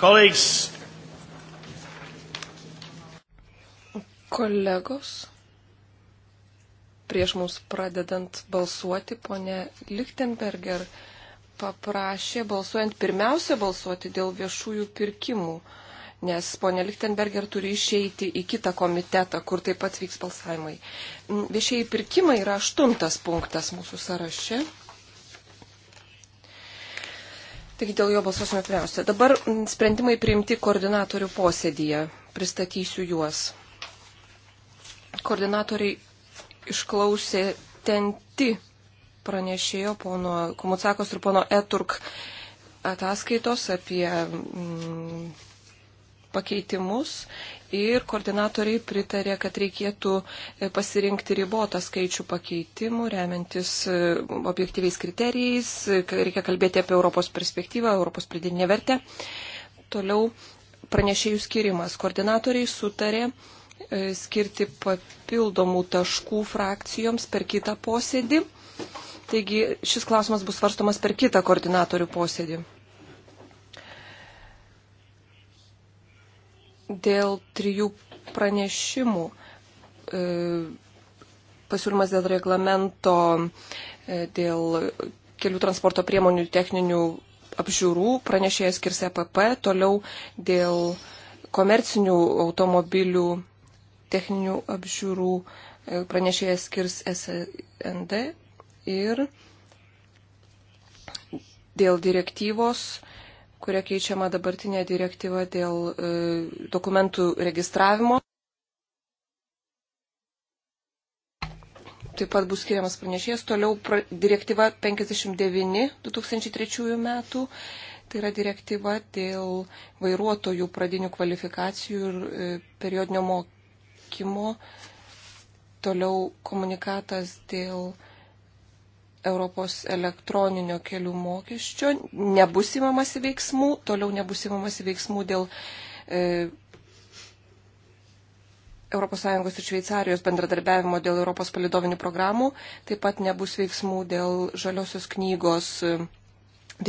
Colleagues. Kolegos, prieš mums pradedant balsuoti, ponė Lichtenberger paprašė balsuojant pirmiausia balsuoti dėl viešųjų pirkimų, nes ponė Lichtenberger turi išeiti į kitą komitetą, kur taip pat vyks balsavimai. Viešieji pirkimai yra aštuntas punktas mūsų sąraše. Taigi dėl jo balsuosime pirmiausia. Dabar mm, sprendimai priimti koordinatorių posėdėje. Pristatysiu juos. Koordinatoriai išklausė tenti pranešėjo pono Komutsakos ir pono Eturk ataskaitos apie mm, pakeitimus ir koordinatoriai pritarė, kad reikėtų e, pasirinkti ribotą skaičių pakeitimų, remiantis e, objektyviais kriterijais, e, reikia kalbėti apie Europos perspektyvą, Europos pridinę vertę. Toliau pranešėjų skirimas. Koordinatoriai sutarė skirti papildomų taškų frakcijoms per kitą posėdį. Taigi šis klausimas bus svarstomas per kitą koordinatorių posėdį. dėl trijų pranešimų. E, pasiūlymas dėl reglamento, e, dėl kelių transporto priemonių techninių apžiūrų, pranešėjas skirs EPP, toliau dėl komercinių automobilių techninių apžiūrų e, pranešėjas skirs SND ir dėl direktyvos kuria keičiama dabartinė direktyva dėl e, dokumentų registravimo. Taip pat bus skiriamas pranešėjas. Toliau pra, direktyva 59 2003 metų. Tai yra direktyva dėl vairuotojų pradinių kvalifikacijų ir e, periodinio mokymo. Toliau komunikatas dėl e, Europos elektroninio kelių mokesčio nebus įmamasi veiksmų, toliau nebus įmamasi veiksmų dėl e, ES ir Šveicarijos bendradarbiavimo dėl Europos palidovinių programų, taip pat nebus veiksmų dėl žaliosios knygos, e,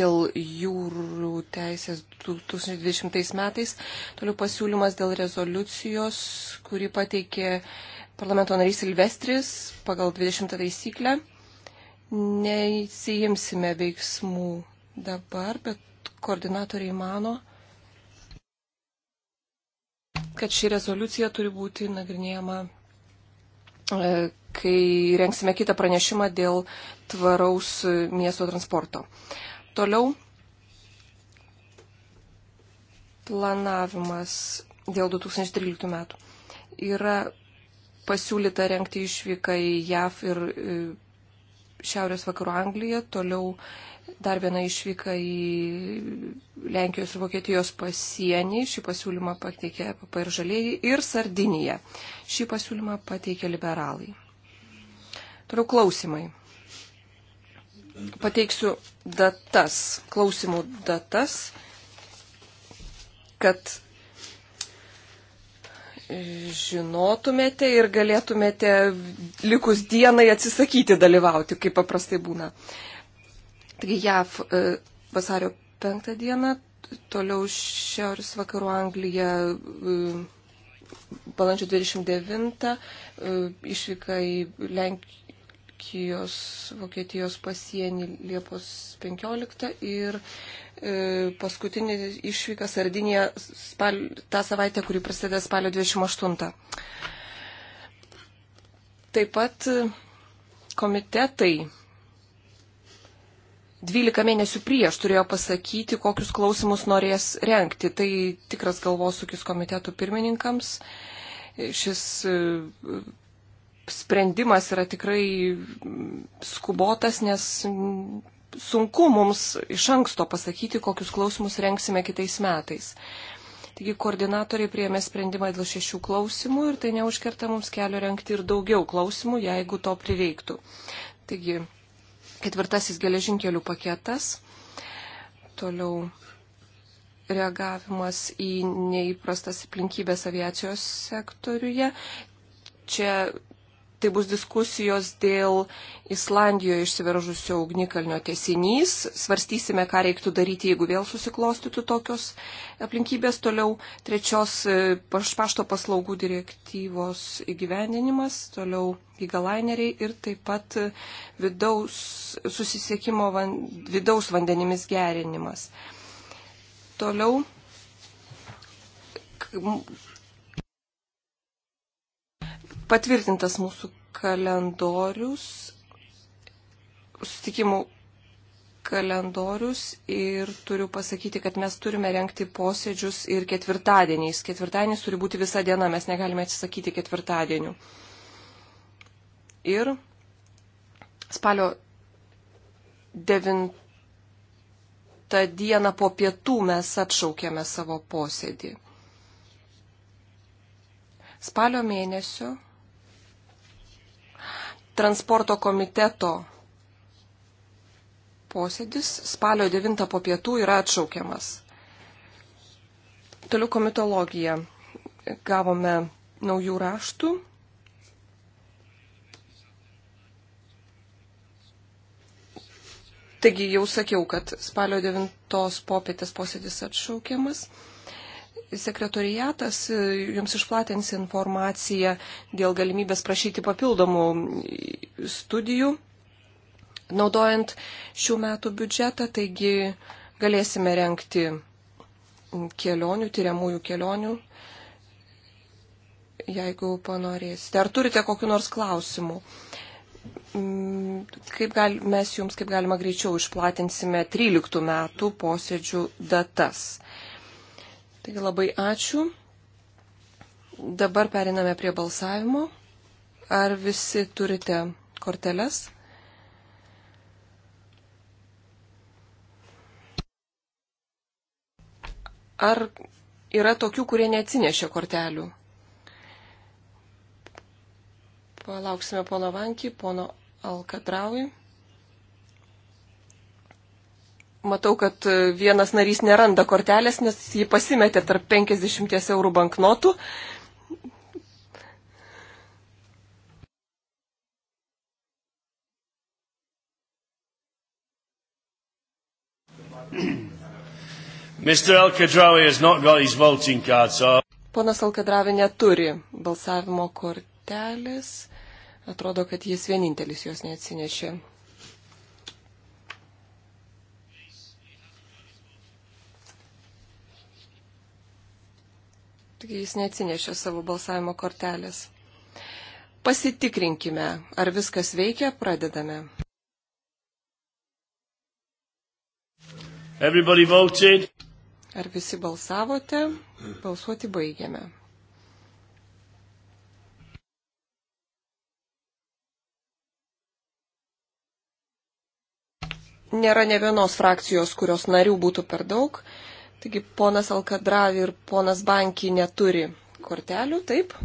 dėl jūrų teisės 2020 metais, toliau pasiūlymas dėl rezoliucijos, kuri pateikė parlamento narys Silvestris pagal 20 taisyklę neįsijimsime veiksmų dabar, bet koordinatoriai mano, kad ši rezoliucija turi būti nagrinėjama, e, kai rengsime kitą pranešimą dėl tvaraus miesto transporto. Toliau planavimas dėl 2013 metų. Yra pasiūlyta renkti išvyką į JAV ir e, šiaurės vakarų Angliją, toliau dar viena išvyka į Lenkijos ir Vokietijos pasienį. Šį pasiūlymą pateikė PP ir Žalėjai ir Sardinija. Šį pasiūlymą pateikė liberalai. Toliau klausimai. Pateiksiu datas, klausimų datas, kad žinotumėte ir galėtumėte likus dienai atsisakyti dalyvauti, kaip paprastai būna. Taigi JAV e, vasario penktą dieną, toliau šiaurės vakarų Anglija e, balandžio 29 e, išvyka į Lenkiją. Lenkijos, Vokietijos pasienį Liepos 15 ir e, paskutinį išvyką Sardinėje spal, tą savaitę, kuri prasideda spalio 28. Taip pat e, komitetai 12 mėnesių prieš turėjo pasakyti, kokius klausimus norės renkti. Tai tikras galvosūkis komitetų pirmininkams. Šis e, sprendimas yra tikrai skubotas, nes sunku mums iš anksto pasakyti, kokius klausimus renksime kitais metais. Taigi koordinatoriai priėmė sprendimą dėl šešių klausimų ir tai neužkerta mums kelio renkti ir daugiau klausimų, jeigu to prireiktų. Taigi ketvirtasis geležinkelių paketas, toliau reagavimas į neįprastas aplinkybės aviacijos sektoriuje, čia tai bus diskusijos dėl Islandijoje išsiveržusio ugnikalnio tiesinys. Svarstysime, ką reiktų daryti, jeigu vėl susiklostytų tokios aplinkybės. Toliau trečios e, pašto paslaugų direktyvos įgyvendinimas, toliau įgalaineriai ir taip pat e, vidaus susisiekimo van, vidaus vandenimis gerinimas. Toliau patvirtintas mūsų kalendorius, sustikimų kalendorius ir turiu pasakyti, kad mes turime renkti posėdžius ir ketvirtadieniais. Ketvirtadienis turi būti visą dieną, mes negalime atsisakyti ketvirtadienių. Ir spalio 9 dieną po pietų mes atšaukėme savo posėdį. Spalio mėnesio transporto komiteto posėdis spalio 9 po pietų yra atšaukiamas. Toliau komitologija. Gavome naujų raštų. Taigi jau sakiau, kad spalio 9 popietės posėdis atšaukiamas sekretoriatas e, jums išplatins informaciją dėl galimybės prašyti papildomų studijų, naudojant šių metų biudžetą, taigi galėsime renkti kelionių, tyriamųjų kelionių, jeigu panorėsite. Ar turite kokiu nors klausimu? Mm, kaip gal, mes jums kaip galima greičiau išplatinsime 13 metų posėdžių datas. Taigi labai ačiū. Dabar periname prie balsavimo. Ar visi turite korteles? Ar yra tokių, kurie neatsinešė kortelių? Palauksime pono Vankį, pono Alkatraui. Matau, kad vienas narys neranda kortelės, nes jį pasimetė tarp 50 eurų banknotų. Card, so... Ponas Alkadravi neturi balsavimo kortelės. Atrodo, kad jis vienintelis jos neatsinešė. tik jis neatsinešė savo balsavimo kortelės. Pasitikrinkime, ar viskas veikia, pradedame. Ar visi balsavote? Balsuoti baigiame. Nėra ne vienos frakcijos, kurios narių būtų per daug. Taigi ponas Alkadravi ir ponas Banki neturi kortelių, taip?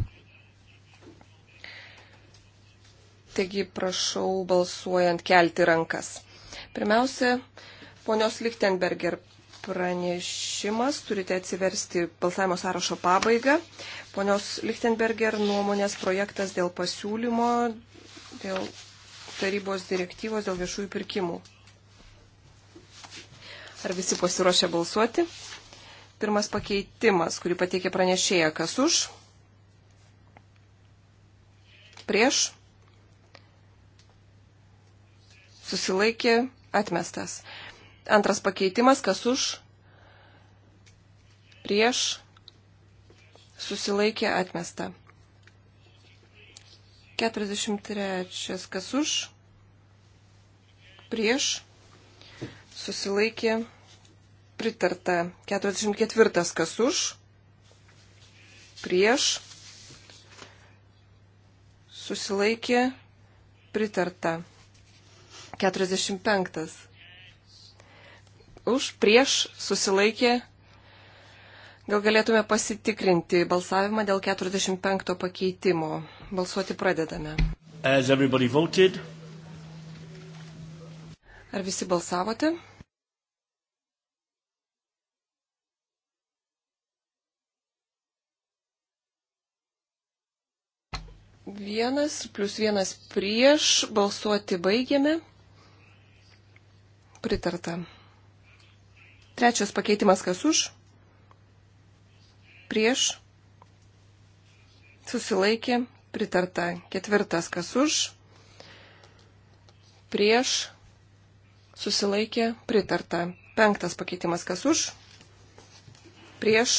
Taigi prašau balsuojant kelti rankas. Pirmiausia, ponios Lichtenberger pranešimas, turite atsiversti balsavimo sąrašo pabaigą. Ponios Lichtenberger nuomonės projektas dėl pasiūlymo, dėl tarybos direktyvos, dėl viešųjų pirkimų. Ar visi pasiruošę balsuoti? Pirmas pakeitimas, kurį pateikė pranešėja, kas už, prieš, susilaikė, atmestas. Antras pakeitimas, kas už, prieš, susilaikė, atmesta. 43, kas už, prieš, susilaikė, atmesta pritarta. 44 kas už, prieš, susilaikė, pritarta. 45. Už, prieš, susilaikė. Gal galėtume pasitikrinti balsavimą dėl 45 pakeitimo. Balsuoti pradedame. As everybody voted. Ar visi balsavote? Vienas plus vienas prieš balsuoti baigėme. Pritarta. Trečias pakeitimas kas už? Prieš. Susilaikė. Pritarta. Ketvirtas kas už? Prieš. Susilaikė. Pritarta. Penktas pakeitimas kas už? Prieš.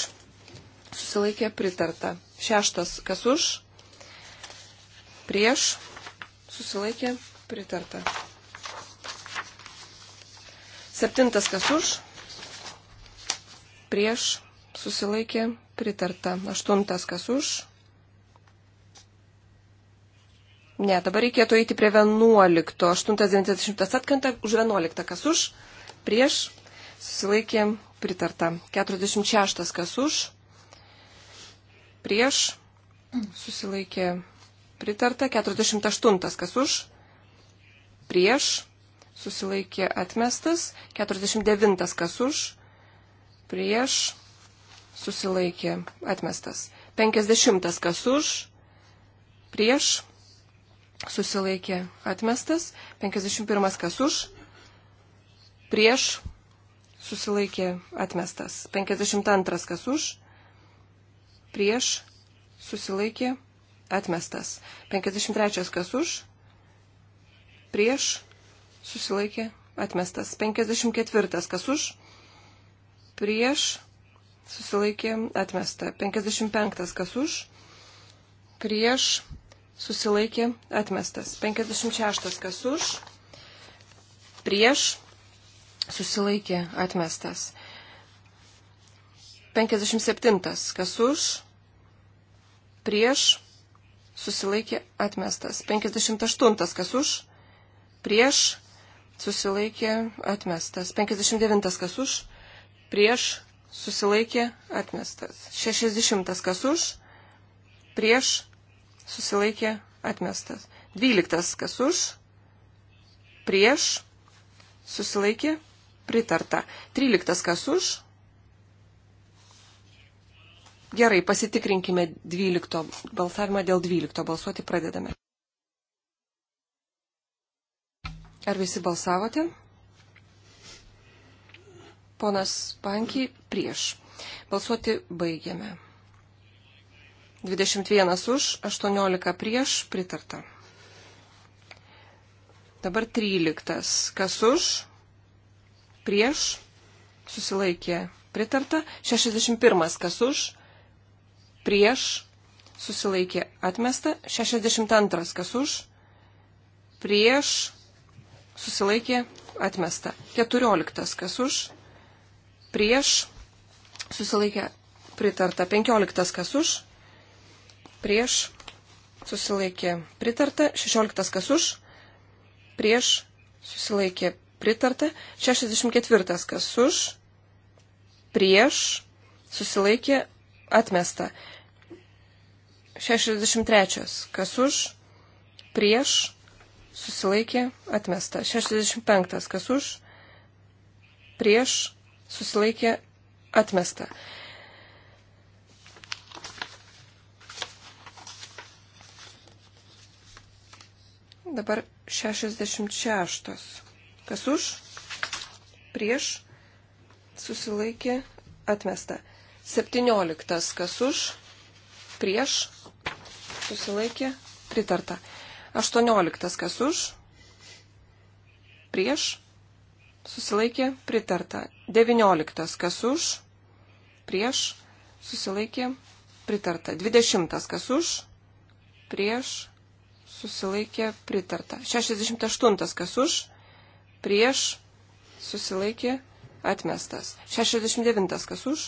Susilaikė. Pritarta. Šeštas kas už? prieš, susilaikė, pritarta. Septintas kas už, prieš, susilaikė, pritarta. Aštuntas kas už. Ne, dabar reikėtų eiti prie 11. 890 atkanta už 11. Kas už? Prieš. Susilaikė pritarta. 46. Kas už? Prieš. Susilaikė pritarta, 48 kas už, prieš, susilaikė atmestas, 49 kas už, prieš, susilaikė atmestas, 50 kas už, prieš, susilaikė atmestas, 51 kas už, prieš, susilaikė atmestas, 52 kas už, prieš, susilaikė atmestas atmestas. 53 kas už, prieš, susilaikė, atmestas. 54 kas už, prieš, susilaikė, atmesta. 55 kas už, prieš, susilaikė, atmestas. 56 kas už, prieš, susilaikė, atmestas. 57 kas už, prieš, susilaikė atmestas. 58 kas už, prieš, susilaikė atmestas. 59 kas už, prieš, susilaikė atmestas. 60 kas už, prieš, susilaikė atmestas. 12 kas už, prieš, susilaikė pritarta. 13 kas už, Gerai, pasitikrinkime 12 balsavimą dėl 12. Balsuoti pradedame. Ar visi balsavote? Ponas Panki prieš. Balsuoti baigiame. 21 už, 18 prieš, pritarta. Dabar 13. Kas už, prieš, susilaikė, pritarta. 61. Kas už, prieš, susilaikė atmesta, 62 kas už, prieš, susilaikė atmesta, 14 kas už, prieš, susilaikė pritarta, 15 kas už, prieš, susilaikė pritarta, 16 kas už, prieš, susilaikė pritarta, 64 kas už, prieš, susilaikė atmesta, 63. Kas už, prieš, susilaikė, atmesta. 65. Kas už, prieš, susilaikė, atmesta. Dabar 66. Kas už, prieš, susilaikė, atmesta. 17. Kas už, prieš, susilaikė, pritarta. 18 kas už, prieš, susilaikė, pritarta. 19 kas už, prieš, susilaikė, pritarta. 20 kas už, prieš, susilaikė, pritarta. 68 kas už, prieš, susilaikė, atmestas. 69 kas už,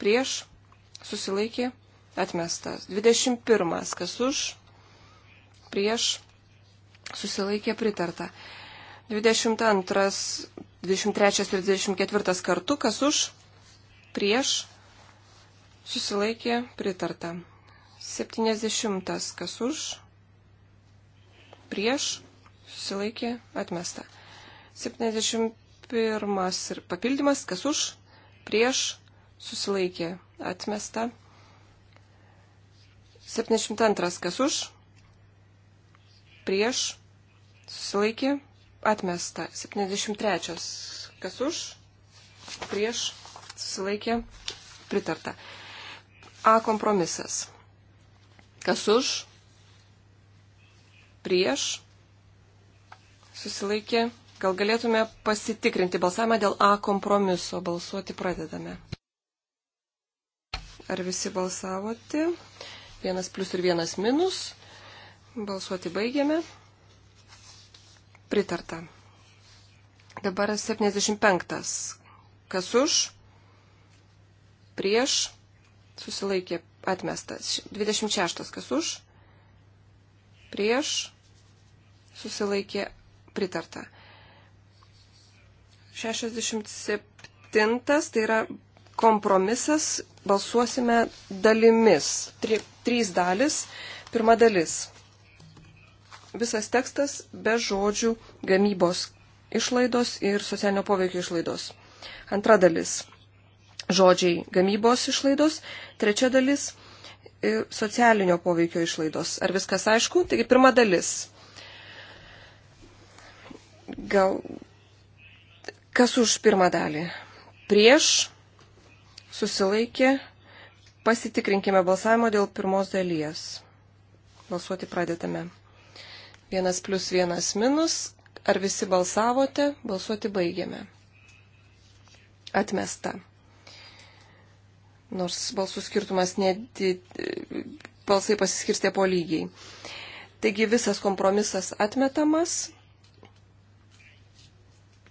prieš, susilaikė, atmestas. 21. Kas už, prieš, susilaikė pritarta. 22, 23 ir 24 kartu, kas už, prieš, susilaikė pritarta. 70, kas už, prieš, susilaikė atmesta. 71 ir papildymas, kas už, prieš, susilaikė atmesta. 72. Kas už? Prieš. Susilaikė. Atmesta. 73. Kas už? Prieš. Susilaikė. Pritarta. A kompromisas. Kas už? Prieš. Susilaikė. Gal galėtume pasitikrinti balsavimą dėl A kompromiso. Balsuoti pradedame. Ar visi balsavote? Vienas plus ir vienas minus. Balsuoti baigiame. Pritarta. Dabar 75. Kas už? Prieš. Susilaikė atmestas. 26. Kas už? Prieš. Susilaikė pritarta. 67. Tai yra kompromisas balsuosime dalimis. Tri, trys dalis. Pirma dalis. Visas tekstas be žodžių gamybos išlaidos ir socialinio poveikio išlaidos. Antra dalis. Žodžiai gamybos išlaidos. Trečia dalis. Socialinio poveikio išlaidos. Ar viskas aišku? Taigi pirma dalis. Gal. Kas už pirmą dalį? Prieš susilaikė. Pasitikrinkime balsavimo dėl pirmos dalies. Balsuoti pradedame. Vienas plus vienas minus. Ar visi balsavote? Balsuoti baigiame. Atmesta. Nors balsų skirtumas nedi... balsai pasiskirstė po lygiai. Taigi visas kompromisas atmetamas.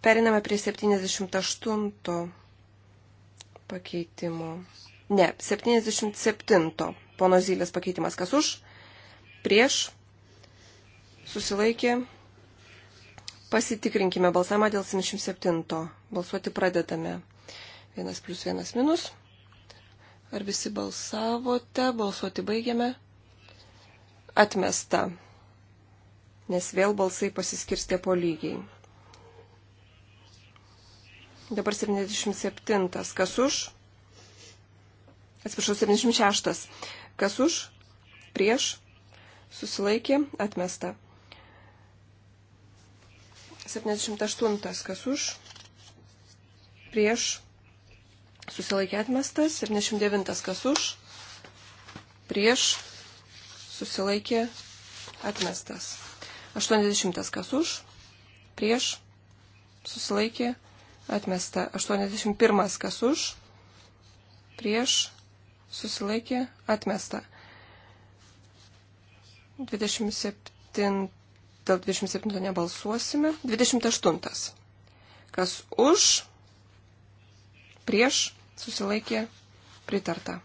Periname prie 78 pakeitimo. Ne, 77. Pono Zylės pakeitimas. Kas už? Prieš. Susilaikė. Pasitikrinkime balsamą dėl 77. Balsuoti pradedame. Vienas plus vienas minus. Ar visi balsavote? Balsuoti baigiame. Atmesta. Nes vėl balsai pasiskirstė po lygiai. Dabar 77. Kas už? Atsiprašau, 76. Kas už? Prieš? Susilaikė? Atmesta. 78. Kas už? Prieš? Susilaikė atmestas. 79. Kas už? Prieš? Susilaikė atmestas. 80. Kas už? Prieš? Susilaikė atmestas Atmesta 81. Kas už? Prieš. Susilaikė. Atmesta. 27. Dėl 27 nebalsuosime. 28. Kas už? Prieš. Susilaikė. Pritarta.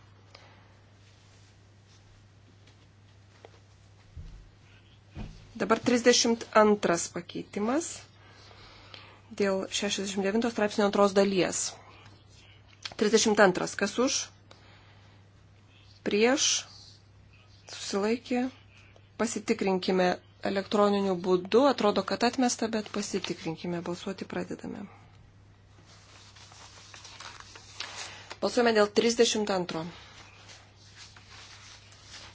Dabar 32 pakeitimas dėl 69 straipsnio antros dalies. 32. Kas už? Prieš? Susilaikė? Pasitikrinkime elektroniniu būdu. Atrodo, kad atmesta, bet pasitikrinkime. Balsuoti pradedame. Balsuojame dėl 32.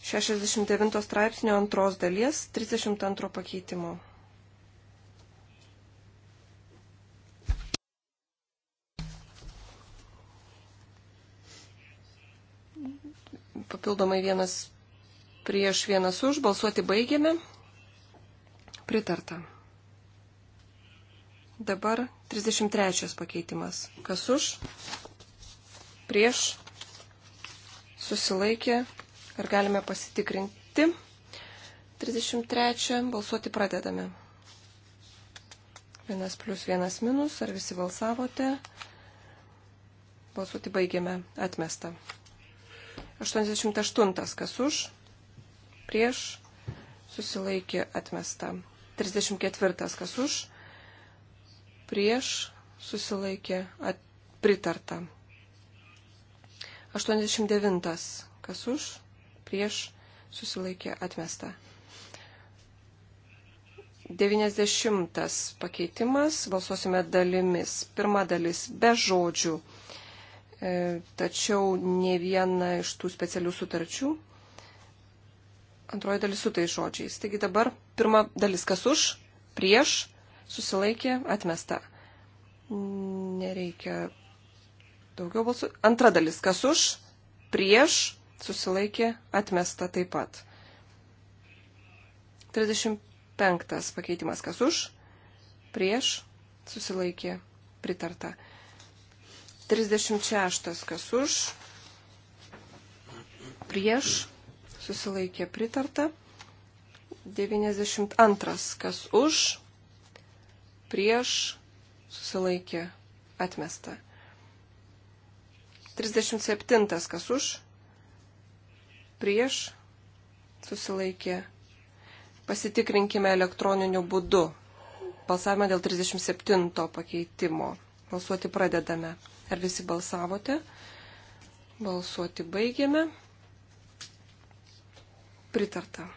69 straipsnio antros dalies 32 pakeitimo. papildomai vienas prieš vienas už, balsuoti baigėme. Pritarta. Dabar 33 pakeitimas. Kas už? Prieš? Susilaikė? Ar galime pasitikrinti? 33. Balsuoti pradedame. Vienas plus vienas minus. Ar visi balsavote? Balsuoti baigėme. Atmesta. 88. Kas už? Prieš. Susilaikė atmesta. 34. Kas už? Prieš. Susilaikė at... pritarta. 89. Kas už? Prieš. Susilaikė atmesta. 90 pakeitimas, balsuosime dalimis. Pirma dalis be žodžių E, tačiau ne viena iš tų specialių sutarčių. Antroji dalis su tai žodžiais. Taigi dabar pirma dalis kas už, prieš, susilaikė, atmesta. Nereikia daugiau balsų. Antra dalis kas už, prieš, susilaikė, atmesta taip pat. 35 pakeitimas kas už, prieš, susilaikė, pritarta. 36. Kas už? Prieš. Susilaikė pritarta. 92. Kas už? Prieš. Susilaikė atmesta. 37. Kas už? Prieš. Susilaikė. Pasitikrinkime elektroniniu būdu. Balsavimą dėl 37 pakeitimo. Balsuoti pradedame. Ar visi balsavote? Balsuoti baigėme. Pritarta.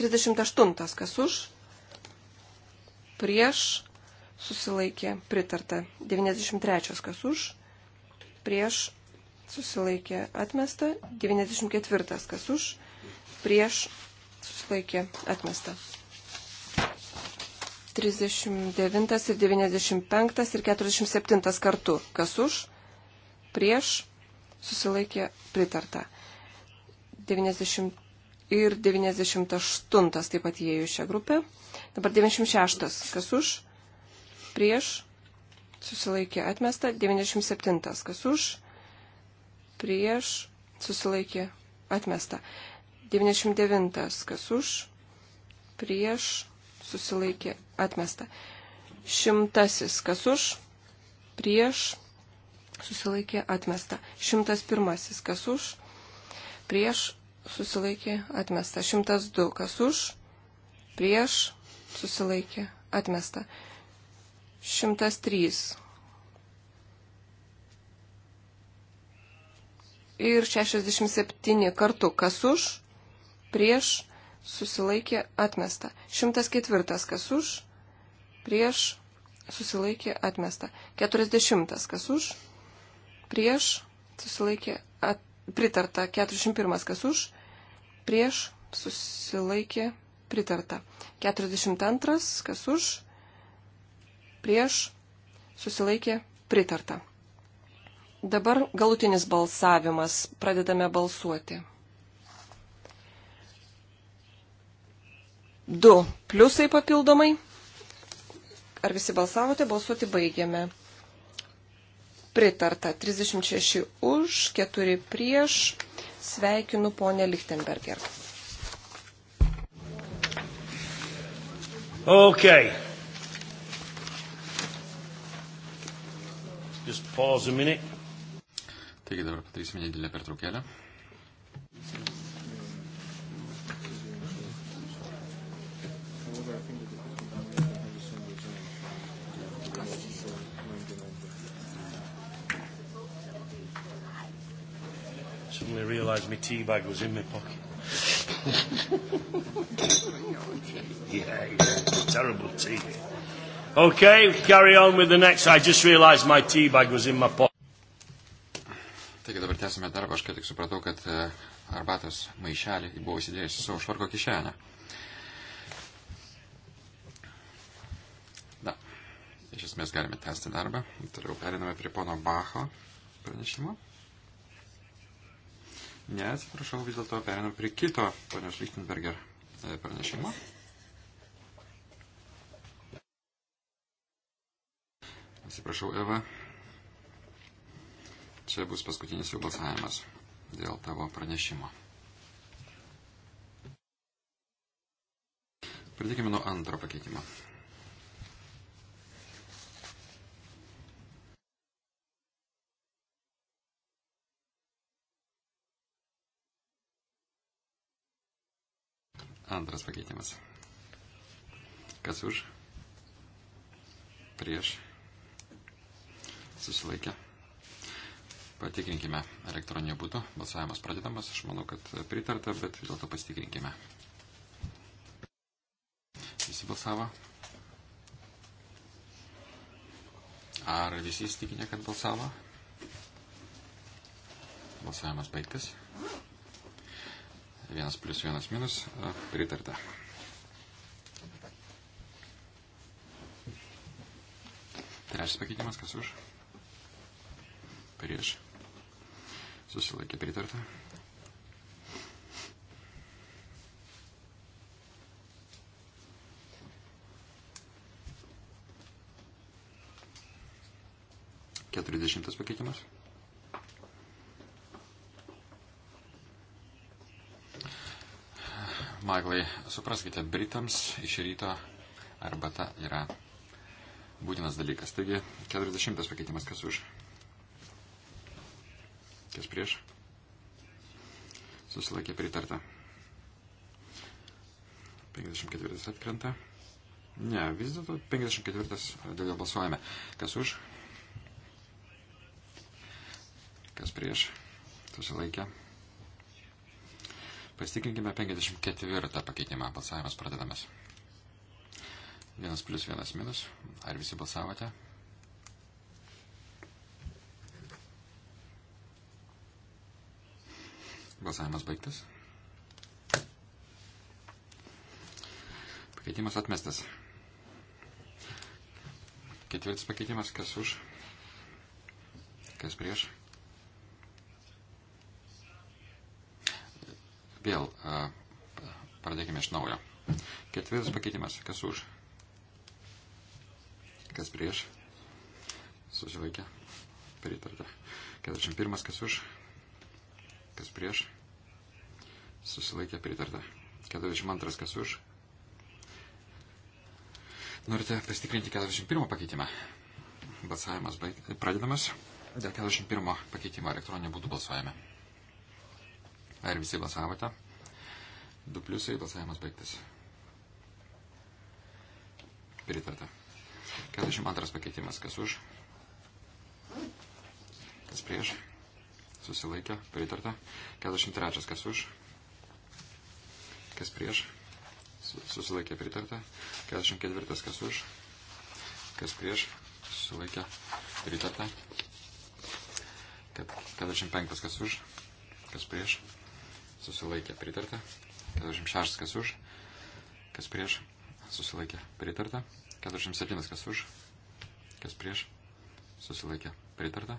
38. Kas už? Prieš. Susilaikė. Pritarta. 93. Kas už? Prieš. Susilaikė. Atmesta. 94. Kas už? Prieš. Susilaikė. Atmesta. 39 ir 95 ir 47 kartu. Kas už? Prieš? Susilaikė pritarta. 90 ir 98 taip pat įėjo šią grupę. Dabar 96. Kas už? Prieš? Susilaikė atmesta. 97. Kas už? Prieš? Susilaikė atmesta. 99. Kas už? Prieš? susilaikė atmesta. Šimtasis, kas už, prieš, susilaikė atmesta. Šimtas pirmasis, kas už, prieš, susilaikė atmesta. Šimtas du, kas už, prieš, susilaikė atmesta. Šimtas trys. Ir 67 kartų, kas už, prieš, susilaikė atmesta. 104. Kas už, prieš, susilaikė atmesta. 40. Kas už, prieš, susilaikė at, pritarta. 41. Kas už, prieš, susilaikė pritarta. 42. Kas už, prieš, susilaikė pritarta. Dabar galutinis balsavimas. Pradedame balsuoti. Du pliusai papildomai. Ar visi balsavote? Balsuoti baigiame. Pritarta 36 už, 4 prieš. Sveikinu ponę Lichtenberger. Okay. Just pause a minute. Taigi dabar padarysime nedidelę pertraukėlę. realised my tea bag was in my pocket. yeah, yeah, terrible tea. Okay, carry on with the next. I just realised my tea bag was in my pocket. Taigi dabar tęsime darbą, aš ką tik supratau, kad e, arbatos maišelį buvau įsidėjęs į savo švarko kišenę. Na, iš esmės galime tęsti darbą. Toliau periname prie pono Bacho pranešimo. Ne, atsiprašau, vis dėlto perinam prie kito ponios Lichtenberger e, pranešimo. Atsiprašau, Eva. Čia bus paskutinis jų balsavimas dėl tavo pranešimo. Pradėkime nuo antro pakeitimo. Antras pakeitimas. Kas už? Prieš. Susilaikė. Patikrinkime elektroninio būdu. Balsavimas pradedamas. Aš manau, kad pritarta, bet vis dėlto pasitikrinkime. Visi balsavo. Ar visi įsitikinę, kad balsavo? Balsavimas baigtas. Vienas plus vienas minus. Pritarta. Trečias pakeitimas, kas už? Prieš. Susilaikė pritarta. Keturiasdešimtas pakeitimas. Maiklai, supraskite, Britams iš ryto arbata yra būtinas dalykas. Taigi, 40 pakeitimas kas už. Kas prieš? Susilaikė pritarta. 54 atkrenta. Ne, vis dėlto 54 dėl jo balsuojame. Kas už? Kas prieš? Susilaikė. Pasitikrinkime 54 pakeitimą. Balsavimas pradedamas. 1 plus 1 minus. Ar visi balsavote? Balsavimas baigtas. Pakeitimas atmestas. Ketvirtas pakeitimas, kas už, kas prieš, Vėl pradėkime iš naujo. Ketvirtas pakeitimas. Kas už? Kas prieš? Susilaikė. Pritarta. 41. Kas už? Kas prieš? Susilaikė. Pritarta. 42. Kas už? Norite pasitikrinti 41 pakeitimą? Balsavimas baig... pradedamas. Dėl 41 pakeitimo elektroninį būdų balsuojame. Ar visi balsavote? Du pliusai, balsavimas baigtas. Pritarta. 42 pakeitimas. Kas už? Kas prieš? Susilaikė. Pritarta. 43. Kas už? Kas prieš? Susilaikė. Pritarta. 44. Kas už? Kas prieš? Susilaikė. Pritarta. 45. Kas už? Kas prieš? susilaikė pritarta. 46 kas už, kas prieš, susilaikė pritarta. 47 kas už, kas prieš, susilaikė pritarta.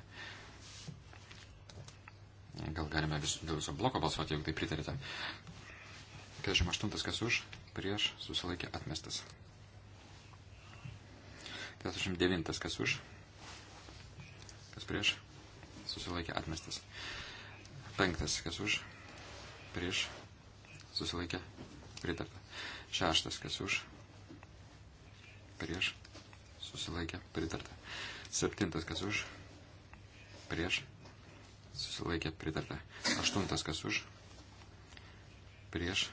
Gal galime vis, dėl viso bloko balsuoti, jeigu tai pritarėte. 48 kas už, prieš, susilaikė atmestas. 49 kas už, kas prieš, susilaikė atmestas. 5 kas už, prieš, susilaikė, pritarta. Šeštas, kas už, prieš, susilaikė, pritarta. Septintas, kas už, prieš, susilaikė, pritarta. Aštuntas, kas už, prieš,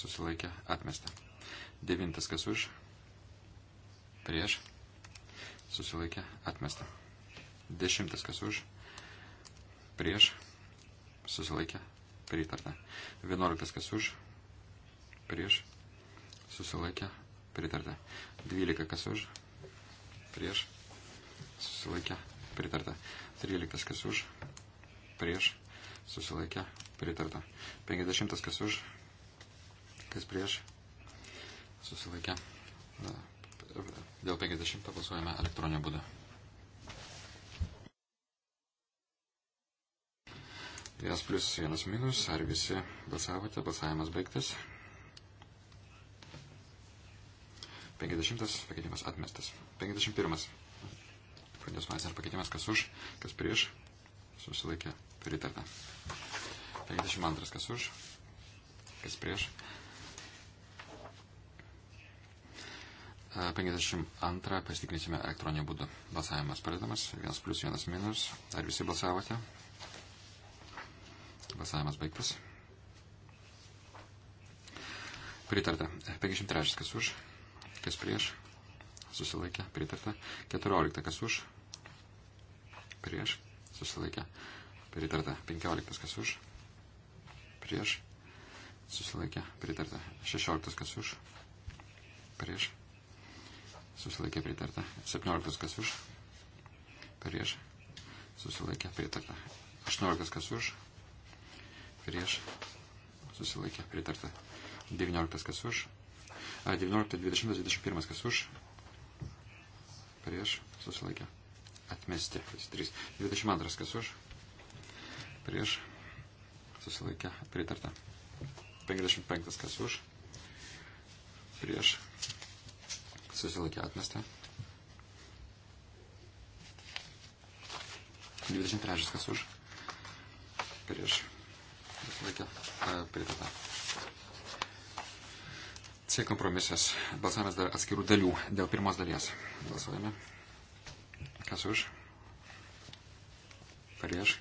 susilaikė, atmesta. Devintas, kas už, prieš, susilaikė, atmesta. Dešimtas, kas už, prieš, susilaikė, pritarta. 11 kas už, prieš, susilaikė, pritarta. 12 kas už, prieš, susilaikė, pritarta. 13 kas už, prieš, susilaikė, pritarta. 50 kas už, kas prieš, susilaikė. Dėl 50 balsuojame elektroninio būdu. Vienas plus, vienas minus. Ar visi balsavote? Balsavimas baigtas. 50 pakeitimas atmestas. 51. Pradės Maisner pakeitimas, kas už, kas prieš, susilaikė, pritarta. 52. Kas už, kas prieš. 52 pasitikrinsime elektroninio būdu. Balsavimas pradedamas, 1 plus 1 minus. Ar visi balsavote? Balsavimas baigtas. Pritarta. 53 kas už, kas prieš. Susilaikė. Pritarta. 14 kas už, prieš. Susilaikė. Pritarta. 15 kas už, prieš. Susilaikė. Pritarta. 16 kas už, prieš. Susilaikė. Pritarta. 17 kas už, prieš. Susilaikė. Pritarta. 18 kas už, prieš susilaikė pritarta. 19 kas už. A, 19, 20, 21 kas už. Prieš susilaikė. Atmesti visi 3. 22 kas už. Prieš susilaikė pritarta. 55 kas už. Prieš susilaikė atmesta. 23 kas už. Prieš susilaikė e, pritarta. C kompromisas. Balsavimas dar atskirų dalių. Dėl pirmos dalies. Balsuojame. Kas už? Prieš.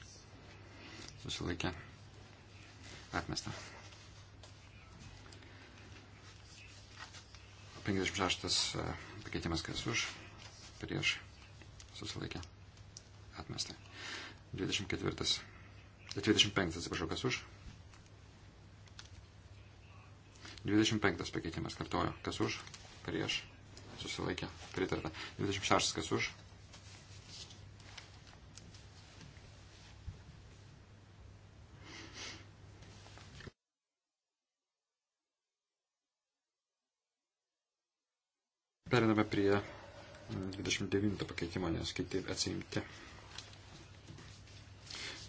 Susilaikė. Atmesta. 56 e, pakeitimas kas už, prieš, susilaikė, atmestai. 24, 25, atsiprašau, kas už, 25 pakeitimas kartoju. Kas už? Prieš. Susilaikė. Pritarta. 26 kas už? Periname prie 29 pakeitimo, nes kiti atsiimti.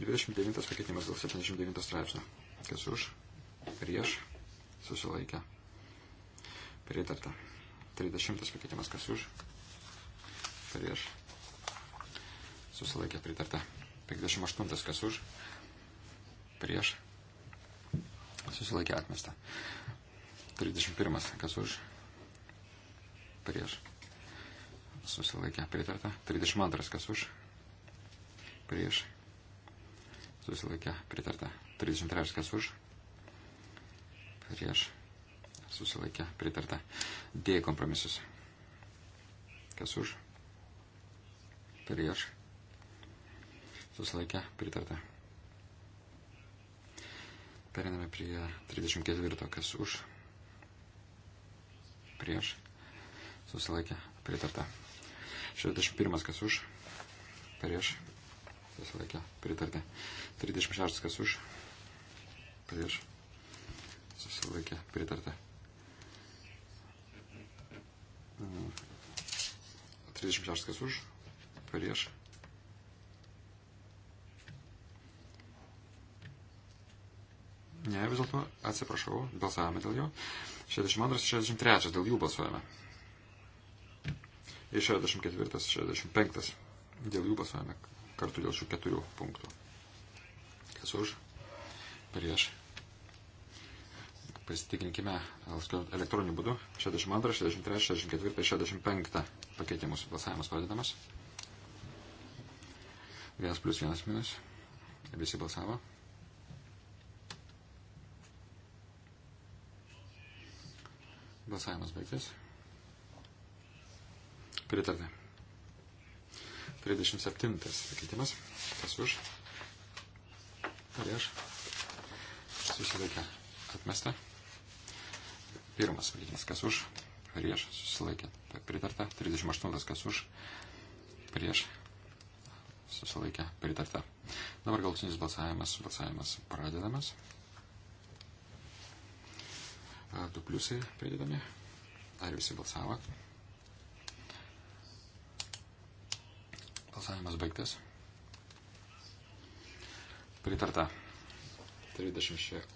29 pakeitimas dėl 79 straipsnio. Kas už? Prieš susilaikė. Pritarta. 30 pakeitimas kas už, prieš, susilaikė pritarta. 58 kas už, prieš, susilaikė atmesta. 31 kas už, prieš, susilaikė pritarta. 32 kas už, prieš, susilaikė pritarta. 33 kas už, prieš prieš, susilaikė, pritarta. D kompromisas. Kas už, prieš, susilaikė, pritarta. Periname prie 34, kas už, prieš, susilaikė, pritarta. 61, kas už, prieš, susilaikė, pritarta. 36, kas už, prieš, susilaikė pritarta. 36 kas už, prieš. Ne, vis dėlto atsiprašau, balsavome dėl jo. 62 ir 63 dėl jų balsuojame. Ir 64 65 dėl jų balsuojame kartu dėl šių keturių punktų. Kas už, prieš pasitikinkime elektroniniu būdu 62, 63, 64, 65 pakeitimus balsavimas pradedamas. 1 plus 1 minus. Visi balsavo. Balsavimas baigtas. Pritarta. 37 pakeitimas. Kas už? Prieš. Susilaikė. Atmesta pakeitimas kas už, prieš susilaikė pritarta, 38 kas už, prieš susilaikė pritarta. Dabar galutinis balsavimas, balsavimas pradedamas. Du pliusai pridedami. Dar visi balsavo. Balsavimas baigtas. Pritarta. 36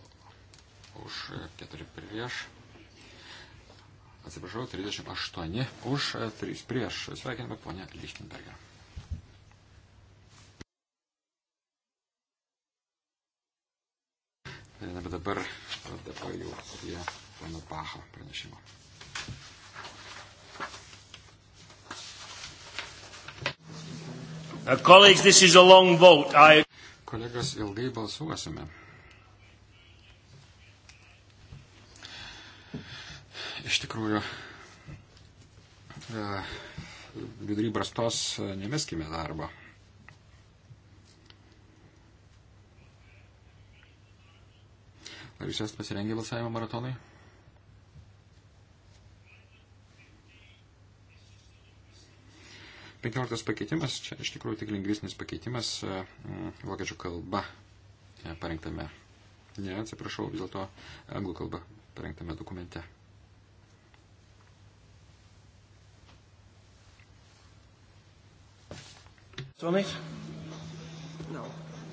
už 4 prieš atsiprašau, 38 už, 3 e, prieš. Sveikiname ponę Lichtenberger. Einame dabar, dabar jau prie pono Bacho pranešimo. Uh, Kolegos, ilgai balsuosime. Iš tikrųjų, e, vidury brastos e, nemeskime darbo. Ar jūs esate pasirengę balsavimo maratonui? Penkioliktas pakeitimas, čia iš tikrųjų tik lingvistinis pakeitimas e, vokiečių kalba parengtame. Ne, atsiprašau, vis dėlto anglų kalba parengtame dokumente. It's on it? No.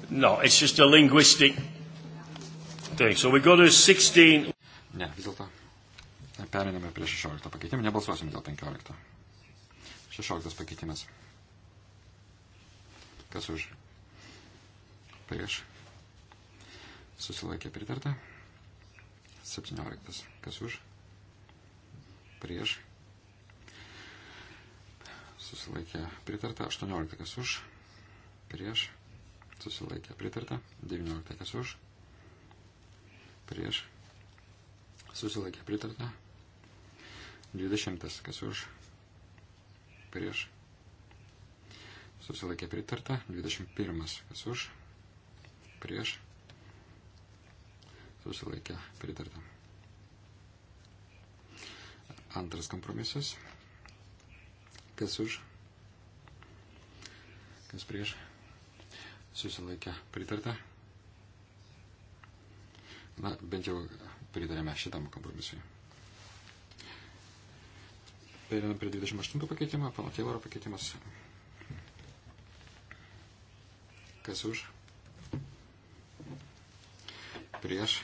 No, it's just a linguistic thing. So we go to 16. Ne, vis dėlto. Periname prie 16 pakeitimų, nebalsuosim dėl 15. 16 pakeitimas. Kas už? Prieš. Susilaikė pritarta. 17. Kas už? Prieš susilaikė pritarta, 18 kas už, prieš, susilaikė pritarta, 19 kas už, prieš, susilaikė pritarta, 20 kas už, prieš, susilaikė pritarta, 21 kas už, prieš, susilaikė pritarta. Antras kompromisas Kas už? Kas prieš? Susilaikę pritarta. Na, bent jau pritarėme šitam kompromisui. Pereinam prie 28 pakeitimo, pano Tayloro pakeitimas. Kas už? Prieš.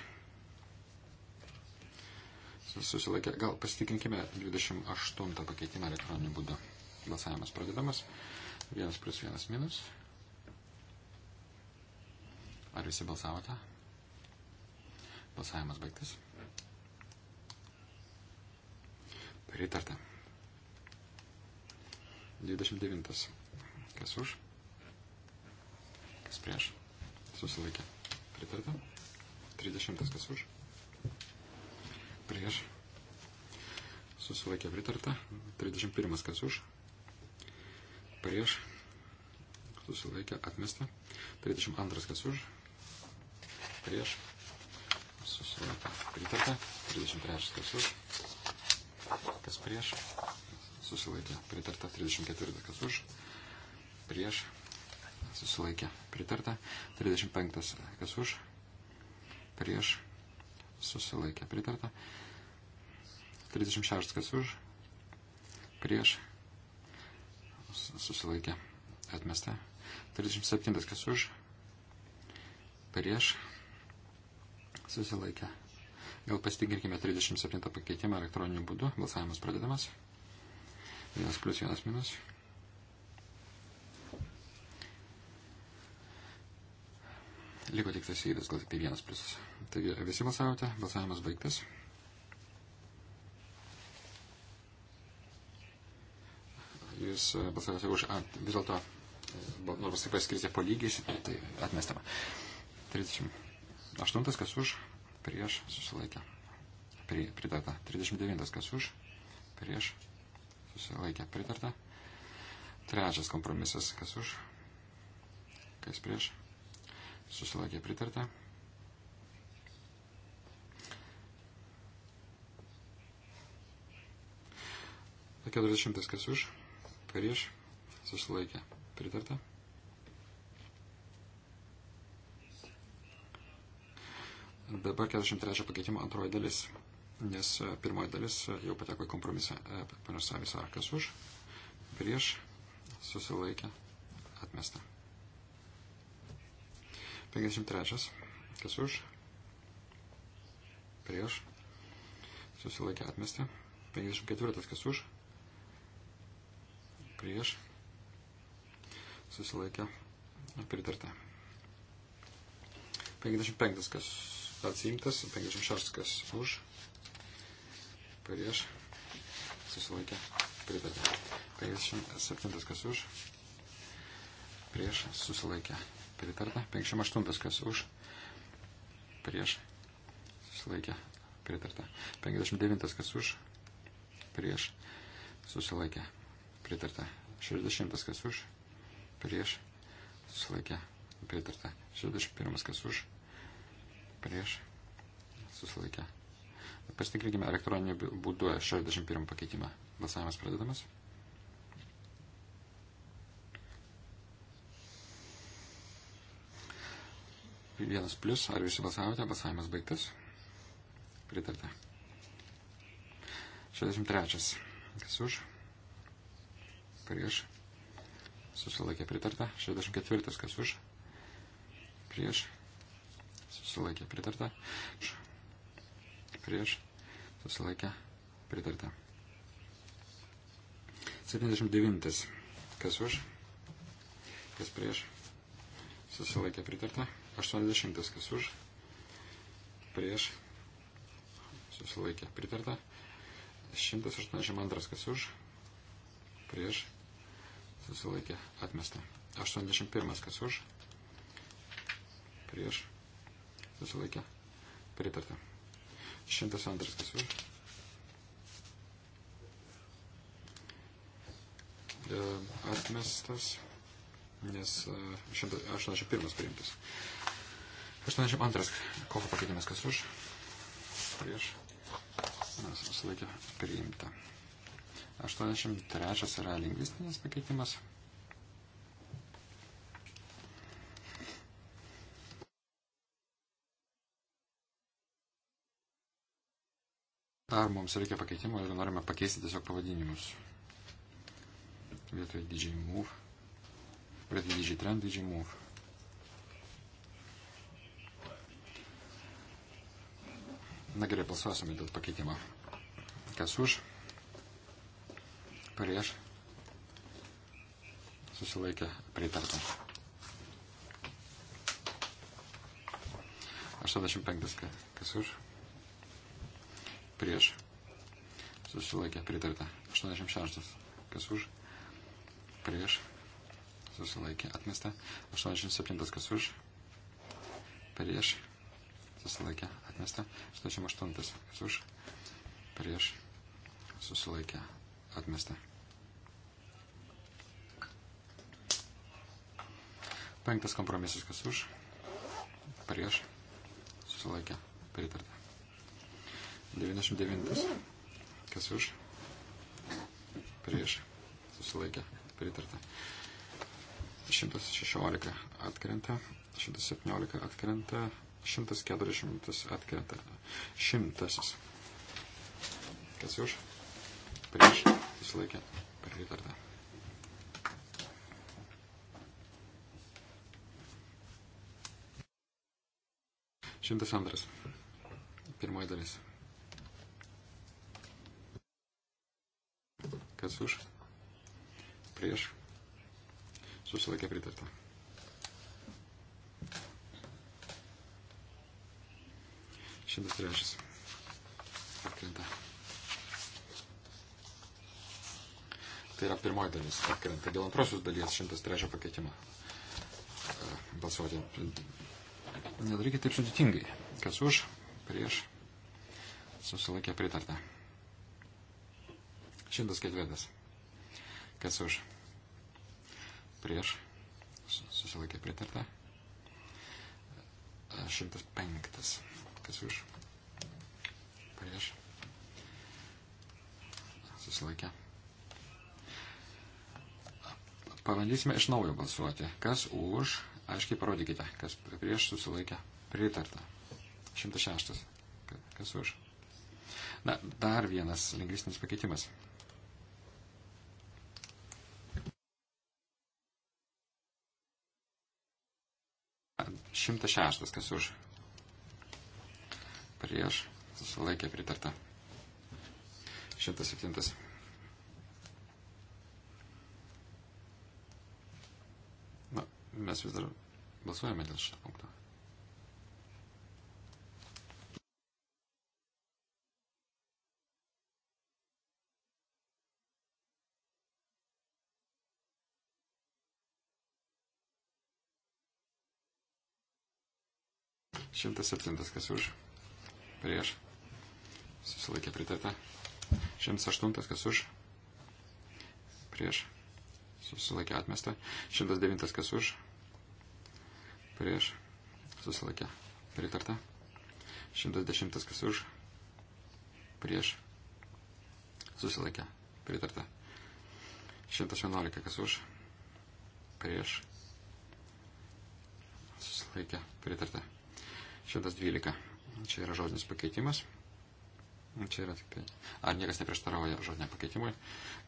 Susilaikė. Gal pasitikinkime 28 pakeitimą elektroniniu būdu. Balsavimas pradedamas. Vienas plus vienas minus. Ar visi balsavote? Balsavimas baigtas. Pritarta. 29. Kas už? Kas prieš? Susilaikė. Pritarta. 30. Kas už? Prieš. Susilaikė pritarta. 31. Kas už? prieš, susilaikė atmesta. 32 kas už, prieš, susilaikė pritarta. 33 kas už, kas prieš, susilaikė pritarta. 34 kas už, prieš, susilaikė pritarta. 35 kas už, prieš, susilaikė pritarta. 36 kas už, prieš, susilaikė atmesta. 37 kas už, prieš susilaikė. Gal pasitikinkime 37 pakeitimą elektroniniu būdu. Balsavimas pradedamas. 1 plus 1 minus. Liko tik tas įdas, gal tik tai vienas pliusas. Taigi visi balsavote, balsavimas baigtas. jūs e, balsavote už, a, vis dėlto, e, nors taip paskirti po lygiai, e, tai atmestama. 38, kas už, prieš, susilaikė. Pri, pritarta. 39, kas už, prieš, susilaikė, pritarta. Trečias kompromisas, kas už, kas prieš, susilaikė, pritarta. Keturiasdešimtas kas už, prieš, susilaikė, pritarta. Dabar 43 pakeitimo antroji dalis, nes e, pirmoji dalis e, jau pateko į kompromisą. E, Panios Savis Arkas už, prieš, susilaikė, atmesta. 53, kas už, prieš, susilaikė, atmesta. 54, kas už, prieš, susilaikė, pritarta. 55 kas atsimtas, 56 kas už, prieš, susilaikė, pritarta. 57 kas už, prieš, susilaikė, pritarta. 58 kas už, prieš, susilaikė, pritarta. 59 kas už, prieš, susilaikė, pritarta. 60 kas už, prieš, susilaikė, pritarta. 61 kas už, prieš, susilaikė. Pasitikrinkime elektroniniu būdu 61 pakeitimą. Balsavimas pradedamas. Vienas plus, ar visi balsavote, balsavimas baigtas. Pritarta. 63. Kas už? prieš, susilaikė pritarta, 64 kas už, prieš, susilaikė pritarta, prieš, susilaikė pritarta. 79 kas už, kas prieš, susilaikė pritarta, 80 kas už, prieš, susilaikė pritarta, 182 kas už, prieš, susilaikė atmesta. 81 kas už, prieš susilaikė pritarta. 102 kas už. E, atmestas, nes 81 e, priimtas. 82 kofo pakeitimas kas už, prieš susilaikė priimta. 83 yra lingvistinis pakeitimas. Ar mums reikia pakeitimo ir norime pakeisti tiesiog pavadinimus. Vietoj DJ Move. Vietoj DJ Trend, DJ Move. Na gerai, balsuosime dėl pakeitimo. Kas už? prieš, susilaikė pritarta. 85 kas už, prieš, susilaikė pritarta. 86 kas už, prieš, susilaikė atmesta. 87 kas už, prieš, susilaikė atmesta. 88 kas už, prieš, susilaikė atmesta. Penktas kompromisas, kas už, prieš, susilaikė, pritarta. 99, kas už, prieš, susilaikė, pritarta. 116 atkrenta, 117 atkrenta, 140 atkrenta, 100. Kas už, prieš, susilaikė, pritarta. 102. Pirmoji dalis. Kas už? Prieš. Susilaikė pritarta. Šimtas trečias. Atkrenta. Tai yra pirmoji dalis atkrenta. Dėl antrosios dalies 103 pakeitimo. Balsuoti Nedarykite taip sudėtingai. Kas už, prieš, susilaikė pritarta. Šimtas ketvirtas. Kas už, prieš, susilaikė pritarta. Šimtas penktas. Kas už, prieš, susilaikė. Pabandysime iš naujo balsuoti. Kas už Aiškiai parodykite, kas prieš susilaikė pritarta. 106. Kas už? Na, dar vienas lingvistinis pakeitimas. Šimtas šeštas, kas už. Prieš, susilaikė pritarta. Šimtas septintas. Mes vis dar balsuojame dėl šito punkto. Šimtas septintas kas už. Prieš. Susilaikė pritarta. Šimtas aštuntas kas už. Prieš. Susilaikė atmesta. Šimtas devintas kas už prieš susilaikė pritarta. 110 kas už prieš susilaikė pritarta. 111 kas už prieš susilaikė pritarta. 112. Čia yra žodinis pakeitimas. Čia yra tik tai. Ar niekas neprieštarauja žodiniam pakeitimui?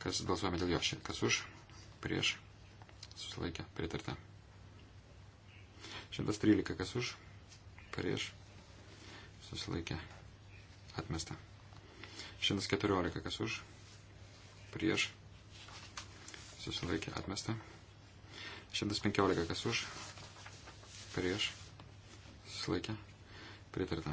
Kas balsuojame dėl jo? Kas už? Prieš? Susilaikė. Pritarta. 113 kas už, prieš, susilaikė, atmesta. 114 kas už, prieš, susilaikė, atmesta. 115 kas už, prieš, susilaikė, pritarta.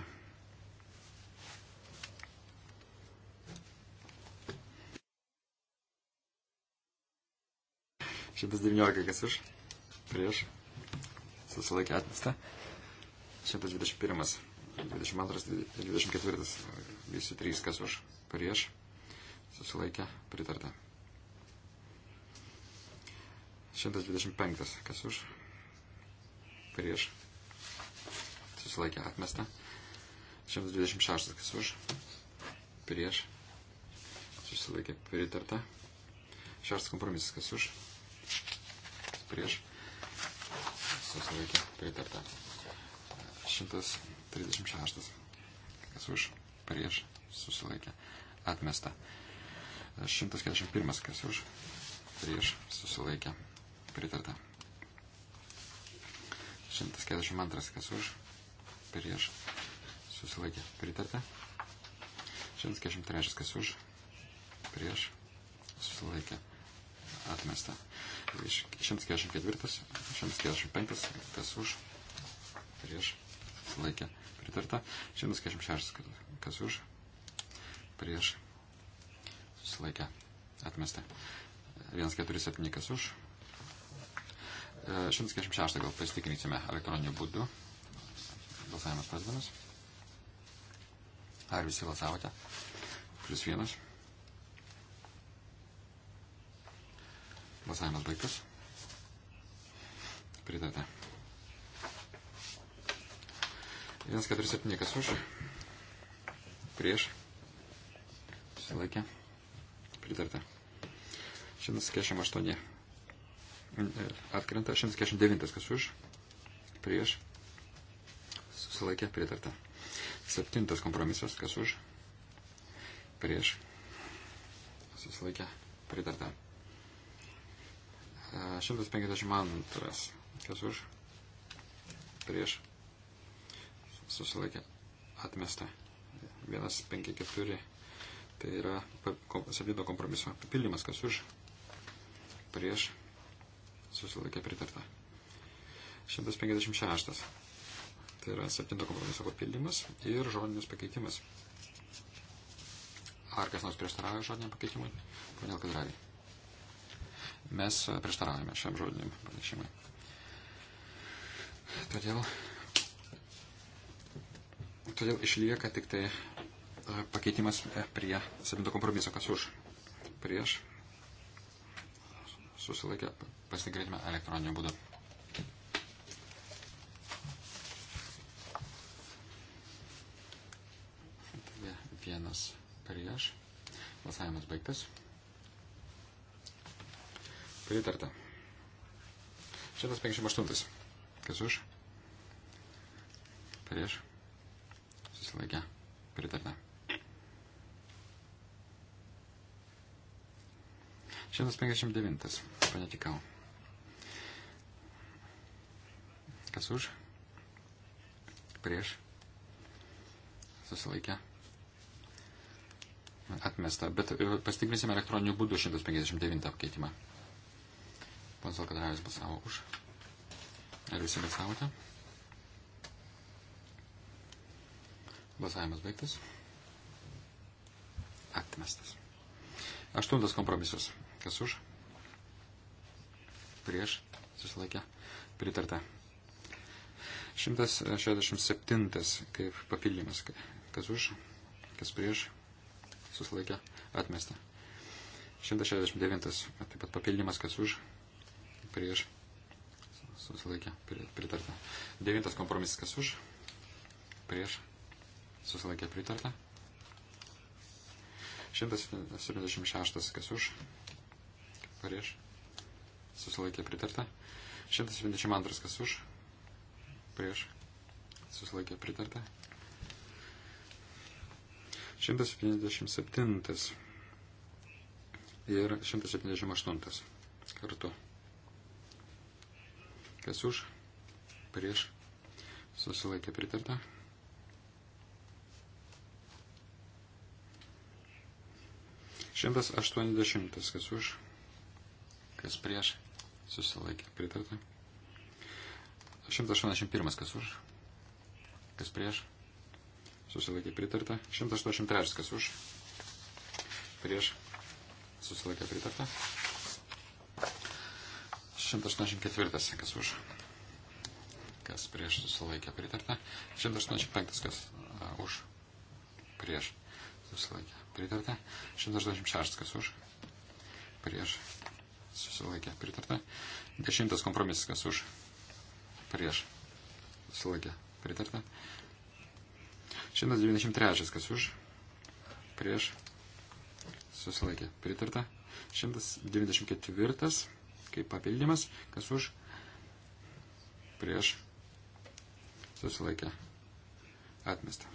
Šimtas devyniolika kas už, prieš, susilaikė atmesta. 121, 22, 24, visi trys, kas už prieš, susilaikė pritarta. 125, kas už prieš, susilaikė atmesta. 126, kas už prieš, susilaikė pritarta. Šeštas kompromisas, kas už prieš, susilaikė, pritarta. 136. Kas už, prieš, susilaikė, atmesta. 141. Kas už, prieš, susilaikė, pritarta. 142. Kas už, prieš, susilaikė, pritarta. 143. Kas už, prieš, susilaikė, atmesta. 144, 145, kas už, prieš, susilaikė, pritarta. 146, kas už, prieš, susilaikė, atmesta. 147, kas už. 146 e, gal pasitikrinsime elektroniniu būdu. Balsavimas pradedamas. Ar visi balsavote? Plius vienas. Balsavimas baigtas. Pridate. 147 kas už. Prieš. Susilaikė. Pritarta. 148. Atkrenta 149 kas už. Prieš. Susilaikė. Pritarta. Septintas kompromisas kas už. Prieš. Susilaikė. Pritarta. 152. Kas už? Prieš. Susilaikė. Atmesta. 154. Tai yra savydo kompromiso papildymas. Kas už? Prieš. Susilaikė pritarta. 156. Tai yra septinto kompromiso papildymas ir žodinis pakeitimas. Ar kas nors prieštarauja žodiniam pakeitimui? Kodėl kad raliai? Mes prieštaravome šiam žodiniam pranešimui. Todėl, todėl išlieka tik tai e, pakeitimas e, prie 7 kompromiso, kas už prieš susilaikę pasitikrintume elektroninio būdu. Vienas prieš. Balsavimas baigtas. Pritarta. 158. Kas už? Prieš. Susilaikė. Pritarta. 159. Panetikau. Kas už? Prieš. Susilaikė. Atmesta. Bet e, pasitikrinsime elektroniniu būdu 159 apkeitimą. Pans Alkadravis balsavo už. Ar visi balsavote? Balsavimas baigtas. Atmestas. Aštuntas kompromisas. Kas už? Prieš. Susilaikė. Pritarta. 167 kaip papildymas. Kas už? Kas prieš? Susilaikė. Atmesta. 169 taip pat papildymas. Kas už? prieš susilaikė pritarta. Devintas kompromisas kas už, prieš susilaikė pritarta. 176 kas už, prieš susilaikė pritarta. 172 kas už, prieš susilaikė pritarta. 177 ir 178 kartu. Kas už? Prieš. Susilaikė pritarta. Šimtas aštuonidešimtas. Kas už? Kas prieš? Susilaikė pritarta. Šimtas aštuonidešimt pirmas. Kas už? Kas prieš? Susilaikė pritarta. 183 kas už. Prieš. Susilaikė pritarta. 184, kas už, kas prieš susilaikė pritarta. 185, kas uh, už, prieš susilaikė pritarta. 186, kas už, prieš susilaikė pritarta. 10 kompromisas, kas už, prieš susilaikė pritarta. 193, kas už, prieš susilaikė pritarta. 194 kaip papildymas, kas už, prieš, susilaikė, atmesta.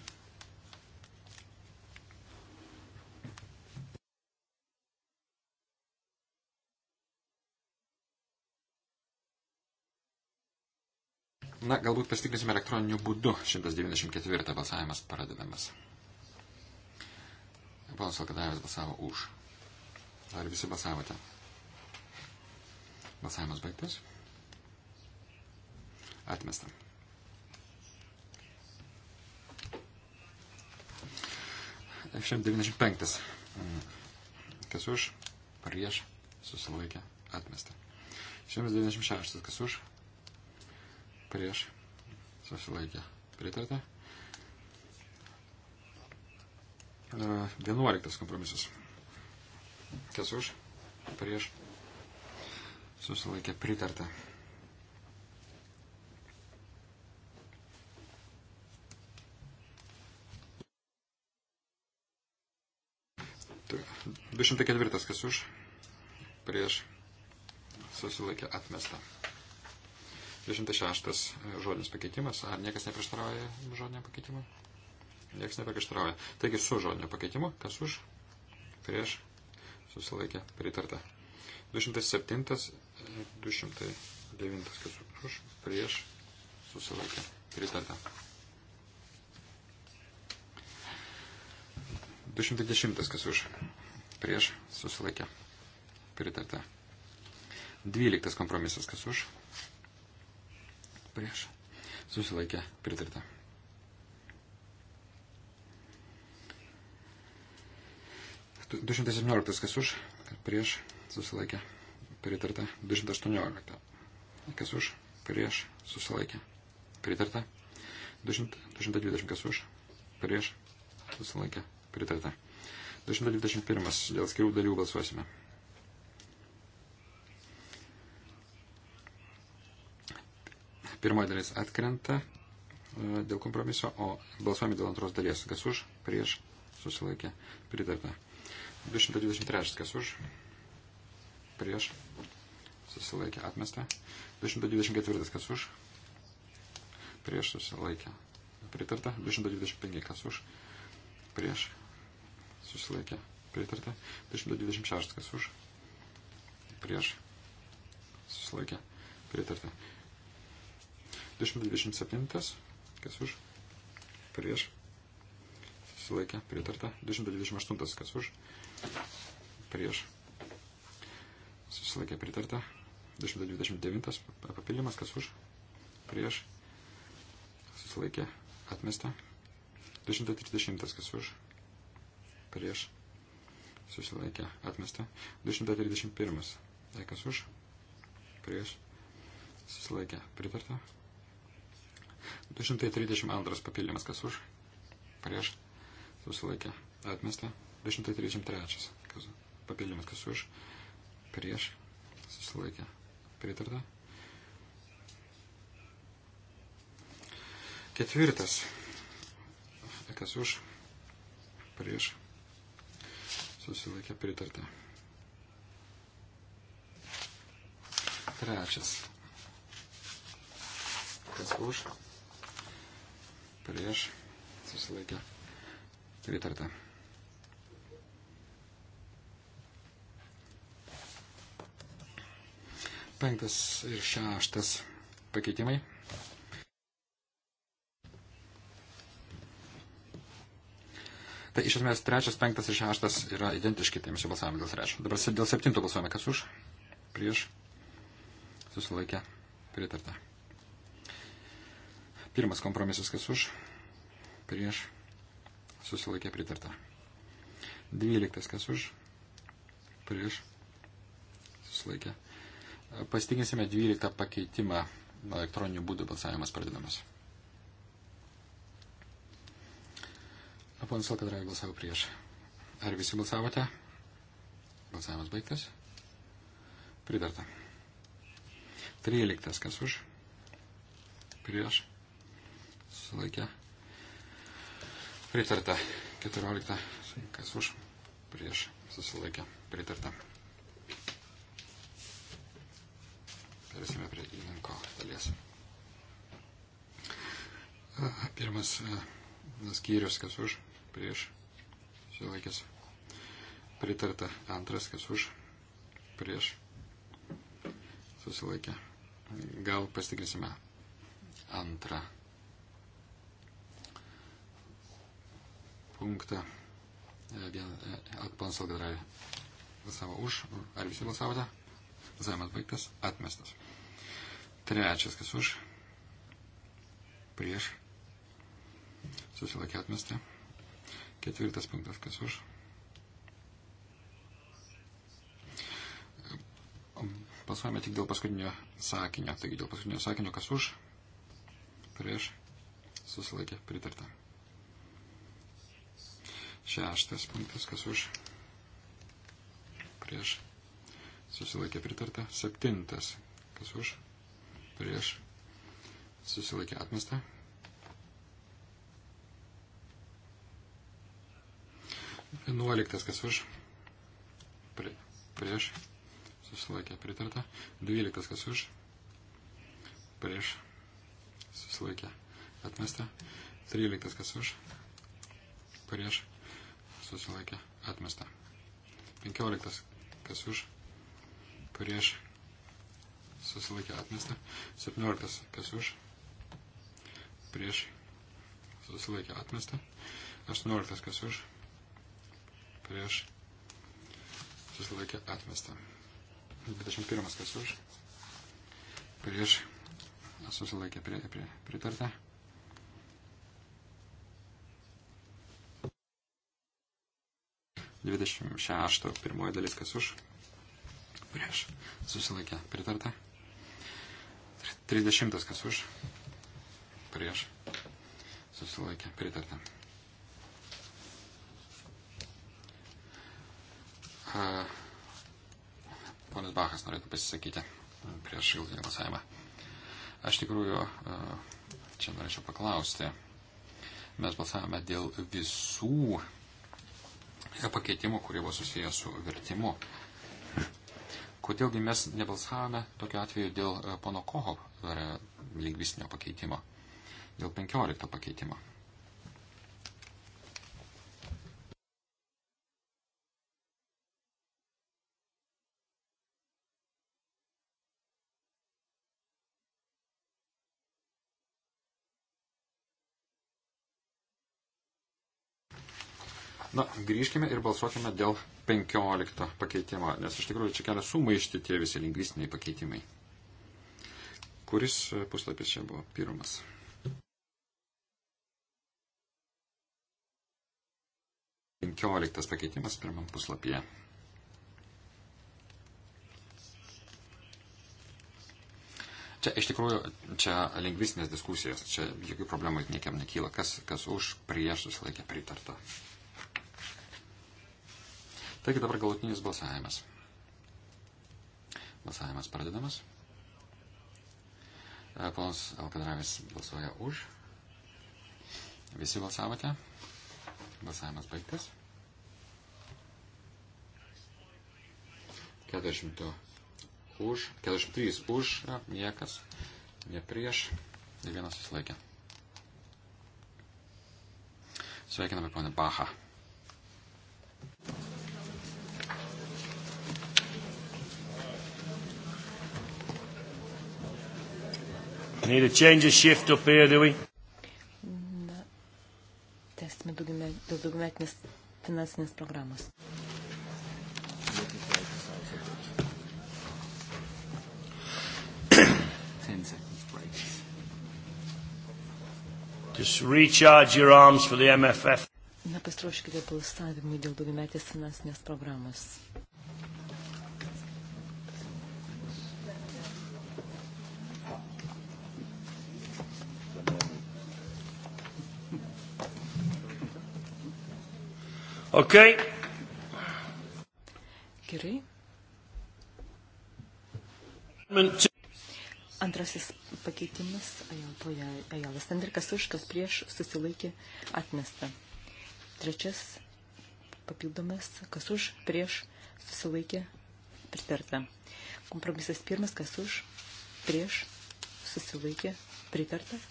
Na, galbūt pasitikrinsime elektroniniu būdu. 194 balsavimas pradedamas. Ponas Alkadavės balsavo už. Ar visi balsavote? Balsavimas baigtas. Atmesta. Šiandien 95. Mm. Kas už, prieš, susilaikė, atmesta. 196. Kas už, prieš, susilaikė, pritarta. 11 e, kompromisas. Kas už, prieš, susilaikė pritarta. Tai 204 kas už, prieš susilaikė atmesta. 206 žodinis pakeitimas. Ar niekas neprieštarauja žodiniam pakeitimui? Niekas neprieštarauja. Taigi su žodiniu pakeitimu, kas už, prieš, susilaikė, pritarta. 207, 209, kas už, prieš, susilaikė, pritarta. 210, kas už, prieš, susilaikė, pritarta. 12 kompromisas, kas už, prieš, susilaikė, pritarta. 217 kas už, prieš susilaikė, pritarta 218. Kas už, prieš, susilaikė, pritarta 220. Kas už, prieš, susilaikė, pritarta. 221. Dėl skirių dalių balsuosime. Pirmoji dalis atkrenta e, dėl kompromiso, o balsuojame dėl antros dalies. Kas už, prieš, susilaikė, pritarta. 223. Kas už, prieš, susilaikė atmesta. 224 kas už, prieš susilaikė pritarta. 225 kas už, prieš susilaikė pritarta. 226 kas už, prieš susilaikė pritarta. 227 kas už, prieš susilaikė pritarta. 228 kas už, prieš susilaikė pritarta. 229 papildymas, kas už, prieš, susilaikė, atmesta. 230 kas už, prieš, susilaikė, atmesta. 231 e, kas už, prieš, susilaikė, pritarta. 232 papildymas, kas už, prieš, susilaikė, atmesta. 233 kas, papildymas, kas už, prieš, prieš, susilaikė, pritarta. Ketvirtas, kas už, prieš, susilaikė, pritarta. Trečias, kas už, prieš, susilaikė, pritarta. penktas ir šeštas pakeitimai. Tai iš esmės trečias, penktas ir šeštas yra identiški tiems jau balsavimui dėl trečio. Dabar dėl septinto balsuojame, kas už, prieš, susilaikė, pritarta. Pirmas kompromisas, kas už, prieš, susilaikė, pritarta. Dvyliktas, kas už, prieš, susilaikė, pritarta Pasitikinsime 12 pakeitimą elektroniniu būdu balsavimas pradedamas. Ponas Alkadrai balsavo prieš. Ar visi balsavote? Balsavimas baigtas. Pritarta. 13. Kas už? Prieš. Sulaikė. Pritarta. 14. Kas už? Prieš. Susilaikė. Pritarta. Perėsime prie įlanko dalies. Pirmas skyrius, kas už, prieš, sulaikės. Pritarta antras, kas už, prieš, susilaikė. Gal pasitikrinsime antrą punktą. E, vien e, atpansal gadralį. Balsavo už. Ar visi balsavote? Balsavimas baigtas. Atmestas. Trečias, kas už. Prieš. Susilaikė atmestą. Ketvirtas punktas, kas už. Balsuojame tik dėl paskutinio sakinio. Taigi dėl paskutinio sakinio, kas už. Prieš. Susilaikė pritarta. Šeštas punktas, kas už. Prieš susilaikė pritarta. Septintas, kas už, prieš, susilaikė atmesta. Vienuoliktas, kas už, prie, prieš, susilaikė pritarta. Dvyliktas, kas už, prieš, susilaikė atmesta. Tryliktas, kas už, prieš, susilaikė atmesta. Penkioliktas, kas už, prieš prieš susilaikė atmesta, 17 kas už, prieš susilaikė atmesta, 18 kas už, prieš susilaikė atmesta, 21 kas už, prieš susilaikė prie, prie, pritarta. Dvidešimt šešto pirmoji dalis kas už, prieš susilaikę pritarta. 30 kas už prieš susilaikę pritarta. Ponas Bachas norėtų pasisakyti prieš galutinį balsavimą. Aš tikrųjų čia norėčiau paklausti. Mes balsavome dėl visų pakeitimų, kurie buvo susijęs su vertimu. Uh, Kodėlgi mes nebalsavome tokiu atveju dėl e, pono Koho e, lingvistinio pakeitimo, dėl 15 pakeitimo. Na, grįžkime ir balsuokime dėl 15 pakeitimo, nes iš tikrųjų čia kelia sumaišti tie visi lingvistiniai pakeitimai. Kuris puslapis čia buvo pirmas? Penkioliktas pakeitimas pirmam puslapyje. Čia iš tikrųjų, čia lingvistinės diskusijos, čia jokių problemų niekiam nekyla, kas, kas už prieš susilaikė pritarta. Taigi dabar galutinis balsavimas. Balsavimas pradedamas. E, ponas Alkadravis balsuoja už. Visi balsavote. Balsavimas baigtas. 40 už, 43 už, e, niekas, ne prieš, ne vienas susilaikė. Sveikiname ponę Bachą. Need a change, a shift up here, do we? Na, tęsime daugmetinės finansinės programos. Just recharge your arms for the MFF. Na, pasiruoškite balsavimui dėl daugiametės finansinės programos. Ok. Gerai. Antrasis pakeitimas, ajaltoje ajalas Andrikas už, kas prieš susilaikė atmestą. Trečias papildomas, kas už, prieš susilaikė pritarta. Kompromisas pirmas, kas už, prieš susilaikė pritarta.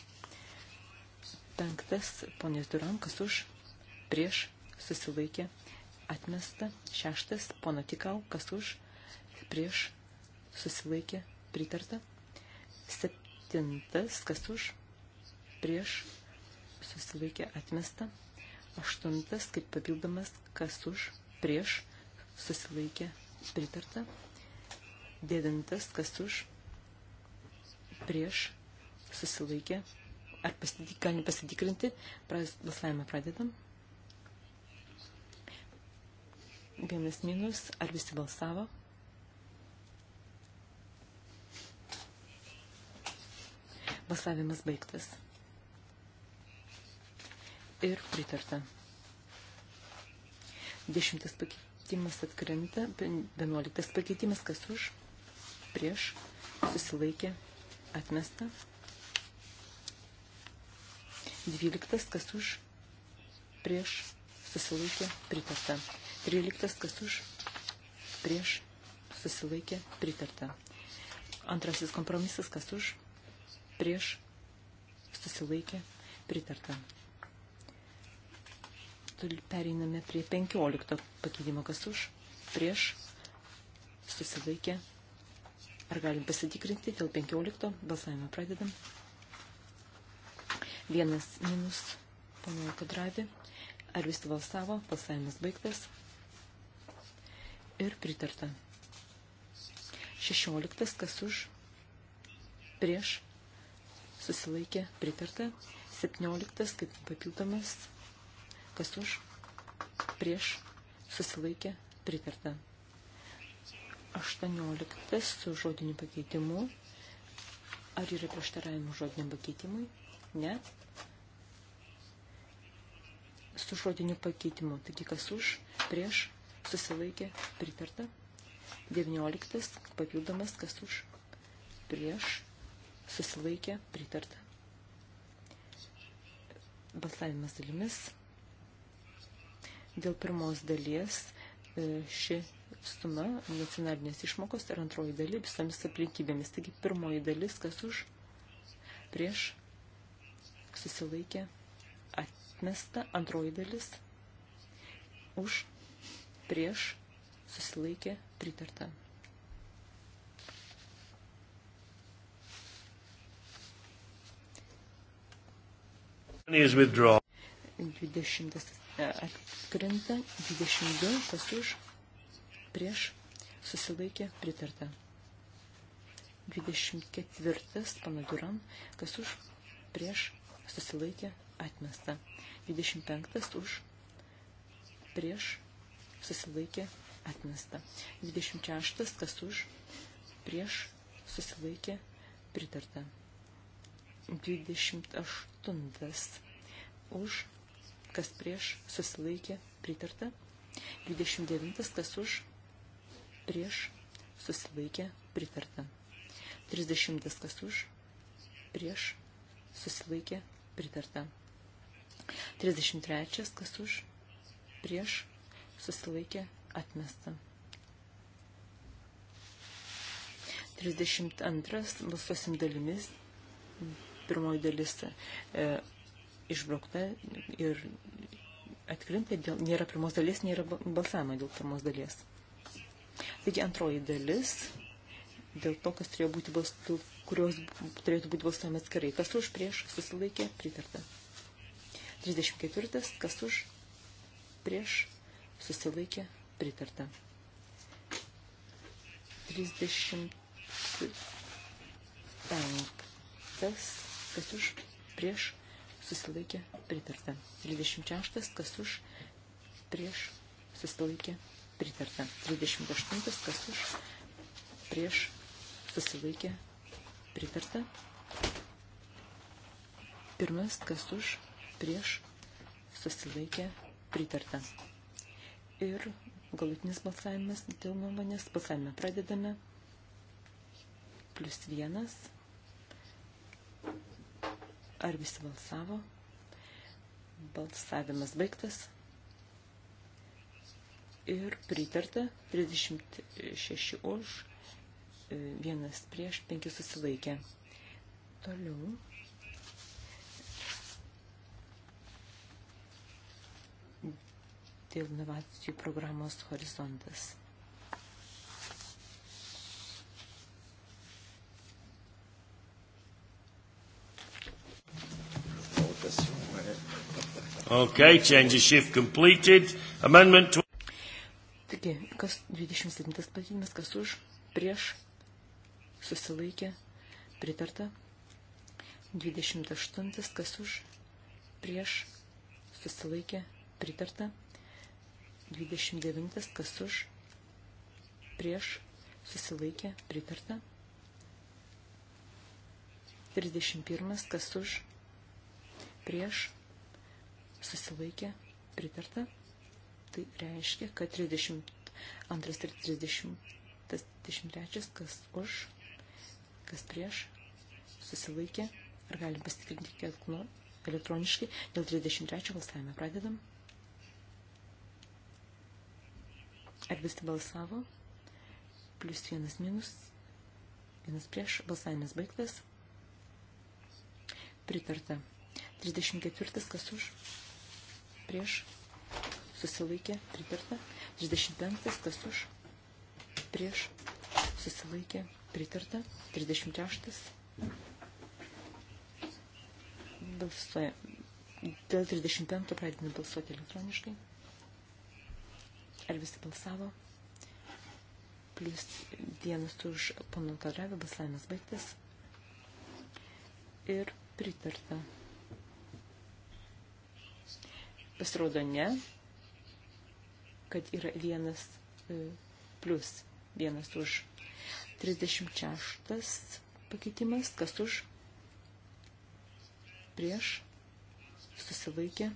Penktas, ponės Duran, kas už, prieš susilaikė, atmesta. Šeštas, pono tikau, kas už, prieš, susilaikė, pritarta. Septintas, kas už, prieš, susilaikė, atmesta. Aštuntas, kaip papildomas, kas už, prieš, susilaikė, pritarta. Devintas, kas už, prieš, susilaikė, ar pasitik, galim pasitikrinti, balsavimą pradedam. Vienas minus. Ar visi balsavo? Balsavimas baigtas. Ir pritarta. Dešimtas pakeitimas atkrenta, vienuoliktas pakeitimas, kas už, prieš, susilaikė, atmesta. Dvyliktas, kas už, prieš, susilaikė, pritarta. 13 kas už, prieš, susilaikė, pritarta. Antrasis kompromisas kas už, prieš, susilaikė, pritarta. Pereiname prie 15 pakeitimo kas už, prieš, susilaikė. Ar galim pasitikrinti dėl 15? Balsavimą pradedam. Vienas minus, panau, kadravi. Ar visi balsavo? Balsavimas baigtas ir pritarta. 16. Kas už? Prieš susilaikė pritarta. 17. Kaip papildomas. Kas už? Prieš susilaikė pritarta. 18. Su žodiniu pakeitimu. Ar yra prieštaravimų žodiniam pakeitimui? Ne. Su žodiniu pakeitimu. Taigi kas už? Prieš susilaikė, pritarta. 19 papildomas, kas už, prieš, susilaikė, pritarta. Balsavimas dalimis. Dėl pirmos dalies e, ši suma nacionalinės išmokos ir antroji daly visomis aplinkybėmis. Taigi pirmoji dalis, kas už, prieš, susilaikė, atmesta, antroji dalis, už, prieš, susilaikė, pritarta. Dvidešimtas e, atkrinta, dvidešimt du, kas už, prieš, susilaikė, pritarta. 24 panaduran, kas už prieš susilaikė atmesta. 25 už prieš susilaikė, atmesta. 26. Kas už, prieš, susilaikė, pritarta. 28. Už, kas prieš, susilaikė, pritarta. 29. Kas už, prieš, susilaikė, pritarta. 30. Kas už, prieš, susilaikė, pritarta. 33. Kas už, prieš, susilaikė, atmesta. 32 balsuosim dalimis. Pirmoji dalis e, išbraukta ir atkrinta, dėl, nėra pirmos dalies, nėra balsavimo dėl pirmos dalies. Taigi antroji dalis, dėl to, kas turėjo būti balsų, kurios turėtų būti balsuojami atskirai. Kas už prieš susilaikė, pritarta. 34. Kas už prieš susilaikė, pritarta. 35. Kas už, prieš, susilaikė, pritarta. 36. Kas už, prieš, susilaikė, pritarta. 38. Kas už, prieš, susilaikė, pritarta. Pirmas, kas už, prieš, susilaikė, pritarta ir galutinis balsavimas dėl nuomonės. Balsavimą pradedame. Plius vienas. Ar visi balsavo? Balsavimas baigtas. Ir pritarta 36 už, vienas prieš, penki susilaikė. Toliau. dėl inovacijų programos horizontas. Okay, change of shift completed. Amendment to... Taigi, kas 27 pakeitimas, kas už, prieš, susilaikė, pritarta. 28, kas už, prieš, susilaikė, pritarta. 29, kas už, prieš, susilaikė, pritarta. 31, kas už, prieš, susilaikė, pritarta. Tai reiškia, kad 32 ir 30, 33, kas už, kas prieš, susilaikė. Ar galim pasitikrinti kiek nu, elektroniškai. Dėl 33 balsavime pradedam. Ar visi balsavo? Plius vienas minus, vienas prieš, balsavimas baigtas. Pritarta. 34. Kas už? Prieš. Susilaikė. Pritarta. 35. Kas už? Prieš. Susilaikė. Pritarta. 36. Balsuoja. Dėl 35 pradedame balsuoti elektroniškai. Ar visi balsavo? Plius vienas už pono Taravę, balsavimas baigtas. Ir pritarta. Pasirodo ne, kad yra vienas e, plus vienas už 36 pakeitimas, kas už prieš susilaikė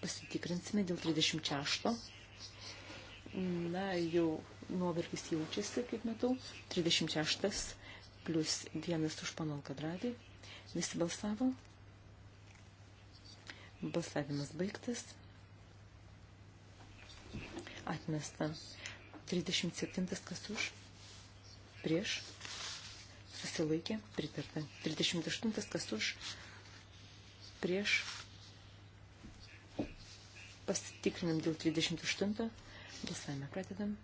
pasitikrinsime dėl 36. Na, jau nuovargis jaučiasi, kaip matau. 36 plus vienas už panon kadradį. Visi balsavo. Balsavimas baigtas. Atmesta. 37 kas už. Prieš. Susilaikė. Pritarta. 38 kas už. Prieš Pasitikrinam dėl 38. Visame pradedam.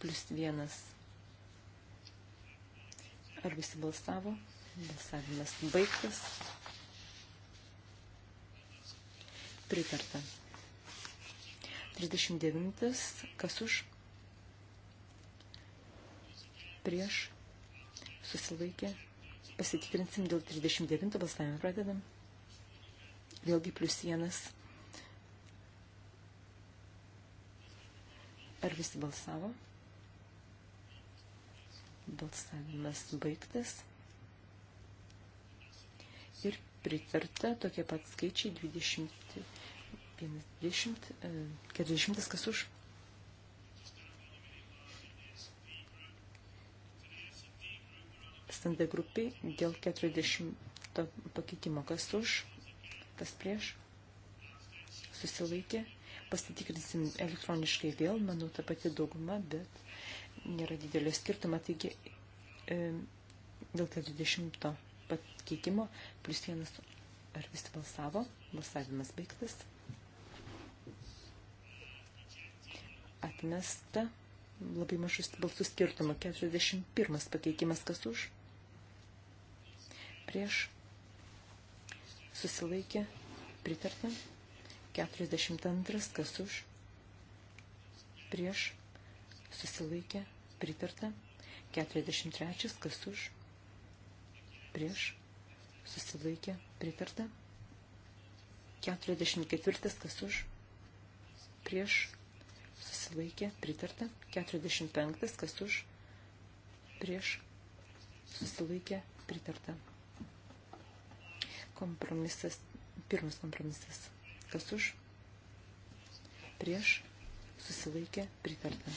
Plius vienas. Ar visi balsavo? Balsavimas baigtas. Pritarta. 39. Kas už? Prieš. Susilaikė. Pasitikrinsim dėl 39. Balsavimą pradedam vėlgi plus vienas. Ar visi balsavo? Balsavimas baigtas. Ir pritarta tokie pat skaičiai 20, 50, 40 kas už. Standa grupiai dėl 40 pakeitimo kas už kas prieš, susilaikė, pasitikrinsim elektroniškai vėl, manau, ta pati dauguma, bet nėra didelio skirtumo, taigi e, dėl 40 pakeitimo plus vienas, ar visi balsavo, balsavimas baigtas, atmesta, labai mažus balsų skirtumo, 41 pakeitimas kas už, prieš, susilaikė, pritarta. 42, kas už, prieš, susilaikė, pritarta. 43, kas už, prieš, susilaikė, pritarta. 44, kas už, prieš, susilaikė, pritarta. 45, kas už, prieš, susilaikė, pritarta. Kompromisas, pirmas kompromisas. Kas už? Prieš susilaikė pritarta.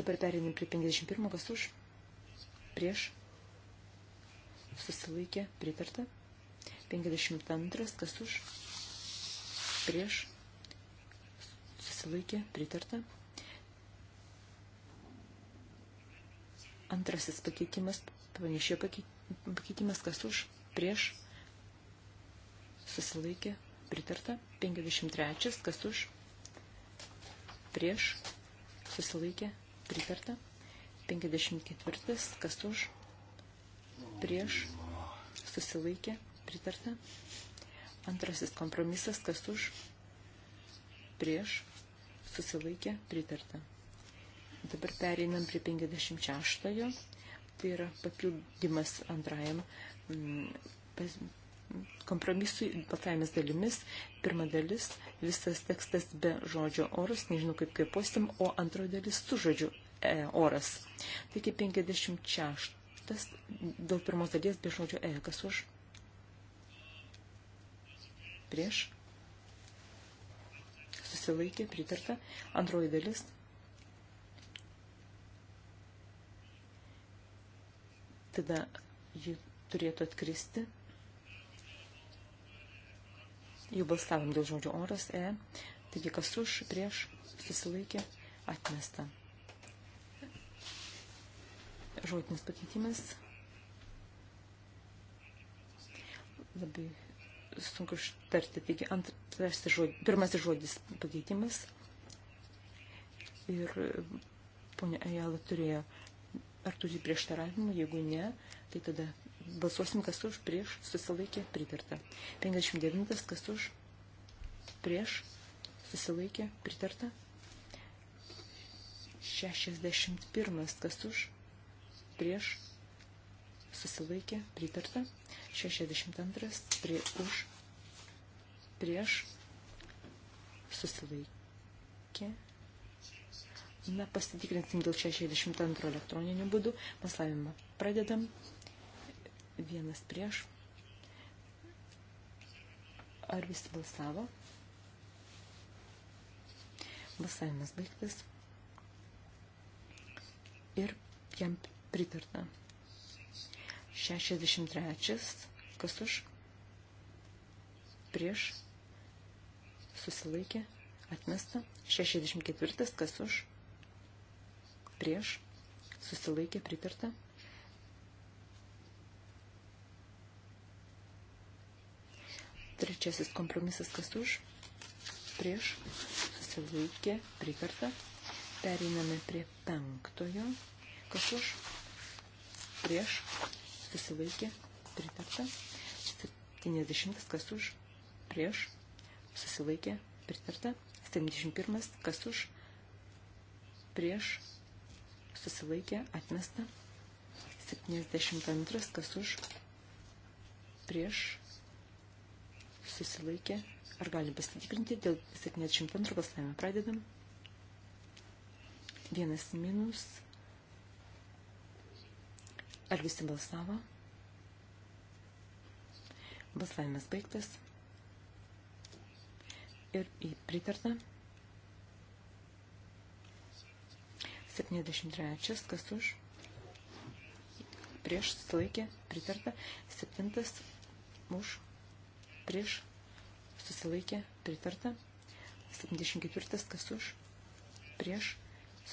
Dabar perinim prie 51. Kas už? Prieš susilaikė pritarta. 52. Kas už? Prieš susilaikė pritarta. Antrasis pakeitimas, pranešė pakeitimas pakeitimas kas už, prieš, susilaikė, pritarta. 53 kas už, prieš, susilaikė, pritarta. 54 kas už, prieš, susilaikė, pritarta. Antrasis kompromisas kas už, prieš, susilaikė, pritarta. Dabar pereinam prie 56. Tai yra papildymas antrajam mm, kompromisui patraimės dalimis. Pirma dalis – visas tekstas be žodžio oras, nežinau kaip kaiposim, o antroji dalis su žodžiu e, oras. Taigi 56. Tas dėl pirmos dalies be žodžio e, kas už? Prieš. Susilaikė, pritarta. Antroji dalis – tada ji turėtų atkristi. Jau balsavom dėl žodžio oras, e, taigi kas už, prieš, susilaikė, atmesta. Žodinis pakeitimas. Labai sunku ištarti, taigi antras žodis, pirmasis žodis pakeitimas. Ir ponia Ejala turėjo uh, Ar turi prieštaravimų? Jeigu ne, tai tada balsuosim, kas už, prieš, susilaikė, pritarta. 59, kas už, prieš, susilaikė, pritarta. 61, kas už, prieš, susilaikė, pritarta. 62, prie, už, prieš, susilaikė, Na, pasitikrinsim dėl 62 elektroninių būdų. Balsavimą pradedam. Vienas prieš. Ar visi balsavo? Balsavimas baigtas. Ir jam pritarta. 63. Kas už? Prieš. Susilaikė. Atmesta. 64. Kas už? prieš, susilaikė pritarta. Trečiasis kompromisas kas už, prieš, susilaikė pritarta. Pereiname prie penktojo, kas už, prieš, susilaikė pritarta. 70 kas už, prieš, susilaikė pritarta. 71 kas už, prieš, susilaikė, atmesta. 72, kas už, prieš, susilaikė. Ar galim pasitikrinti dėl 72 balsavimą? Pradedam. Vienas minus. Ar visi balsavo? Balsavimas baigtas. Ir pritarta. 73. Kas už? Prieš susilaikė pritarta. 7. Už. Prieš susilaikė pritarta. 74. Kas už? Prieš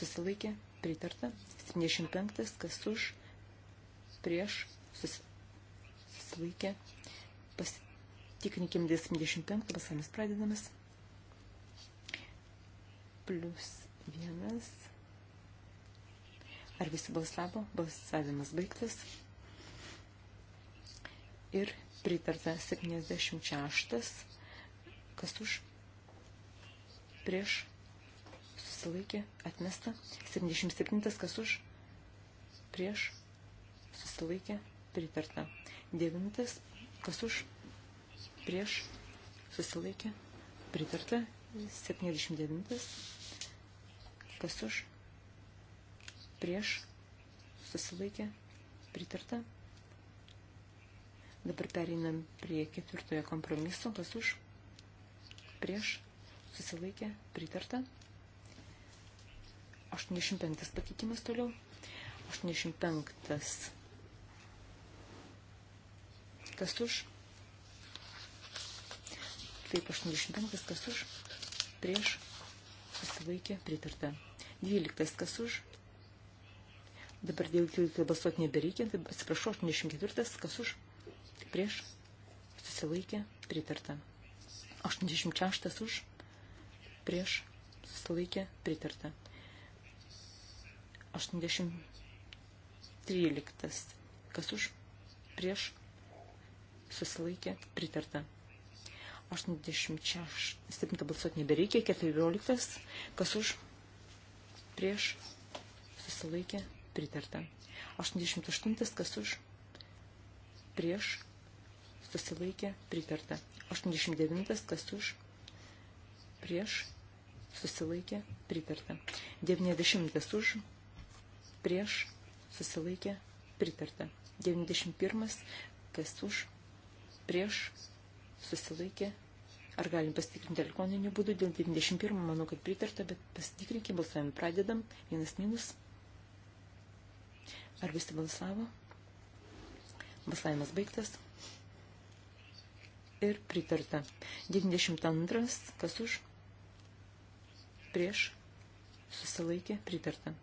susilaikė pritarta. 75. Kas už? Prieš susilaikė. Pasitikinkim 25. Pasamis pradedamas. Plius vienas Ar visi balsavo? Balsavimas baigtas. Ir pritarta 76. Kas už? Prieš. Susilaikė. Atmesta. 77. Kas už? Prieš. Susilaikė. Pritarta. 9. Kas už? Prieš. Susilaikė. Pritarta. 79. Kas už? prieš, susilaikė, pritarta. Dabar pereinam prie ketvirtojo kompromiso, kas už, prieš, susilaikė, pritarta. 85 pakeitimas toliau. 85. Kas už? Taip, 85. Kas už? Prieš. Susivaikė. Pritarta. 12. Kas už? Dabar dėl jų balsuoti nebereikia. Atsiprašau, 84. Kas už? Prieš? Susilaikė? Pritarta. 86. Už? Prieš? Susilaikė? Pritarta. 813. Kas už? Prieš? Susilaikė? Pritarta. 87 balsuoti nebereikia, 14, kas už, prieš, susilaikė, pritarta. 88 kas už, prieš, susilaikė, pritarta. 89 kas už, prieš, susilaikė, pritarta. 90 už, prieš, susilaikė, pritarta. 91 kas už, prieš, susilaikė, Ar galim pasitikrinti elektroniniu būdu dėl 91, manau, kad pritarta, bet pasitikrinkim, balsavim pradedam, vienas minus. Ar visi balsavo? Balsavimas baigtas. Ir pritarta. 92. Kas už? Prieš. Susilaikė. Pritarta.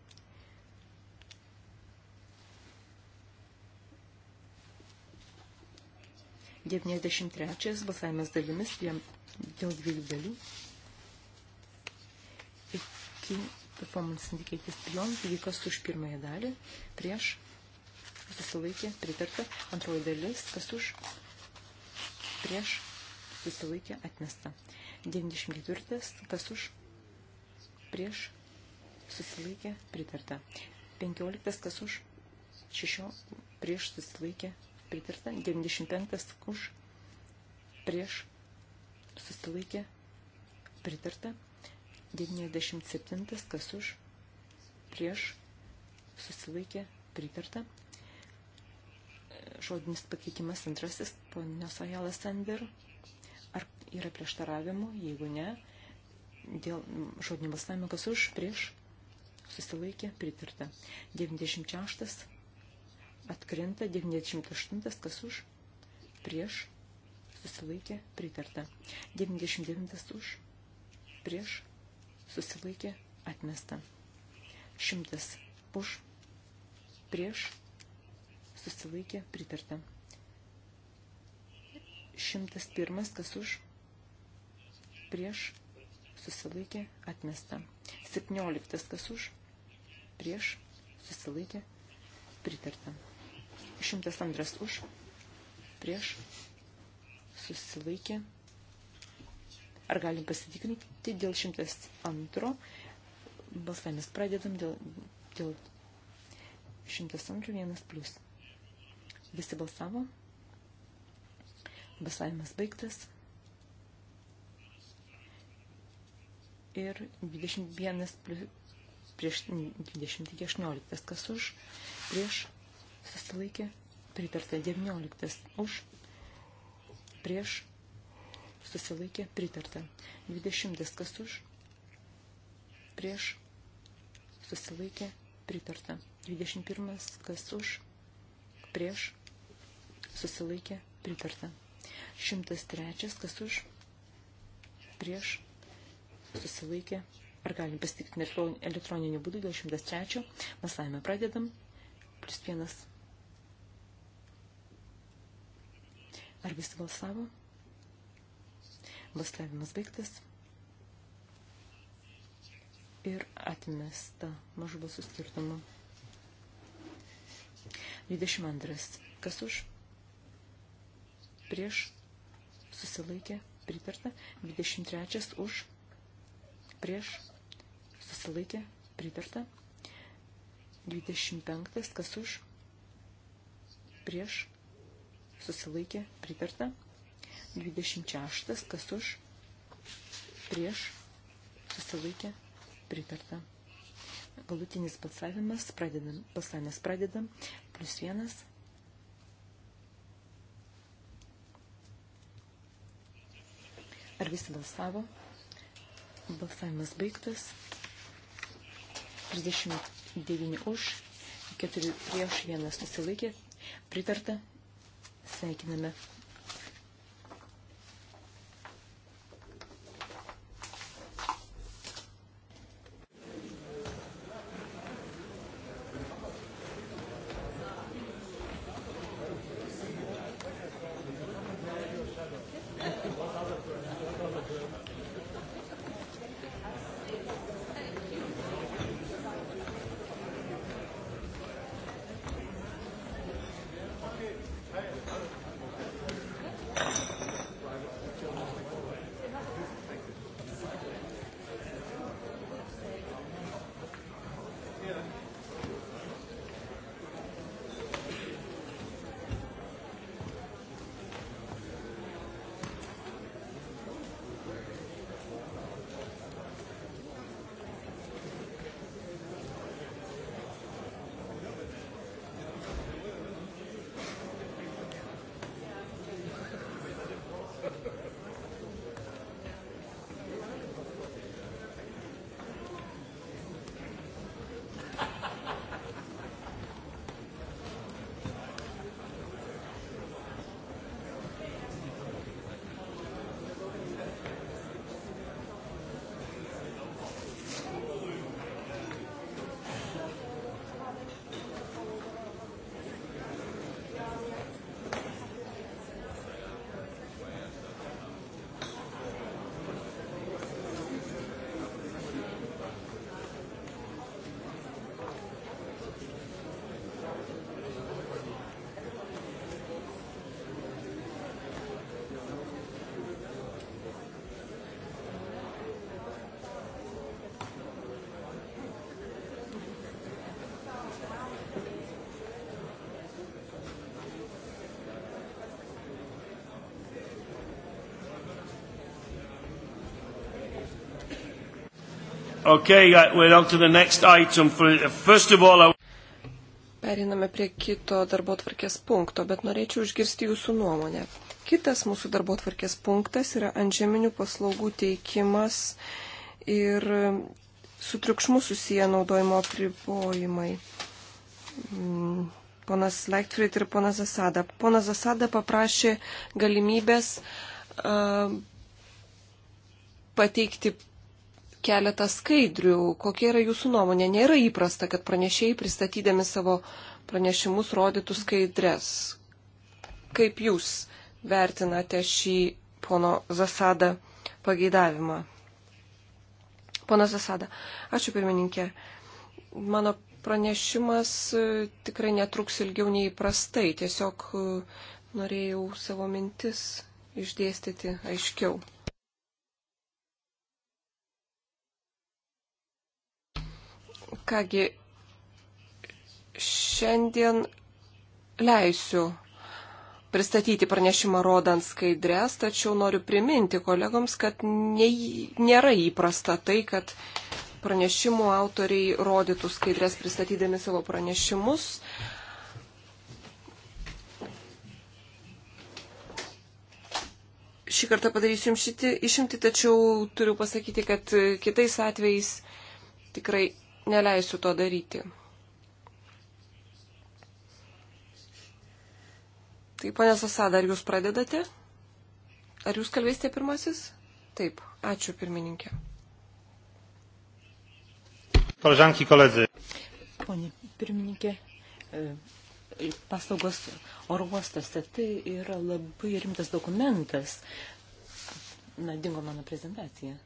Devyniasdešimt trečias balsavimas dalimis dėl dviejų dalių iki performance indicators prion, taigi kas už pirmąją dalį, prieš, susilaikė, pritarta, antroji dalis, kas už, prieš, susilaikė, atmesta. 94, kas už, prieš, susilaikė, pritarta. 15, kas už, 6, prieš, susilaikė, pritarta. 95, už, prieš, susilaikė, pritarta. 97, kas už, prieš, susilaikė, pritarta. Žodinis pakeitimas antrasis, ponios Ajalas Sender. Ar yra prieštaravimų? Jeigu ne, dėl žodinio balsavimo, kas už, prieš, susilaikė, pritarta. 96, atkrinta, 98, kas už, prieš, susilaikė, pritarta. 99 už, prieš, susilaikė atmesta. Šimtas už, prieš, susilaikė pritarta. Šimtas pirmas, kas už, prieš, susilaikė atmesta. Septynioliktas, kas už, prieš, susilaikė pritarta. Šimtas antras už, prieš, susilaikė pritarta Ar galim pasitikrinti dėl 102? Balsavimas pradedam dėl, dėl 102 vienas plus. Visi balsavo. Balsavimas baigtas. Ir 21 plus, prieš 2018, kas už, prieš susilaikė, pritarta 19 už, prieš susilaikė pritarta. 20. Kas už, prieš, susilaikė pritarta. 21. Kas už, prieš, susilaikė pritarta. 103. Kas už, prieš, susilaikė. Ar galim pasitikti elektroniniu būdu dėl 103. Masavimą pradedam. Plus vienas. Ar visi balsavo? Balsavimas baigtas. Ir atmesta mažų balsų skirtumų. 22. Kas už? Prieš susilaikė pritarta. 23. Už? Prieš susilaikė pritarta. 25. Kas už? Prieš susilaikė pritarta. 26. Kas už? Prieš? Susilaikė? Pritarta. Galutinis balsavimas. Pradedam. Balsavimas pradedam. Plus vienas. Ar visi balsavo? Balsavimas baigtas. 39 už, 4 prieš, 1 susilaikė. Pritarta. Sveikiname. Okay, we're on to the next item. First of all, I... Periname prie kito darbo tvarkės punkto, bet norėčiau išgirsti jūsų nuomonę. Kitas mūsų darbo tvarkės punktas yra antžeminių paslaugų teikimas ir su triukšmu susiję naudojimo apribojimai. Mm, ponas Leichtfried ir ponas Zasada. Ponas Zasada paprašė galimybės uh, pateikti keletą skaidrių. Kokia yra jūsų nuomonė? Nėra įprasta, kad pranešėjai pristatydami savo pranešimus rodytų skaidrės. Kaip jūs vertinate šį pono Zasada pageidavimą? Ponas Zasada, ačiū pirmininkė. Mano pranešimas e, tikrai netruks ilgiau nei įprastai. Tiesiog e, norėjau savo mintis išdėstyti aiškiau. Kągi, šiandien leisiu pristatyti pranešimą rodant skaidrės, tačiau noriu priminti kolegoms, kad ne, nėra įprasta tai, kad pranešimų autoriai rodytų skaidrės pristatydami savo pranešimus. Šį kartą padarysiu jums šitį išimti, tačiau turiu pasakyti, kad kitais atvejais tikrai neleisiu to daryti. Taip, ponė Sasada, ar jūs pradedate? Ar jūs kalbėsite pirmasis? Taip, ačiū pirmininkė. Koležanki, koledzy. Pone pirmininkė, e, paslaugos oro uostose tai, tai yra labai rimtas dokumentas. Na, dingo mano prezentacija.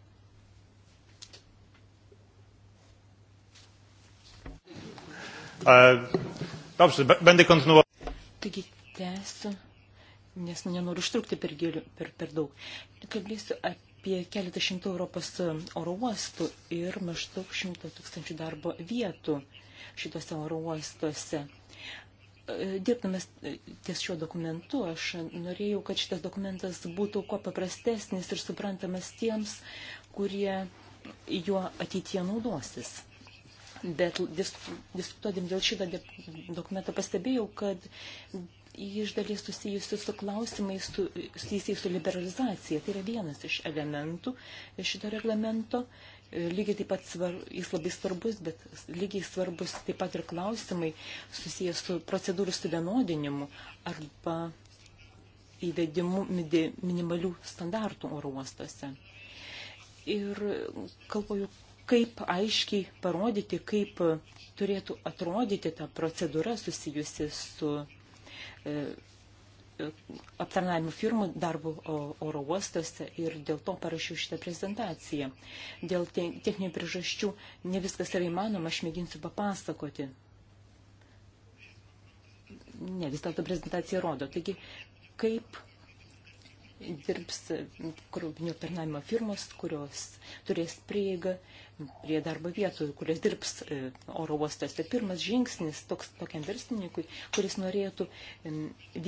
Dobrze, będę kontynuował. Taigi, tęsiu, nes nu nenoriu užtrukti per, giliu, per, per daug. Kalbėsiu apie keletą šimtų Europos oro uostų ir maždaug šimto tūkstančių darbo vietų šituose oro uostuose. E, dirbdamas ties šiuo dokumentu, aš norėjau, kad šitas dokumentas būtų kuo paprastesnis ir suprantamas tiems, kurie juo ateitie naudosis. Bet dis, diskutuodami dėl šito dokumento pastebėjau, kad iš dalies susijusi su klausimais su, susijusiais su liberalizacija. Tai yra vienas iš elementų šito reglamento. Lygiai taip pat svar, jis labai svarbus, bet lygiai svarbus taip pat ir klausimai susijęs su procedūrų suvienodinimu arba įvedimu minimalių standartų oro uostuose. Ir kalbu juk kaip aiškiai parodyti, kaip turėtų atrodyti ta procedūra susijusi su e, e aptarnavimo firmų darbų oro uostose ir dėl to parašiau šitą prezentaciją. Dėl te, techninių priežasčių ne viskas yra įmanoma, aš mėginsiu papasakoti. Ne, vis dėlto prezentacija rodo. Taigi, kaip dirbs krovinio pernavimo firmos, kurios turės prieigą prie darbo vietų, kurias dirbs e, oro uostas. Tai pirmas žingsnis toks, tokiam verslininkui, kuris norėtų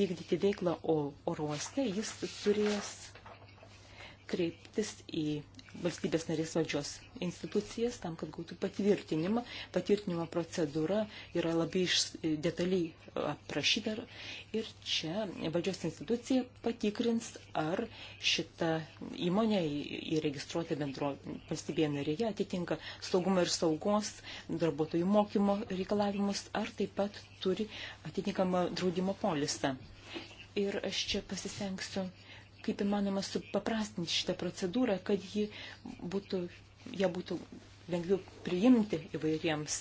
vykdyti veiklą oro uoste, jis turės kreiptis į valstybės narės valdžios institucijas tam, kad gautų patvirtinimą. Patvirtinimo procedūra yra labai iš, detaliai aprašyta ir čia valdžios institucija patikrins, ar šita įmonė įregistruota bendro valstybėje narėje atitinka saugumo ir saugos darbuotojų mokymo reikalavimus, ar taip pat turi atitinkamą draudimo polisą. Ir aš čia pasistengsiu kaip įmanoma supaprastinti šitą procedūrą, kad ji būtų, ją būtų lengviau priimti įvairiems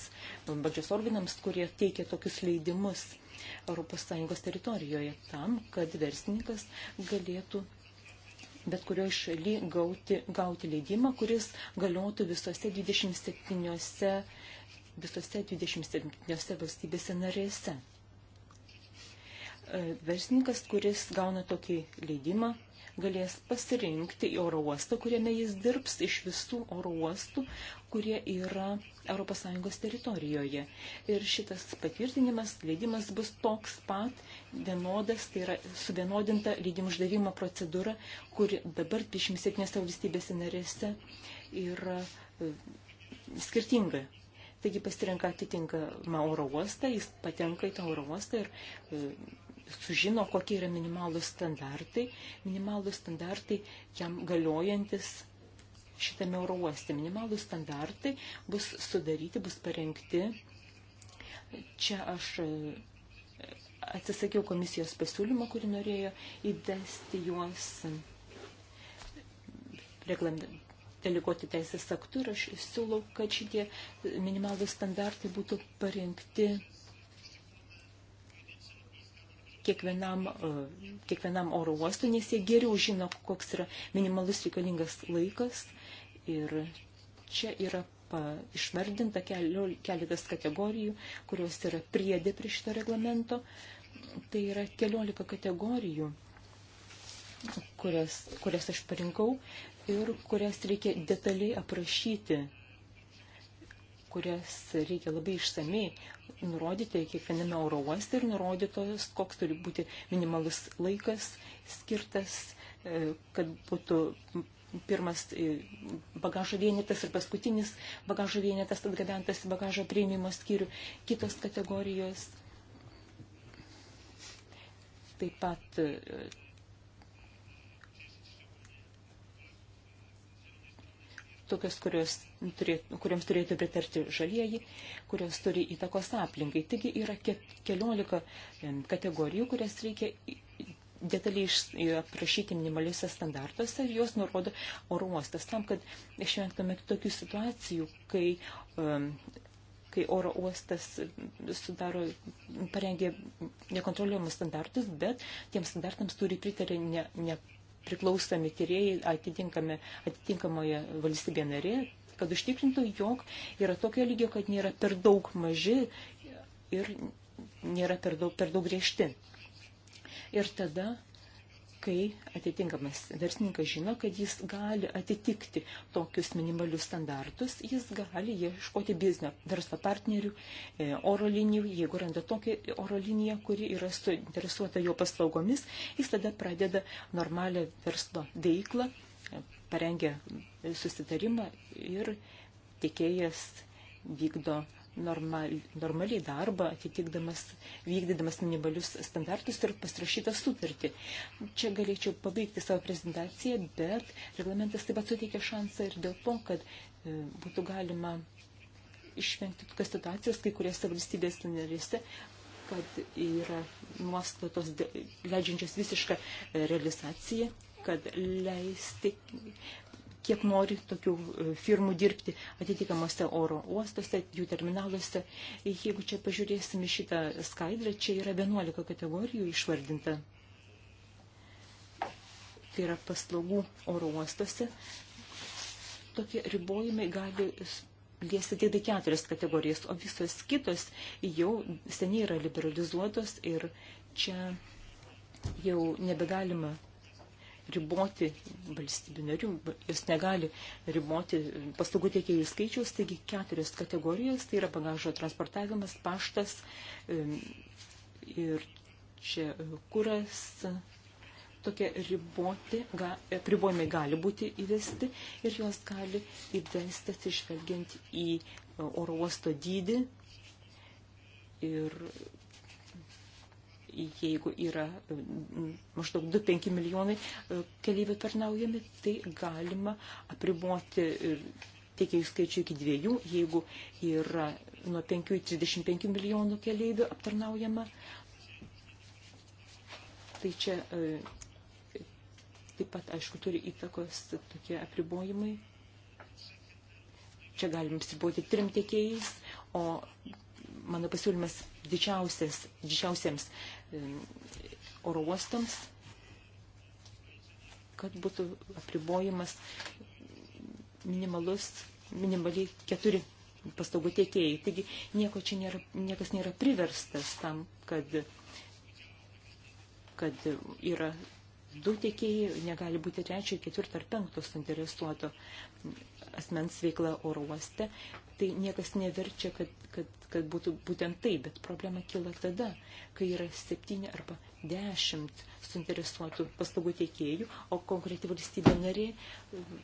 valdžios organams, kurie teikia tokius leidimus ES teritorijoje tam, kad verslininkas galėtų bet kurioje šaly gauti, gauti leidimą, kuris galiotų visose 27, visose 27 valstybėse narėse. E, verslininkas, kuris gauna tokį leidimą, galės pasirinkti į oro uostą, kuriame jis dirbs iš visų oro uostų, kurie yra ES teritorijoje. Ir šitas patvirtinimas, leidimas bus toks pat vienodas, tai yra suvienodinta leidimų uždavimo procedūra, kuri dabar 27 valstybėse narėse yra e, skirtinga. Taigi pasirenka atitinkamą oro uostą, jis patenka į tą oro uostą ir e, sužino, kokie yra minimalūs standartai, minimalūs standartai jam galiojantis šitame oro uoste. Minimalūs standartai bus sudaryti, bus parengti. Čia aš e, atsisakiau komisijos pasiūlymą, kuri norėjo įvesti juos deleguoti teisės aktų ir aš siūlau, kad šitie minimalūs standartai būtų parengti kiekvienam, e, kiekvienam oro uostui, nes jie geriau žino, koks yra minimalus reikalingas laikas. Ir čia yra išvardinta keletas kategorijų, kurios yra priedė prie šito reglamento. Tai yra keliolika kategorijų, kurias, kurias aš parinkau ir kurias reikia detaliai aprašyti kurias reikia labai išsamei nurodyti kiekviename oro uoste ir nurodytos, koks turi būti minimalus laikas skirtas, e, kad būtų pirmas e, bagažo vienetas ir paskutinis bagažo vienetas atgabentas į bagažo prieimimo skyrių, kitos kategorijos. Taip pat e, tokios, kurios turėtų, kuriams turėtų pritarti žalieji, kurios turi įtakos aplinkai. Taigi yra keliolika kategorijų, kurias reikia detaliai aprašyti minimaliuose standartuose ir juos nurodo oro uostas tam, kad išvengtume tokių situacijų, kai, um, kai oro uostas sudaro, parengė nekontroliuojamus standartus, bet tiems standartams turi pritarė ne, ne priklausomi tyrėjai atitinkamoje valstybėje narė, kad užtikrintų, jog yra tokio lygio, kad nėra per daug maži ir nėra per daug, per daug griežti. Ir tada kai atitinkamas verslininkas žino, kad jis gali atitikti tokius minimalius standartus, jis gali ieškoti biznio verslo partnerių, e, oro linijų, jeigu randa tokią oro liniją, kuri yra suinteresuota jo paslaugomis, jis tada pradeda normalią verslo veiklą, e, parengia susitarimą ir tikėjas vykdo normal, normaliai darbą, atitikdamas, vykdydamas minimalius standartus ir pasirašytą sutartį. Čia galėčiau pabaigti savo prezentaciją, bet reglamentas taip pat suteikia šansą ir dėl to, kad e, būtų galima išvengti tokios situacijos kai kuriuose valstybės narėse, kad yra nuostatos leidžiančios visišką e, realizaciją, kad leisti kiek nori tokių e, firmų dirbti atitikamuose oro uostuose, jų terminaluose. Jeigu čia pažiūrėsime šitą skaidrę, čia yra 11 kategorijų išvardinta. Tai yra paslaugų oro uostuose. Tokie ribojimai gali liesti tik keturias kategorijas, o visos kitos jau seniai yra liberalizuotos ir čia jau nebegalima riboti valstybių narių, jos negali riboti paslaugų tiekėjų skaičiaus, taigi keturios kategorijos, tai yra bagažo transportavimas, paštas ir čia e, kuras, tokie riboti, ga, e, pribojimai gali būti įvesti ir jos gali įvesti atsižvelgiant į e, oro uosto dydį ir jeigu yra e, maždaug 2-5 milijonai e, keleivių tarnaujami, tai galima apriboti tiekėjų skaičių iki dviejų, jeigu yra nuo 5 iki 35 milijonų keleivių aptarnaujama. Tai čia e, taip pat, aišku, turi įtakos tokie apribojimai. Čia galim apsiboti trim tiekėjais, o mano pasiūlymas didžiausias, didžiausiems E, oro uostams, kad būtų apribojimas minimalus, minimaliai keturi paslaugų tiekėjai. Taigi nieko čia nėra, niekas nėra priverstas tam, kad, kad yra du tiekėjai, negali būti trečio, ketvirto ar penkto suinteresuoto asmens veikla oro uoste tai niekas neverčia, kad, kad, kad būtų būtent tai, bet problema kyla tada, kai yra septyni arba dešimt suinteresuotų paslaugų tiekėjų, o konkreti valstybė narė um,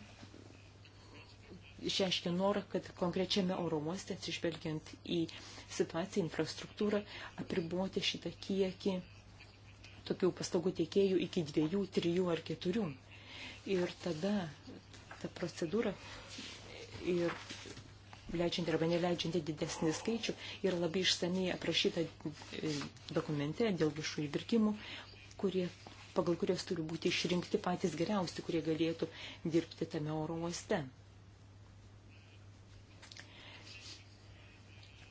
išreiškia norą, kad konkrečiame oro uoste, atsižvelgiant į situaciją, infrastruktūrą, apriboti šitą kiekį tokių paslaugų tiekėjų iki dviejų, trijų ar keturių. Ir tada ta procedūra ir leidžianti arba neleidžianti didesnį skaičių, yra labai išsamei aprašyta e, dokumente dėl viešųjų pirkimų, kurie, pagal kurias turi būti išrinkti patys geriausi, kurie galėtų dirbti tame oro uoste.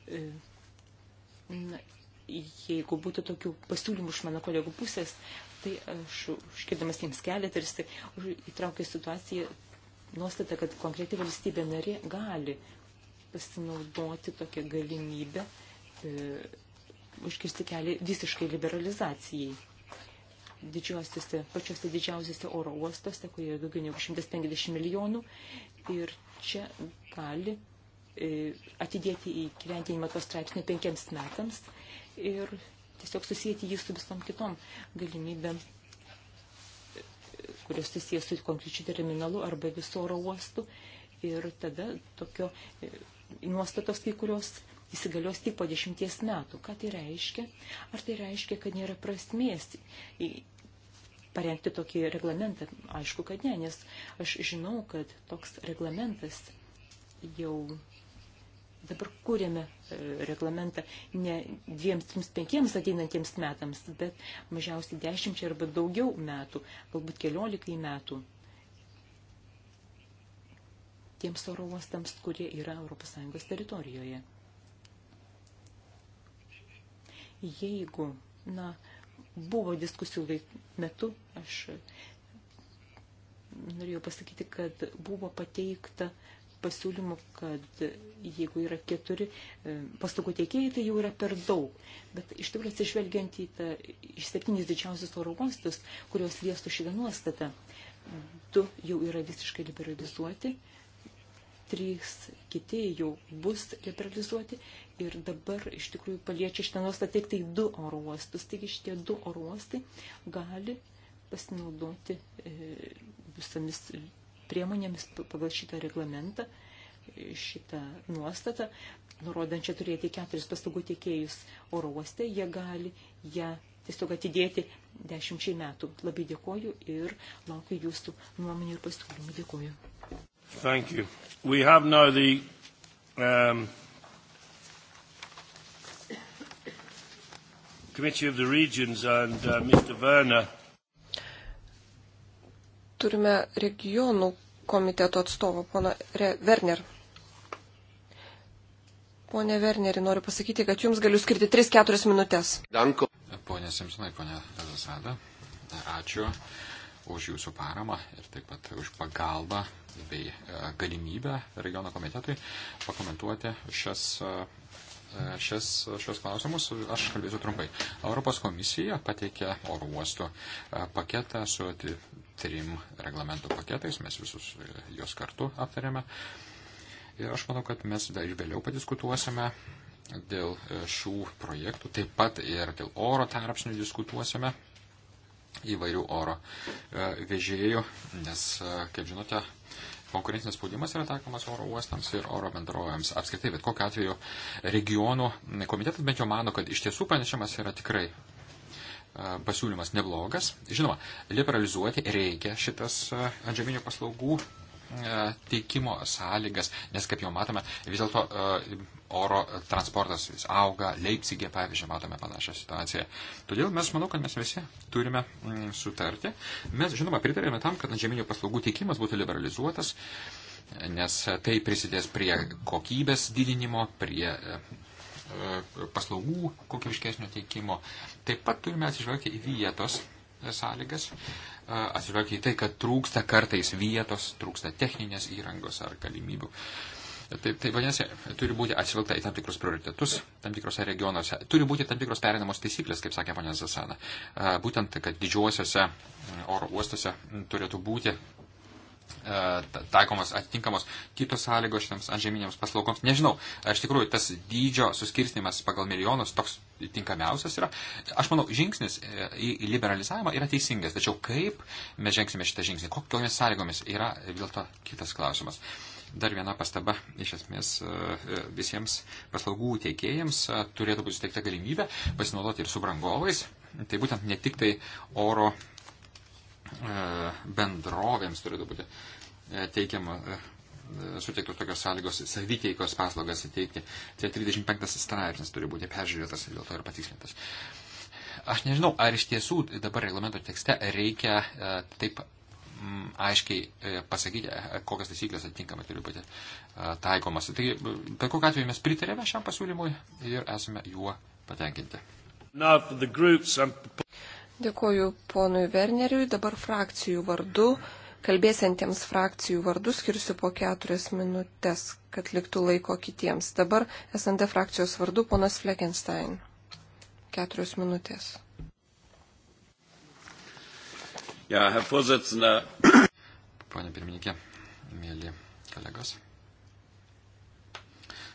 E, na, jeigu būtų tokių pasiūlymų iš mano kolegų pusės, tai aš užkirdamas jiems kelią tarsi įtraukiu situaciją nuostatą, kad konkreti valstybė narė gali pasinaudoti tokią galimybę e, užkirsti kelią visiškai liberalizacijai. Didžiuosiuose, pačiuose didžiausiuose oro uostuose, kurie daugiau negu 150 milijonų ir čia gali e, atidėti į gyventinimą to straipsnio penkiams metams ir tiesiog susijęti jį su visom kitom galimybėm kurios susijęs su konkrečiu terminalu arba viso oro uostu. Ir tada tokio e, nuostatos kai kurios įsigalios tik po dešimties metų. Ką tai reiškia? Ar tai reiškia, kad nėra prasmės parengti tokį reglamentą? Aišku, kad ne, nes aš žinau, kad toks reglamentas jau dabar kūrėme e, reglamentą ne dviems, trims, penkiems ateinantiems metams, bet mažiausiai dešimčiai arba daugiau metų, galbūt keliolikai metų tiems oro uostams, kurie yra ES teritorijoje. Jeigu, na, buvo diskusijų metu, aš norėjau pasakyti, kad buvo pateikta pasiūlymų, kad jeigu yra keturi e, paslaugų teikėjai, tai jau yra per daug. Bet iš tikrųjų atsižvelgiant į tą iš septynis didžiausius oro uostus, kurios liestų šitą nuostatą, du jau yra visiškai liberalizuoti, trys kiti jau bus liberalizuoti ir dabar iš tikrųjų paliečia šitą nuostatą tik tai du oro uostus. Taigi šitie du oro uostai gali pasinaudoti e, visomis priemonėmis pagal šitą reglamentą, e, šitą nuostatą, nurodančią turėti keturis paslaugų tiekėjus oro uoste, jie gali ją tiesiog atidėti dešimčiai metų. Labai dėkoju ir laukiu jūsų nuomonį ir pasiūlymų. Dėkoju. Thank you. We have now the um, Committee of the Regions and uh, Mr. Werner. Turime regionų komiteto atstovą, pana Re Werner. Pone Werneri, noriu pasakyti, kad jums galiu skirti 3-4 minutės. Danko. Pone Simsonai, pone Zasada, ačiū už jūsų paramą ir taip pat už pagalbą bei e, galimybę regiono komitetui pakomentuoti šias, e, šias, šios klausimus. Aš kalbėsiu trumpai. Europos komisija pateikė oro uostų e, paketą su trim reglamentų paketais. Mes visus juos kartu aptarėme. Ir aš manau, kad mes dar ir vėliau padiskutuosime dėl šių projektų. Taip pat ir dėl oro tarpsnių diskutuosime įvairių oro e, vežėjų, nes, e, kaip žinote, konkurencinis spaudimas yra taikomas oro uostams ir oro bendrovėms apskritai, bet kokiu atveju regionų komitetas bent jau mano, kad iš tiesų pranešimas yra tikrai e, pasiūlymas neblogas. Žinoma, liberalizuoti reikia šitas antžeminių paslaugų E, teikimo sąlygas, nes kaip jau matome, vis dėlto e, oro transportas vis auga, Leipzigė, pavyzdžiui, matome panašią situaciją. Todėl mes manau, kad mes visi turime mm, sutarti. Mes, žinoma, pritarėme tam, kad žeminių paslaugų teikimas būtų liberalizuotas, nes tai prisidės prie kokybės didinimo, prie e, paslaugų kokybiškesnio teikimo. Taip pat turime atsižvelgti į vietos sąlygas, atsižvelgia į tai, kad trūksta kartais vietos, trūksta techninės įrangos ar galimybių. Tai, tai vadinasi, turi būti atsivilta į tam tikrus prioritetus, tam tikrose regionuose. Turi būti tam tikros perinamos taisyklės, kaip sakė ponė Zasana. Būtent, kad didžiuosiuose oro uostuose turėtų būti E, taikomos atitinkamos kitos sąlygos šitams antžeminiams paslaugoms. Nežinau, ar iš tikrųjų tas dydžio suskirstimas pagal milijonus toks tinkamiausias yra. Aš manau, žingsnis e, į liberalizavimą yra teisingas, tačiau kaip mes žengsime šitą žingsnį, kokiomis sąlygomis yra vėl to kitas klausimas. Dar viena pastaba, iš esmės e, visiems paslaugų teikėjams turėtų būti suteikta galimybė pasinaudoti ir subrangovais. Tai būtent ne tik tai oro E, bendrovėms turėtų būti e, teikiama e, suteiktos tokios sąlygos saviteikos paslaugas įteikti. Tai 35 straipsnis turi būti peržiūrėtas ir dėl to ir patikslintas. Aš nežinau, ar iš tiesų dabar reglamento tekste reikia taip mm, aiškiai pasakyti, kokias taisyklės atitinkamai turi būti taikomas. Tai bet kokiu atveju mes pritarėme šiam pasiūlymui ir esame juo patenkinti. Now, Dėkuoju ponui Werneriui. Dabar frakcijų vardu, kalbėsiantiems frakcijų vardu skirsiu po keturias minutės, kad liktų laiko kitiems. Dabar SND frakcijos vardu ponas Fleckenstein. Keturios minutės. Ja, Herr Vorsitzender. Pane pirmininkė, mėly kolegos.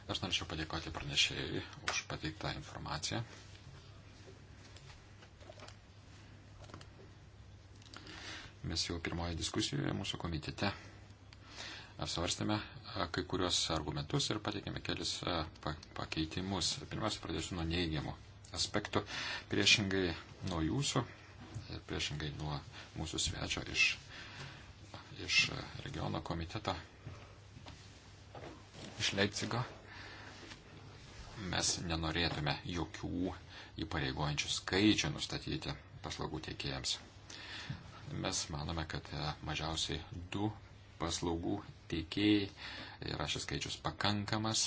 Aš norėčiau padėkoti pranešėjai už pateiktą informaciją. Mes jau pirmoje diskusijoje mūsų komitete apsvarstėme kai kurios argumentus ir pateikėme kelis pakeitimus. Pirmiausia, pradėsiu nuo neigiamų aspektų. Priešingai nuo jūsų ir priešingai nuo mūsų svečio iš, iš regiono komiteto, iš Leipzigo, mes nenorėtume jokių įpareigojančių skaičių nustatyti paslaugų teikėjams mes manome, kad e, mažiausiai du paslaugų teikėjai yra šis skaičius pakankamas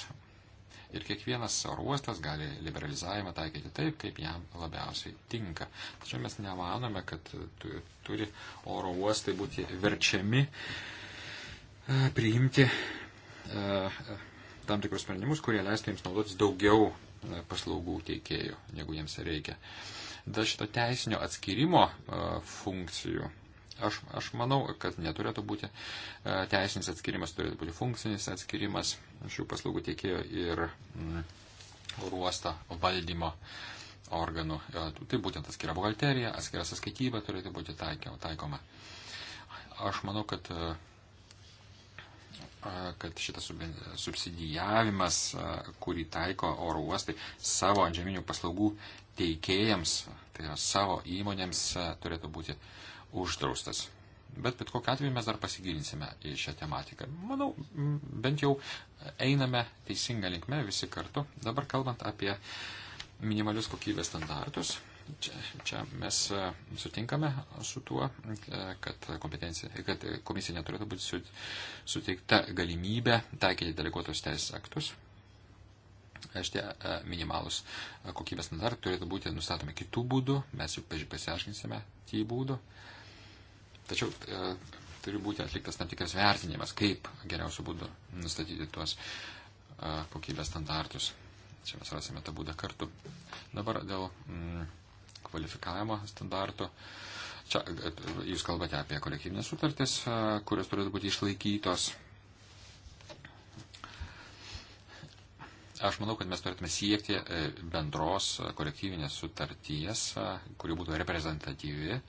ir kiekvienas oro uostas gali liberalizavimą taikyti taip, kaip jam labiausiai tinka. Tačiau mes nemanome, kad turi oro uostai būti verčiami e, priimti e, tam tikrus sprendimus, kurie leistų jiems naudotis daugiau paslaugų teikėjų, negu jiems reikia. Uh, Dėl šito teisinio atskirimo e, funkcijų aš, aš manau, kad neturėtų būti e, teisinis atskirimas, turėtų būti funkcinis atskirimas šių paslaugų tiekėjo ir mm, uosto valdymo organų. E, tai būtent atskira buhalterija, atskira saskaityba turėtų būti taikoma. Aš manau, kad, kad šitas subsidijavimas, kurį taiko oro uostai savo antžeminių paslaugų teikėjams, tai yra savo įmonėms, e, turėtų būti uždraustas. Bet bet kokiu atveju mes dar pasigilinsime į šią tematiką. Manau, bent jau einame teisinga linkme visi kartu. Dabar kalbant apie minimalius kokybės standartus, čia, čia mes e, sutinkame su tuo, e, kad, kad komisija neturėtų būti suteikta galimybė taikyti deleguotus teisės aktus šitie e, minimalus e, kokybės standartai turėtų būti nustatomi kitų būdų, mes jau pasiaiškinsime tie būdų. Tačiau e, turi būti atliktas tam tikras vertinimas, kaip geriausiu būdu nustatyti tuos kokybės standartus. Čia mes rasime tą būdą kartu. Dabar dėl mm, kvalifikavimo standartų. Čia jūs kalbate apie kolektyvinės sutartis, kurios turėtų būti išlaikytos Aš manau, kad mes turėtume siekti e, bendros e, kolektyvinės sutarties, e, kuri būtų reprezentatyvi.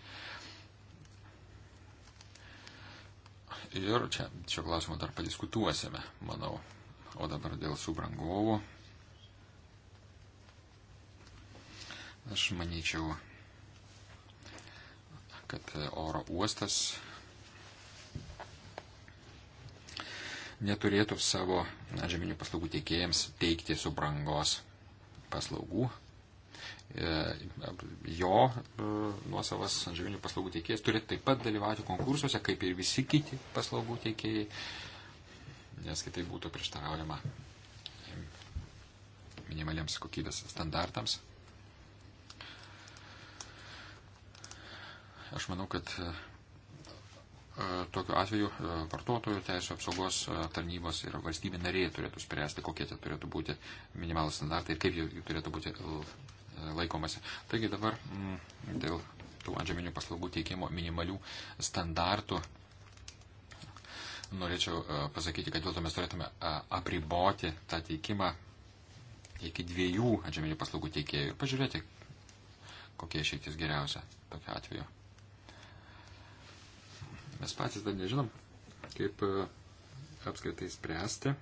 Ir čia šio klausimo dar padiskutuosime, manau. O dabar dėl subrangovų. Aš manyčiau, kad oro uostas neturėtų savo žeminių paslaugų teikėjams teikti subrangos paslaugų. E, jo e, nuosavas žeminių paslaugų teikėjas turi taip pat dalyvauti konkursuose, kaip ir visi kiti paslaugų teikėjai, nes kitaip būtų prieštaraujama minimaliems kokybės standartams. Aš manau, kad e, E, tokiu atveju e, vartotojų teisų apsaugos e, tarnybos ir valstybė nariai turėtų spręsti, kokie tai turėtų būti minimalus standartai ir kaip jų turėtų būti laikomasi. Taigi dabar mm, dėl tų antžeminių paslaugų teikimo minimalių standartų norėčiau pasakyti, kad dėl to mes turėtume apriboti tą teikimą iki dviejų antžeminių paslaugų teikėjų ir pažiūrėti, kokie išeitis geriausia tokiu atveju. Mes patys dar nežinom, kaip e, apskritai spręsti e,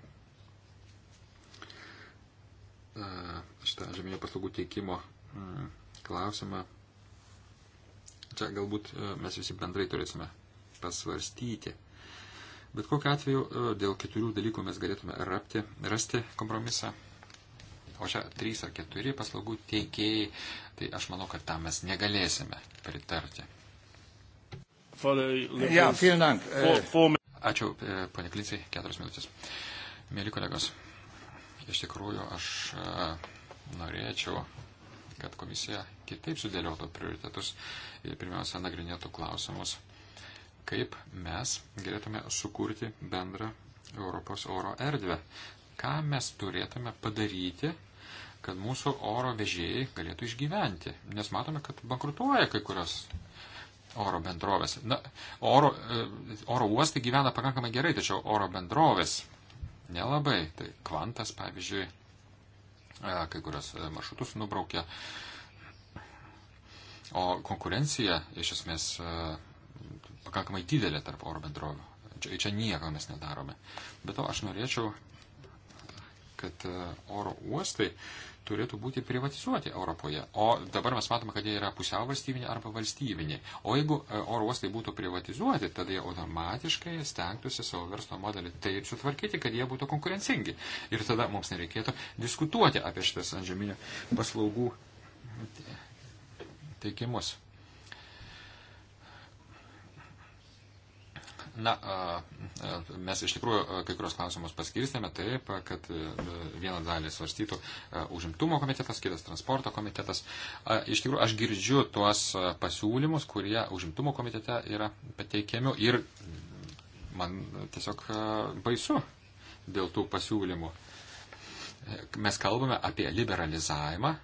šitą žemėjo paslaugų teikimo mm, klausimą. Čia galbūt e, mes visi bendrai turėsime pasvarstyti. Bet kokiu atveju dėl keturių dalykų mes galėtume rapti, rasti kompromisą. O čia trys ar keturi paslaugų teikėjai, tai aš manau, kad tam mes negalėsime pritarti. Ja, vielen Dank. Äh, Ačiū, e, ponė Klycai, keturias minutės. Mėly kolegos, iš tikrųjų aš e, norėčiau, kad komisija kitaip sudėliotų prioritetus ir pirmiausia nagrinėtų klausimus, kaip mes galėtume sukurti bendrą Europos oro erdvę. Ką mes turėtume padaryti, kad mūsų oro vežėjai galėtų išgyventi. Nes matome, kad bankrutuoja kai kurios oro bendrovės. Na, oro, e, oro uostai gyvena pakankamai gerai, tačiau oro bendrovės nelabai. Tai kvantas, pavyzdžiui, e, kai kurios e, maršrutus nubraukia. O konkurencija iš esmės pakankamai didelė tarp oro bendrovių. Čia, čia nieko mes nedarome. Bet to aš norėčiau, kad oro uostai turėtų būti privatizuoti Europoje. O dabar mes matome, kad jie yra pusiau valstybiniai arba valstybiniai. O jeigu e, oro uostai būtų privatizuoti, tada jie automatiškai stengtųsi savo verslo modelį taip sutvarkyti, kad jie būtų konkurencingi. Ir tada mums nereikėtų diskutuoti apie šitas antžeminio paslaugų teikimus. Na, uh, Mes iš tikrųjų kai kurios klausimus paskirstėme taip, kad e, vieną dalį svarstytų užimtumo komitetas, kitas transporto komitetas. Iš tikrųjų, aš girdžiu tuos pasiūlymus, kurie užimtumo komitete yra pateikiami ir man tiesiog baisu dėl tų pasiūlymų. Mes kalbame apie liberalizavimą,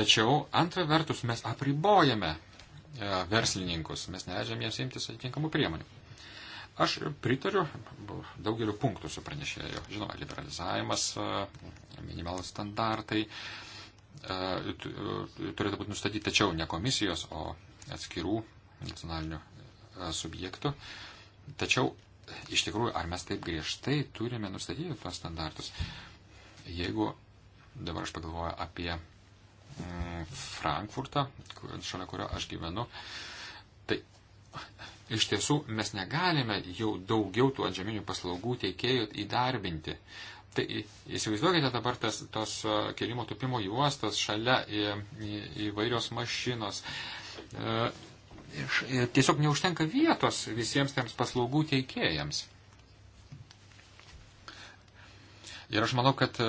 tačiau antra vertus mes apribojame verslininkus, mes neleidžiam jiems imtis atitinkamų priemonių. Aš pritariu daugeliu punktų su pranešėjo. Žinoma, liberalizavimas, minimalus standartai e, e, turėtų būti nustatyti, tačiau ne komisijos, o atskirų nacionalinių e, subjektų. Tačiau, iš tikrųjų, ar mes taip griežtai turime nustatyti tuos standartus? Jeigu dabar aš pagalvoju apie mm, Frankfurtą, šalia kurio aš gyvenu, tai iš tiesų mes negalime jau daugiau tų antžeminių paslaugų teikėjų įdarbinti. Tai įsivaizduokite dabar tas, tos kelimo tupimo juostos, šalia į, į, įvairios mašinos. E, e, tiesiog neužtenka vietos visiems tiems paslaugų teikėjams. Ir aš manau, kad e,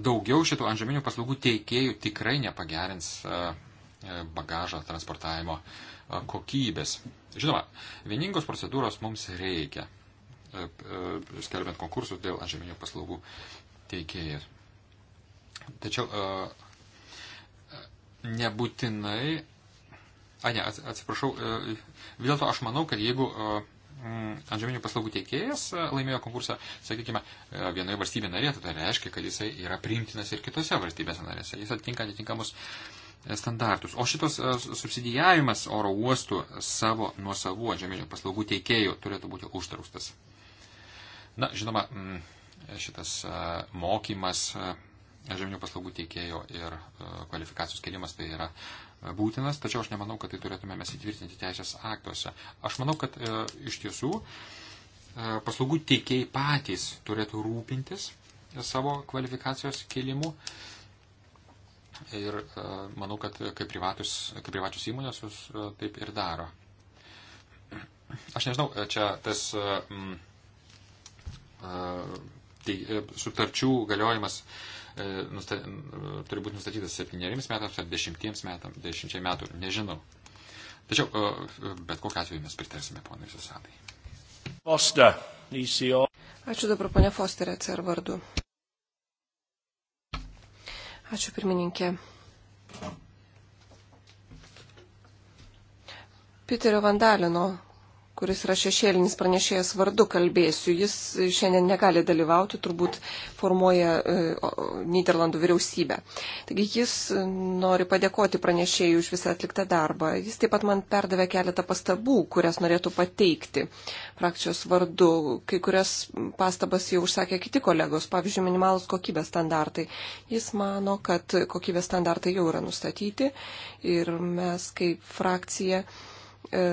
daugiau šitų antžeminių paslaugų teikėjų tikrai nepagerins e, bagažo transportavimo uh, kokybės. Žinoma, vieningos procedūros mums reikia, e, e, skelbiant konkursus dėl antžeminių paslaugų teikėjai. Tačiau e, nebūtinai. A, ne, atsiprašau, vis dėlto aš manau, kad jeigu mm, antžeminių paslaugų teikėjas laimėjo konkursą, sakykime, vienoje valstybėje narėje, tai reiškia, kad jisai yra priimtinas ir kitose valstybėse narėse. Jis atitinka atitinkamus uh, E, standartus. O šitos e, subsidijavimas oro uostų savo nuosavų žemėlio paslaugų teikėjų turėtų būti uždraustas. Na, žinoma, šitas e, mokymas žemėlio paslaugų teikėjo ir kvalifikacijos kelimas tai yra būtinas, tačiau aš nemanau, kad tai turėtume mes įtvirtinti teisės aktuose. Aš manau, kad iš tiesų paslaugų teikėjai patys turėtų rūpintis savo kvalifikacijos kelimu Ir e, manau, kad e, kaip, privatus, kaip privačios įmonės jūs e, taip ir daro. Aš nežinau, čia tas m, tai, sutarčių galiojimas nusta, turi būti nustatytas septyneriems metams ar dešimtiems metams, dešimčiai metų, nežinau. Tačiau bet kokiu atveju mes pritarsime ponui Susadai. Foster, ECO. Ačiū dabar, ponė Fosterė, CR vardu. Ačiū pirmininkė. Piterio Vandalino kuris yra šešėlinis pranešėjas vardu, kalbėsiu. Jis šiandien negali dalyvauti, turbūt formuoja e, Niderlandų vyriausybę. Taigi jis e, nori padėkoti pranešėjui už visą atliktą darbą. Jis taip pat man perdavė keletą pastabų, kurias norėtų pateikti frakcijos vardu. Kai kurias pastabas jau užsakė kiti kolegos, pavyzdžiui, minimalus kokybės standartai. Jis mano, kad kokybės standartai jau yra nustatyti ir mes kaip frakcija. E,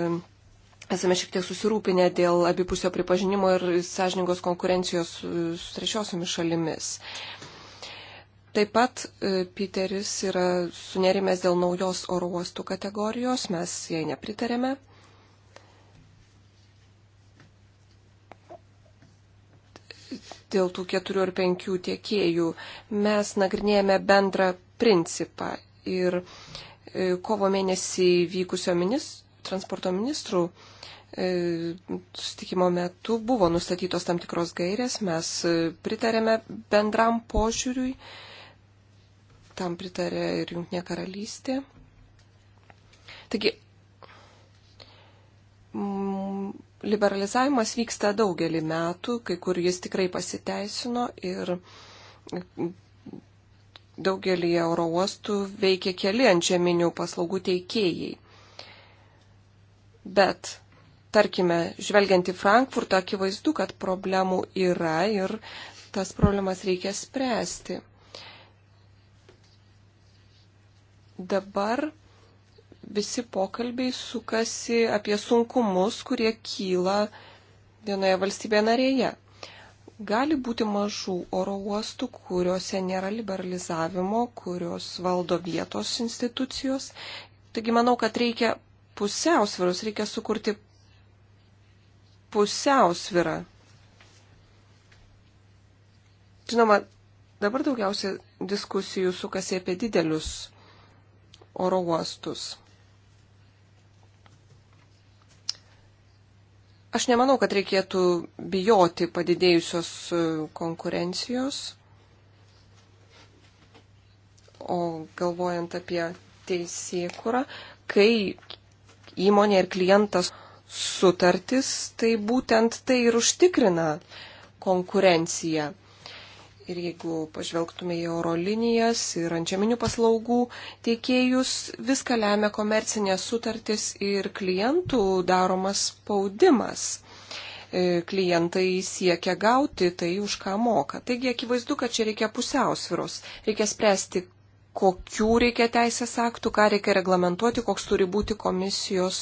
Esame šiek tiek susirūpinę dėl abipusio pripažinimo ir sąžiningos konkurencijos su trečiosiomis šalimis. Taip pat e, Piteris yra sunerimęs dėl naujos oro uostų kategorijos, mes jai nepritarėme. Dėl tų keturių ar penkių tiekėjų mes nagrinėjame bendrą principą ir e, kovo mėnesį vykusio ministro transporto ministrų e, sustikimo metu buvo nustatytos tam tikros gairės, mes e, pritarėme bendram požiūriui, tam pritarė ir Junktinė karalystė. Taigi, liberalizavimas vyksta daugelį metų, kai kur jis tikrai pasiteisino ir daugelį oro uostų veikia keli antžeminių paslaugų teikėjai. Bet, tarkime, žvelgiant į Frankfurtą, akivaizdu, kad problemų yra ir tas problemas reikia spręsti. Dabar visi pokalbiai sukasi apie sunkumus, kurie kyla vienoje valstybėje narėje. Gali būti mažų oro uostų, kuriuose nėra liberalizavimo, kurios valdo vietos institucijos. Taigi manau, kad reikia pusiausvirus, reikia sukurti pusiausvirą. Žinoma, dabar daugiausia diskusijų sukasi apie didelius oro uostus. Aš nemanau, kad reikėtų bijoti padidėjusios e, konkurencijos. O galvojant apie teisėkurą, kai įmonė ir klientas sutartis, tai būtent tai ir užtikrina konkurenciją. Ir jeigu pažvelgtume į oro linijas ir antžeminių paslaugų teikėjus, viską lemia komercinės sutartis ir klientų daromas spaudimas. E, klientai siekia gauti tai, už ką moka. Taigi akivaizdu, kad čia reikia pusiausviros. Reikia spręsti kokių reikia teisės aktų, ką reikia reglamentuoti, koks turi būti komisijos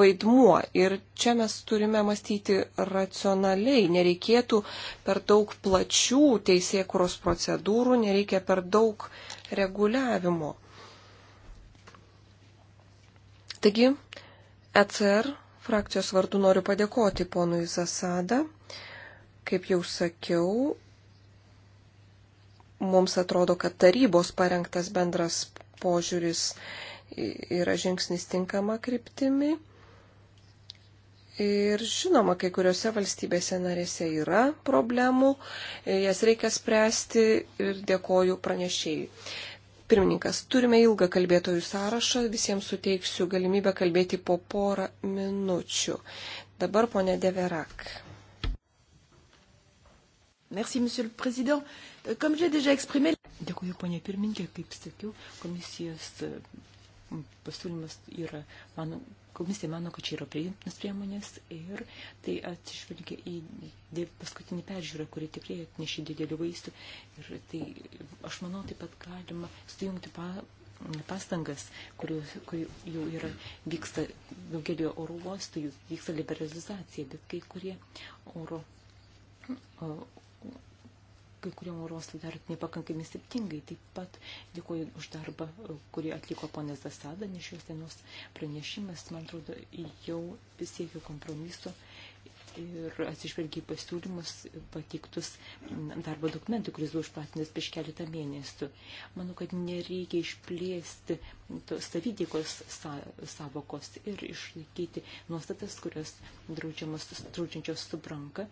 vaidmuo. Ir čia mes turime mąstyti racionaliai. Nereikėtų per daug plačių teisėkuros procedūrų, nereikia per daug reguliavimo. Taigi, ECR frakcijos vardu noriu padėkoti ponui Zasada. Kaip jau sakiau, mums atrodo, kad tarybos parengtas bendras požiūris yra žingsnis tinkama kryptimi. Ir žinoma, kai kuriuose valstybėse narėse yra problemų, jas reikia spręsti ir dėkoju pranešėjai. Pirmininkas, turime ilgą kalbėtojų sąrašą, visiems suteiksiu galimybę kalbėti po porą minučių. Dabar ponė Deverak. Merci, Monsieur le Président. Euh, comme j'ai déjà exprimé. Dėkuoju, ponė pirmininkė, kaip sakiau, komisijos e, pasiūlymas yra, mano, komisija mano, kad čia yra priimtinas priemonės ir tai atsižvelgia į paskutinį peržiūrą, kuri tikrai atnešė didelių vaistų. Ir tai, aš manau, taip pat galima sujungti pa, pastangas, kurių, kurių jau yra, vyksta daugelio oro uostų, vyksta liberalizacija, bet kai kurie oro kai kuriuom orostai dar nepakankamai septingai. Taip pat dėkuoju už darbą, kurį atliko ponė Zasada, nes šios dienos pranešimas, man atrodo, jau siekia kompromiso ir atsižvelgiai pasiūlymus patiktus darbo dokumentų, kuris buvo išplatintas prieš keletą mėnesių. Manau, kad nereikia išplėsti savydėkos savokos ir išlaikyti nuostatas, kurios draudžiančios subranka.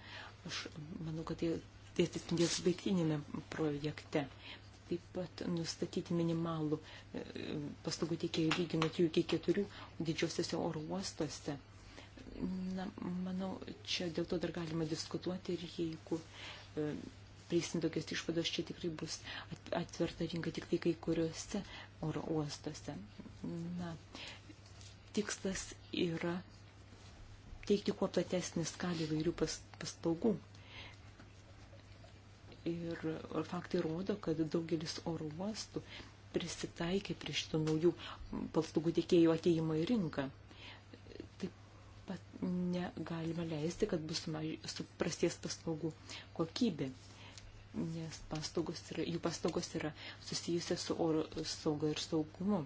Aš manau, kad tai tai atsispindės baigtinėme projekte. Taip pat nustatyti minimalų e, paslaugų teikėjų lygį nuo 3 iki 4 didžiosiuose oro uostuose. Na, manau, čia dėl to dar galima diskutuoti ir jeigu e, prieisim tokias išvados, čia tikrai bus atverta rinka tik tai kai kuriuose oro uostuose. Na, tikslas yra teikti kuo platesnį skalį vairių pas, paslaugų. Pas Ir faktai rodo, kad daugelis oro uostų prisitaikė prie šitų naujų paslaugų tiekėjų ateimą į rinką. Taip pat negalima leisti, kad bus suprasties paslaugų kokybė, nes paslaugos yra, jų paslaugos yra susijusios su oro sauga ir saugumu.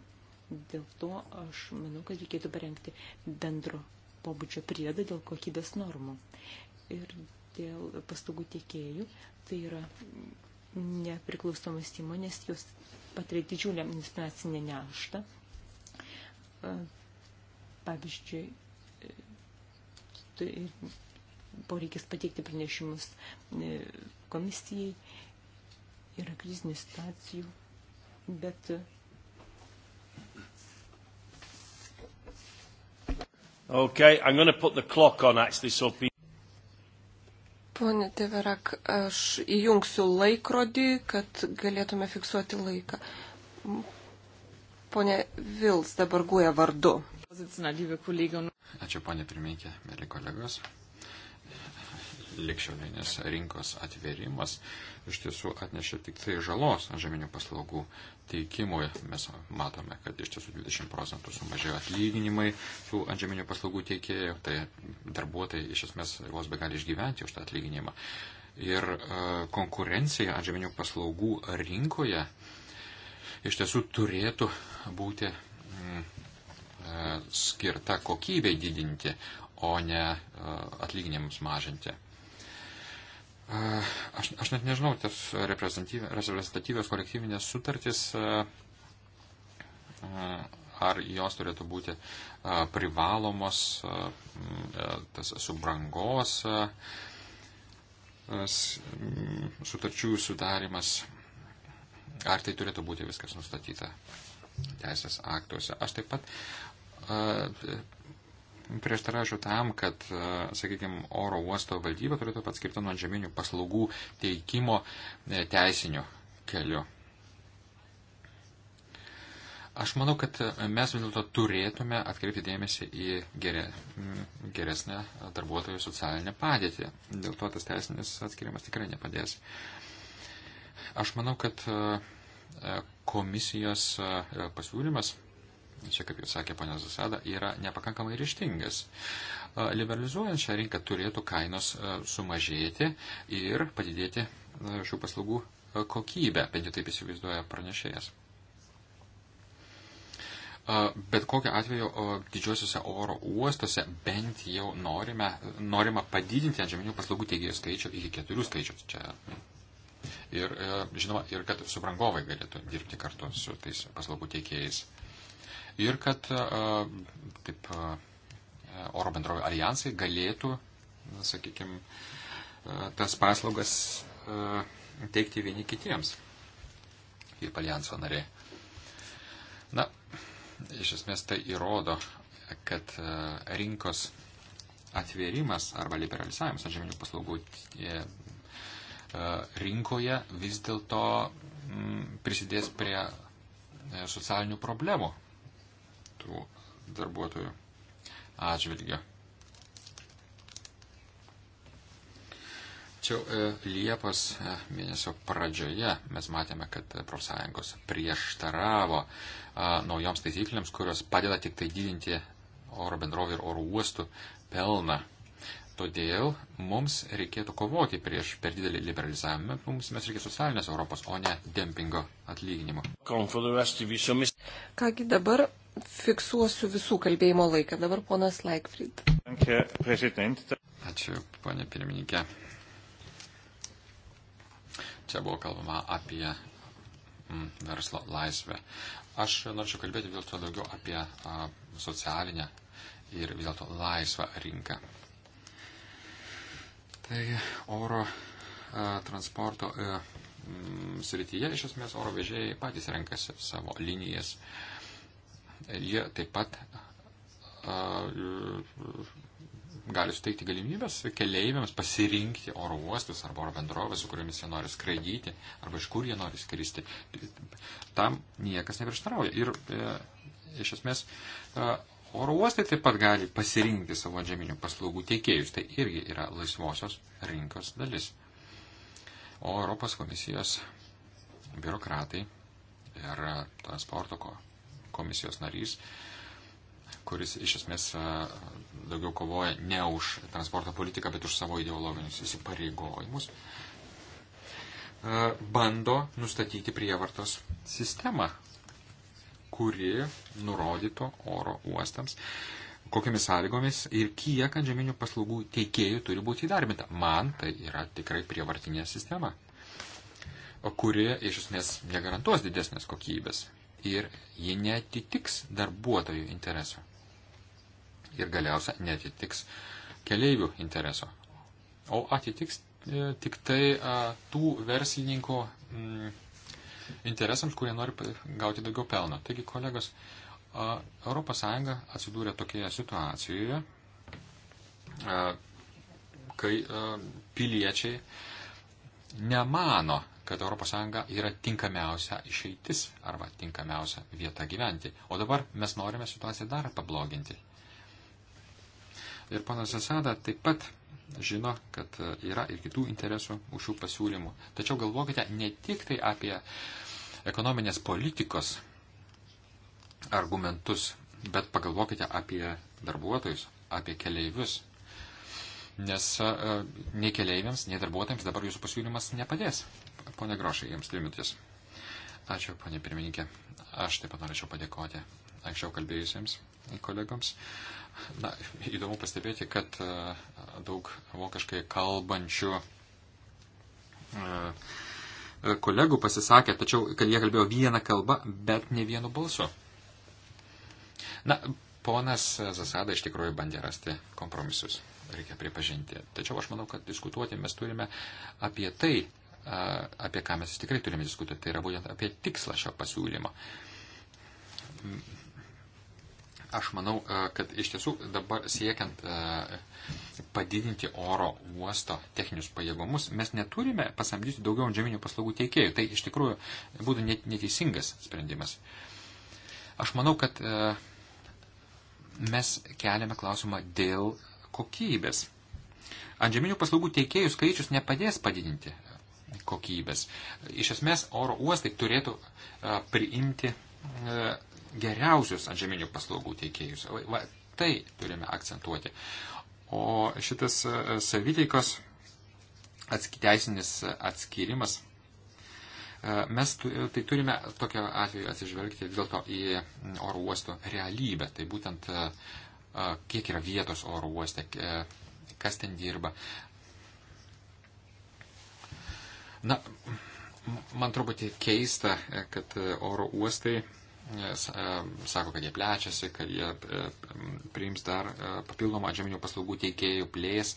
Dėl to aš manau, kad reikėtų parengti bendro pobūdžio priedą dėl kokybės normų. Ir dėl paslaugų tiekėjų. Tai yra nepriklausomos įmonės, jos patiria didžiulę administracinę neštą. Pavyzdžiui, tai poreikis pateikti pranešimus e, komisijai, yra krizinių situacijų, bet e, Okay, I'm going to put the clock on actually so people Pone Deverak, aš įjungsiu laikrodį, kad galėtume fiksuoti laiką. Pone Vils dabar guoja vardu. Ačiū, ponė pirmininkė, mėly kolegos likščiolinės rinkos atverimas iš tiesų atnešė tik tai žalos žeminių paslaugų teikimui. Mes matome, kad iš tiesų 20 procentų sumažėjo atlyginimai tų antžeminių paslaugų teikėjų, tai darbuotojai iš esmės vos be gali išgyventi už tą atlyginimą. Ir e, konkurencija antžeminių paslaugų rinkoje iš tiesų turėtų būti mm, e, skirta kokybei didinti, o ne e, atlyginimams mažinti. Aš, aš net nežinau, tas reprezentatyvios kolektyvinės sutartys, ar jos turėtų būti privalomos, e, tas subrangos sutarčių sudarimas, ar tai turėtų būti viskas nustatyta teisės aktuose. Aš taip pat prieštaraučiau tam, kad, e, sakykime, oro uosto valdyba turėtų atskirti nuo žeminių paslaugų teikimo e, teisiniu keliu. Aš manau, kad e, mes vis dėlto turėtume atkreipti dėmesį į gerė, geresnę darbuotojų socialinę padėtį. Dėl to tas teisinis atskirimas tikrai nepadės. Aš manau, kad komisijos pasiūlymas Nu, čia, kaip jau sakė ponia Zasada, yra nepakankamai ryštingas. Liberalizuojant šią rinką turėtų kainos sumažėti ir padidėti šių paslaugų kokybę, bent jau taip įsivaizduoja pranešėjas. Bet kokiu atveju didžiosiuose oro uostuose bent jau norime, norima padidinti antžeminių paslaugų teigėjų skaičių iki keturių skaičių. Čia Ir, e, žinoma, ir kad subrangovai galėtų dirbti kartu su tais paslaugų teikėjais ir kad taip, oro bendrovė alijansai galėtų, sakykime, tas paslaugas teikti vieni kitiems, kaip alijanso nariai. Na, iš esmės tai įrodo, kad rinkos atvėrimas arba liberalizavimas antžeminių paslaugų e, rinkoje vis dėlto prisidės prie e, socialinių problemų tų darbuotojų atžvilgiu. Tačiau e, Liepos e, mėnesio pradžioje mes matėme, kad e, profsąjungos prieštaravo naujoms taisyklėms, kurios padeda tik tai didinti oro bendrovį ir oro uostų pelną. Todėl mums reikėtų kovoti prieš per didelį liberalizavimą, mums mes reikia socialinės Europos, o ne dempingo atlyginimo. Kągi dabar fiksuosiu visų kalbėjimo laiką. Dabar ponas Laikfried. Ačiū, ponė pirmininkė. Čia buvo kalbama apie mm, verslo laisvę. Aš norėčiau kalbėti vis dėlto daugiau apie a, socialinę ir vis dėlto laisvą rinką. Tai oro e, transporto e, mm, srityje iš esmės oro vežėjai patys renkasi savo linijas. Jie taip pat a, e, gali suteikti galimybės keleiviams pasirinkti oro uostus arba oro bendrovės, su kuriomis jie nori skraidyti arba iš kur jie nori skristi. Tam niekas neprieštarauja. Ir e, iš esmės e, Oro uostai taip pat gali pasirinkti savo žeminių paslaugų teikėjus, tai irgi yra laisvosios rinkos dalis. O Europos komisijos biurokratai ir transporto komisijos narys, kuris iš esmės daugiau kovoja ne už transporto politiką, bet už savo ideologinius įsipareigojimus, bando nustatyti prievartos sistemą kuri nurodytų oro uostams, kokiamis sąlygomis ir kiek antžeminių paslaugų teikėjų turi būti įdarbinta. Man tai yra tikrai prievartinė sistema, kuri iš esmės negarantuos didesnės kokybės ir ji netitiks darbuotojų interesų. Ir galiausia netitiks keleivių intereso, o atitiks e, tik tai tų verslininkų interesams, kurie nori gauti daugiau pelno. Taigi, kolegos, ES atsidūrė tokioje situacijoje, kai piliečiai nemano, kad ES yra tinkamiausia išeitis arba tinkamiausia vieta gyventi. O dabar mes norime situaciją dar pabloginti. Ir panas Asada taip pat žino, kad e, yra ir kitų interesų už šių pasiūlymų. Tačiau galvokite ne tik tai apie ekonominės politikos argumentus, bet pagalvokite apie darbuotojus, apie keleivius. Nes e, nei keleiviams, nei darbuotojams dabar jūsų pasiūlymas nepadės. Pone Grošai, jums dvi minutės. Ačiū, ponė pirmininkė. Aš taip pat norėčiau padėkoti anksčiau kalbėjusiems kolegoms. Na, įdomu pastebėti, kad e, daug vokiškai kalbančių e, kolegų pasisakė, tačiau, kad jie kalbėjo vieną kalbą, bet ne vienu balsu. Na, ponas Zasada iš tikrųjų bandė rasti kompromisus, reikia pripažinti. Tačiau aš manau, kad diskutuoti mes turime apie tai, e, apie ką mes tikrai turime diskutuoti, tai yra būtent apie tikslą šio pasiūlymo. Aš manau, e, kad iš tiesų dabar siekiant e, padidinti oro uosto techninius pajėgumus, mes neturime pasamdyti daugiau antžeminių paslaugų teikėjų. Tai iš tikrųjų būtų neteisingas sprendimas. Aš manau, kad e, mes keliame klausimą dėl kokybės. Antžeminių paslaugų teikėjų skaičius nepadės padidinti kokybės. Iš esmės, oro uostai turėtų priimti geriausius antžeminių paslaugų teikėjus. Va, tai turime akcentuoti. O šitas e, savyteikos teisinis atskirimas, e, mes tai turime tokio atveju atsižvelgti vis dėlto į oro uosto realybę. Tai būtent e, kiek yra vietos oro uoste, kas ten dirba. Na, man truputį keista, kad oro uostai Nes, e, sako, kad jie plečiasi, kad jie e, priims dar e, papildomą žeminių paslaugų teikėjų, plės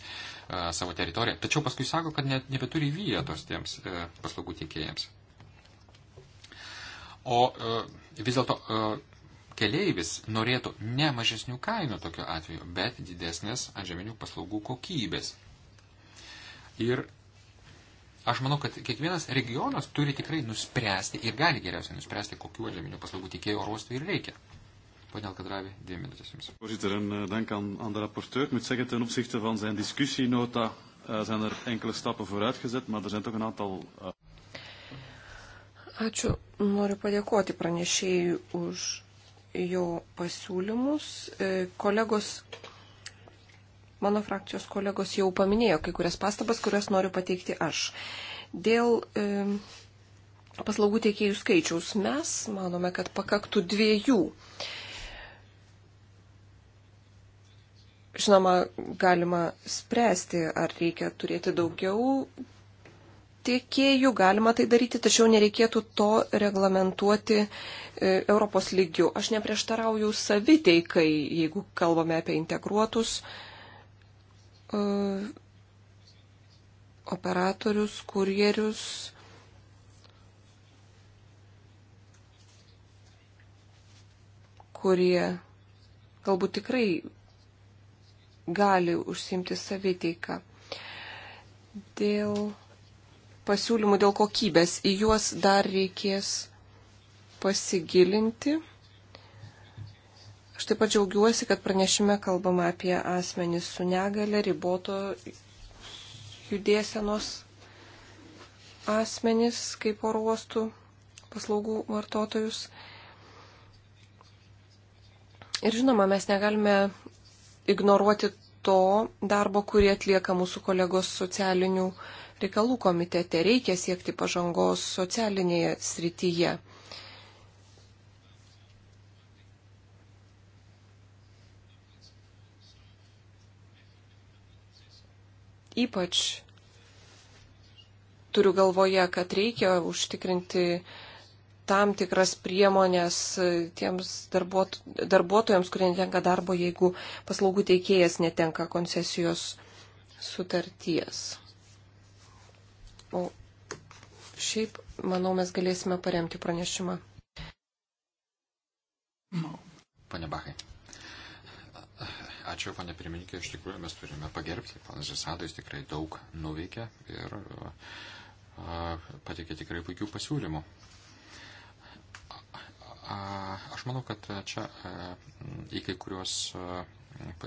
savo teritoriją. Tačiau paskui sako, kad net nebeturi vietos tiems paslaugų teikėjams. O vis dėlto keleivis norėtų ne mažesnių kainų tokiu atveju, bet didesnės antžeminių paslaugų kokybės. Ir Aš manau, kad kiekvienas regionas turi tikrai nuspręsti ir gali geriausiai nuspręsti, kokiu aliuminio paslaugų teikėjo oro uostui ir reikia. Pone Alkadravi, dvi minutės jums. Voorzitter, en eh, dank aan, aan de rapporteur. Ik moet zeggen, ten opzichte van zijn discussienota uh, zijn er enkele stappen vooruit gezet, maar er zijn toch een aantal. Uh... Ačiū. Noriu padėkoti pranešėjui už jo pasiūlymus. Kolegos Mano frakcijos kolegos jau paminėjo kai kurias pastabas, kurias noriu pateikti aš. Dėl e, paslaugų teikėjų skaičiaus mes manome, kad pakaktų dviejų. Žinoma, galima spręsti, ar reikia turėti daugiau tiekėjų, galima tai daryti, tačiau nereikėtų to reglamentuoti e, Europos lygiu. Aš neprieštarauju saviteikai, jeigu kalbame apie integruotus E, operatorius, kurjerius. kurie galbūt tikrai gali užsimti saviteiką. Dėl pasiūlymų, dėl kokybės, į juos dar reikės pasigilinti. Aš taip pat džiaugiuosi, kad pranešime kalbama apie asmenį su negale, riboto judėsenos asmenys kaip oro uostų paslaugų vartotojus. Ir žinoma, mes negalime ignoruoti to darbo, kurį atlieka mūsų kolegos socialinių reikalų komitete. Reikia siekti pažangos socialinėje srityje. ypač turiu galvoje, kad reikia užtikrinti tam tikras priemonės e, tiems darbuot, darbuotojams, kurie netenka darbo, jeigu paslaugų teikėjas netenka koncesijos sutarties. O šiaip, manau, mes galėsime paremti pranešimą. Pane Bakai. Ačiū, ponė pirmininkė, iš tikrųjų mes turime pagerbti. Panas Žesado jis tikrai daug nuveikė ir pateikė tikrai puikių pasiūlymų. Aš manau, kad čia į kai kuriuos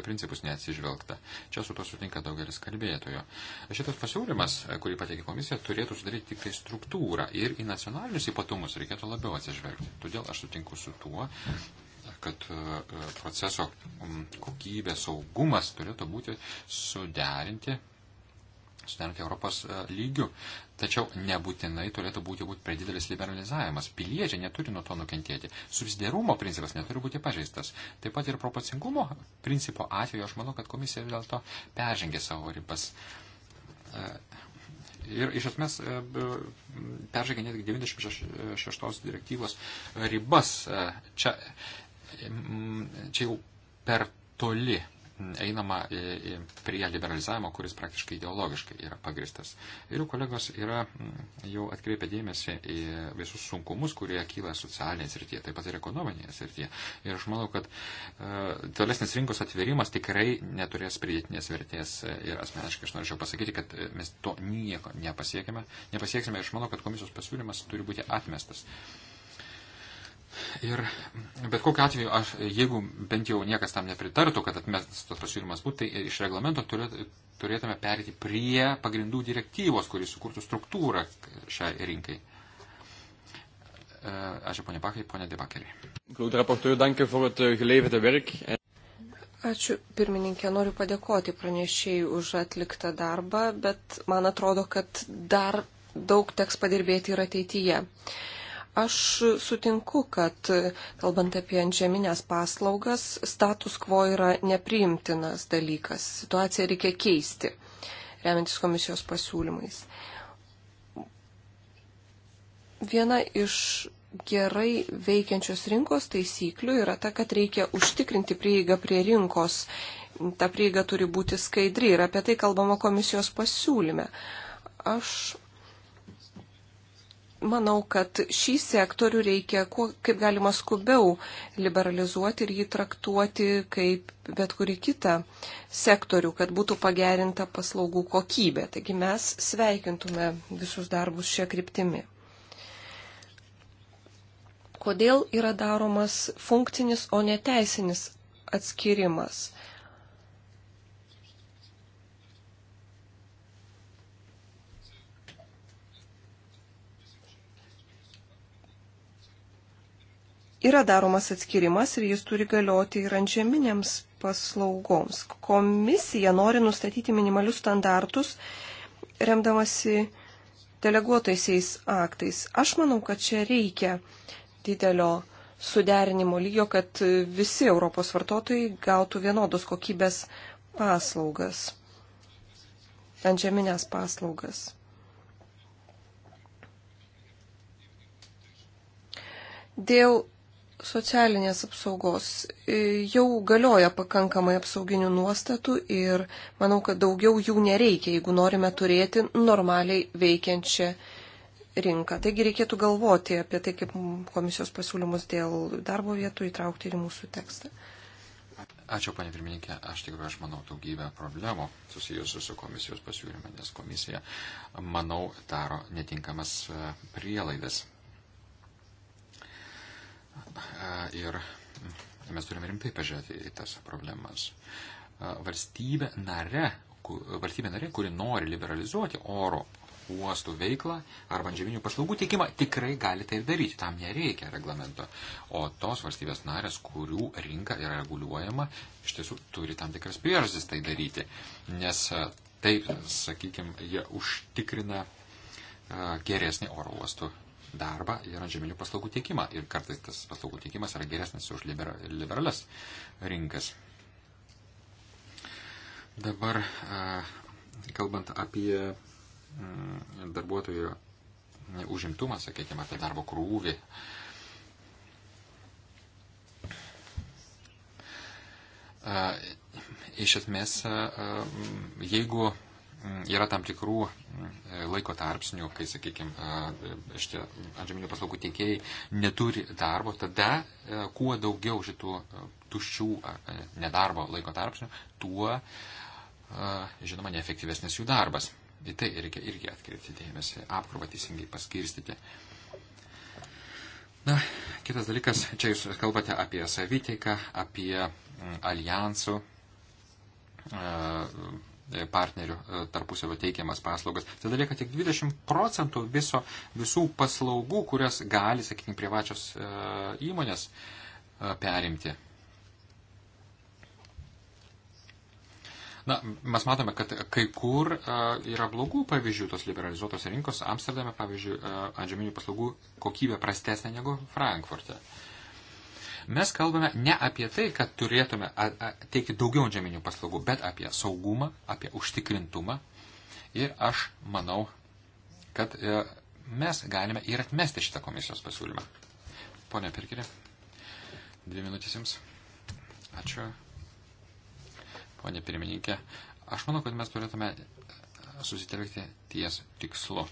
principus neatsižvelgta. Čia su to sutinka daugelis kalbėtojų. Šitas pasiūlymas, kurį pateikė komisija, turėtų sudaryti tik tai struktūrą ir į nacionalinius ypatumus reikėtų labiau atsižvelgti. Todėl aš sutinku su tuo, kad e, proceso kokybė, saugumas turėtų būti suderinti, suderinti Europos e, lygių. Tačiau nebūtinai turėtų būti, būti per didelis liberalizavimas. Piliečiai neturi nuo to nukentėti. Subsidiarumo principas neturi būti pažeistas. Taip pat ir proporcingumo principo atveju aš manau, kad komisija vis dėlto peržengė savo ribas. E, ir iš esmės peržengė netgi 96 direktyvos ribas. Čia čia jau per toli einama prie liberalizavimo, kuris praktiškai ideologiškai yra pagristas. Ir jų kolegos yra mm, jau atkreipę dėmesį į visus sunkumus, kurie kyla socialinėje srityje, taip pat ir ekonominėje srityje. Ir aš manau, kad e, tolesnis rinkos atvėrimas tikrai neturės pridėtinės vertės. Ir asmeniškai aš norėčiau pasakyti, kad mes to nieko nepasiekime. Nepasieksime ir aš manau, kad komisijos pasiūlymas turi būti atmestas. Ir bet kokiu atveju, aš, jeigu bent jau niekas tam nepritartų, kad atmestas tas pasiūlymas būtų, tai iš reglamento turėtume perėti prie pagrindų direktyvos, kuris sukurtų struktūrą šiai rinkai. E, ačiū ponė Bakai, ponė Debakeriai. Eh, ačiū pirmininkė, noriu padėkoti pranešėjai už atliktą darbą, bet man atrodo, kad dar daug teks padirbėti ir ateityje. Uh, Aš sutinku, kad kalbant apie antžeminės paslaugas, status quo yra nepriimtinas dalykas. Situaciją reikia keisti, remiantis komisijos pasiūlymais. Viena iš gerai veikiančios rinkos taisyklių yra ta, kad reikia užtikrinti prieigą prie rinkos. Ta prieiga turi būti skaidri ir apie tai kalbama komisijos pasiūlyme. Aš manau, kad šį sektorių reikia kuo, kaip galima skubiau liberalizuoti ir jį traktuoti kaip bet kurį kitą sektorių, kad būtų pagerinta paslaugų kokybė. Taigi mes sveikintume visus darbus šią kryptimį. Kodėl yra daromas funkcinis, o neteisinis atskirimas? yra daromas atskirimas ir jis turi galioti ir ant žeminėms paslaugoms. Komisija nori nustatyti minimalius standartus, remdamasi deleguotaisiais aktais. Aš manau, kad čia reikia didelio suderinimo lygio, kad visi Europos vartotojai gautų vienodos kokybės paslaugas, antžeminės paslaugas. Dėl socialinės apsaugos. E, jau galioja pakankamai apsauginių nuostatų ir manau, kad daugiau jų nereikia, jeigu norime turėti normaliai veikiančią rinką. Taigi reikėtų galvoti apie tai, kaip komisijos pasiūlymus dėl darbo vietų įtraukti ir mūsų tekstą. Ačiū, panė pirmininkė. Aš tikrai, aš manau, daugybę problemų susijusių su komisijos pasiūlymu, nes komisija, manau, daro netinkamas e, prielaidas ir mes turime rimtai pažiūrėti į tas problemas. Valstybė nare, valstybė nare, kuri nori liberalizuoti oro uostų veiklą ar vandžeminių paslaugų teikimą, tikrai gali tai daryti. Tam nereikia reglamento. O tos valstybės narės, kurių rinka yra reguliuojama, iš tiesų turi tam tikras priežastis tai daryti. Nes taip, sakykime, jie užtikrina geresnį oro uostų darbą ir antžeminių paslaugų teikimą. Ir kartais tas paslaugų teikimas yra geresnis už libera, liberalias rinkas. Dabar, kalbant apie mm, darbuotojų užimtumą, sakykime, apie darbo krūvį. Iš esmės, jeigu Mm, yra tam tikrų mm, laiko tarpsnių, kai, sakykime, šitie antžeminių paslaugų tiekėjai neturi darbo, tada e, kuo daugiau šitų e, tuščių e, nedarbo laiko tarpsnių, tuo, žinoma, neefektyvesnis jų darbas. Į tai reikia irgi atkreipti dėmesį, apkrovą teisingai paskirstyti. Na, kitas dalykas, čia jūs kalbate apie saviteiką, apie mm, alijansų partnerių e, tarpusavio teikiamas paslaugas. Tada lieka tik 20 procentų viso, visų paslaugų, kurias gali, sakykime, privačios e, įmonės e, perimti. Na, mes matome, kad kai kur yra blogų pavyzdžių tos liberalizuotos rinkos. Amsterdame, pavyzdžiui, antžeminių paslaugų kokybė prastesnė negu Frankfurte. E. Mes kalbame ne apie tai, kad turėtume teikti daugiau žeminių paslaugų, bet apie saugumą, apie užtikrintumą. Ir aš manau, kad e, mes galime ir atmesti šitą komisijos pasiūlymą. Pone Pirkirė, dvi minutės jums. Ačiū. Pone pirmininkė, aš manau, kad mes turėtume e, susitelkti ties tikslu.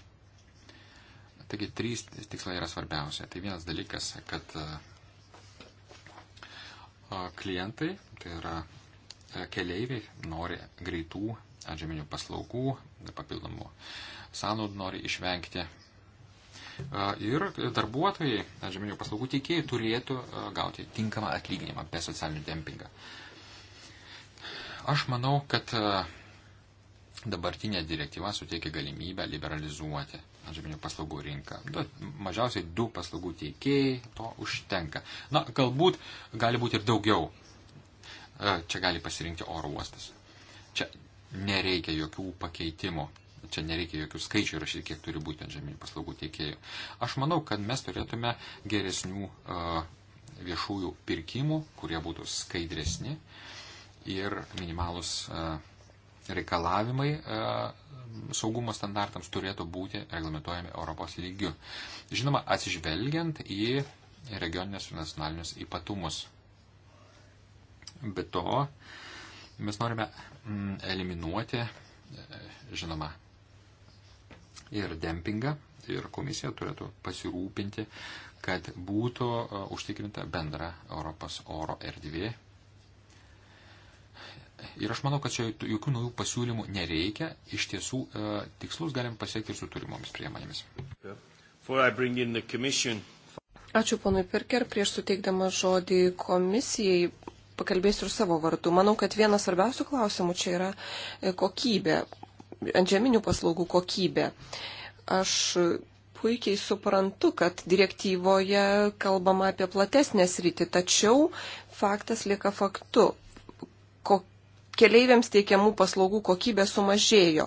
Taigi trys tikslai yra svarbiausia. Tai vienas dalykas, kad uh, klientai, tai yra e, keleiviai, nori greitų atžeminių paslaugų, papildomų sąnaudų nori išvengti. E, ir darbuotojai, atžeminių paslaugų teikėjai turėtų e, gauti tinkamą atlyginimą be socialinio dempingo. Aš manau, kad dabartinė direktyva suteikia galimybę liberalizuoti žeminių paslaugų rinką. Du, mažiausiai du paslaugų teikėjai to užtenka. Na, galbūt gali būti ir daugiau. E, čia gali pasirinkti oro uostas. Čia nereikia jokių pakeitimų. Čia nereikia jokių skaičių rašyti, kiek turi būti žeminių paslaugų teikėjų. Aš manau, kad mes turėtume geresnių e, viešųjų pirkimų, kurie būtų skaidresni ir minimalus uh, e, reikalavimai e, saugumo standartams turėtų būti reglamentojami Europos lygiu. Žinoma, atsižvelgiant į regioninės ir nacionalinius ypatumus. Be to, mes norime mm, eliminuoti, e, žinoma, ir dempingą, ir komisija turėtų pasirūpinti, kad būtų e, užtikrinta bendra Europos oro erdvė Ir aš manau, kad čia jokių naujų pasiūlymų nereikia. Iš tiesų, e, tikslus galim pasiekti ir su turimomis priemonėmis. Ačiū ponui Pirker. Prieš suteikdama žodį komisijai, pakalbėsiu ir savo vardu. Manau, kad vienas svarbiausių klausimų čia yra e, kokybė, antžeminių paslaugų kokybė. Aš puikiai suprantu, kad direktyvoje kalbama apie platesnę sritį, tačiau faktas lieka faktu. Ko, keleiviams teikiamų paslaugų kokybė sumažėjo.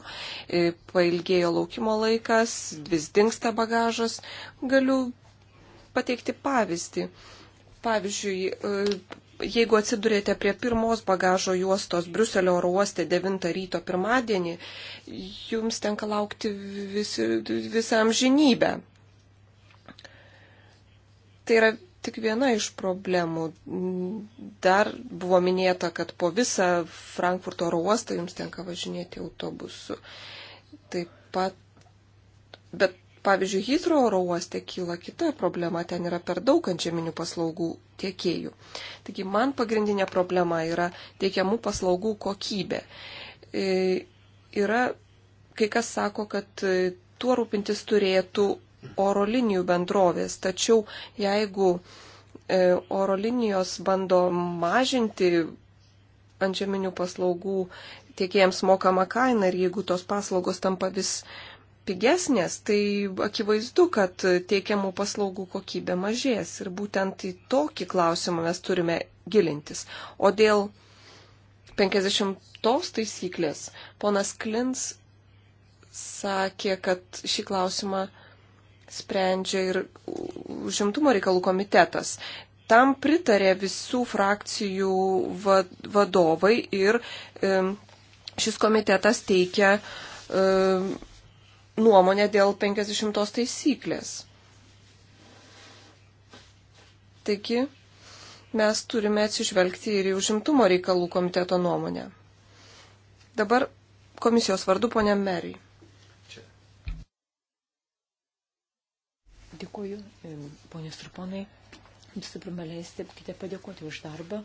E, pailgėjo laukimo laikas, vis dinksta bagažas. Galiu pateikti pavyzdį. Pavyzdžiui, e, jeigu atsidurėte prie pirmos bagažo juostos Bruselio oro uoste 9 ryto pirmadienį, jums tenka laukti visi, visą amžinybę. Tai yra tik viena iš problemų. Dar buvo minėta, kad po visą Frankfurto oro uostą jums tenka važinėti autobusu. Taip pat, bet pavyzdžiui, Hitro oro uoste kyla kita problema, ten yra per daug antžeminių paslaugų tiekėjų. Taigi man pagrindinė problema yra teikiamų paslaugų kokybė. E, yra, kai kas sako, kad e, tuo rūpintis turėtų oro linijų bendrovės. Tačiau jeigu e, oro linijos bando mažinti antžeminių paslaugų tiekėjams mokamą kainą ir jeigu tos paslaugos tampa vis pigesnės, tai akivaizdu, kad teikiamų paslaugų kokybė mažės ir būtent į tokį klausimą mes turime gilintis. O dėl 50-tos taisyklės ponas Klins sakė, kad šį klausimą sprendžia ir užimtumo reikalų komitetas. Tam pritarė visų frakcijų vadovai ir šis komitetas teikia nuomonę dėl 50 taisyklės. Taigi mes turime atsižvelgti ir į užimtumo reikalų komiteto nuomonę. Dabar komisijos vardu ponė Mary. Dėkuoju, e, ponės ir ponai. Visų pirma, leiskite padėkoti už darbą,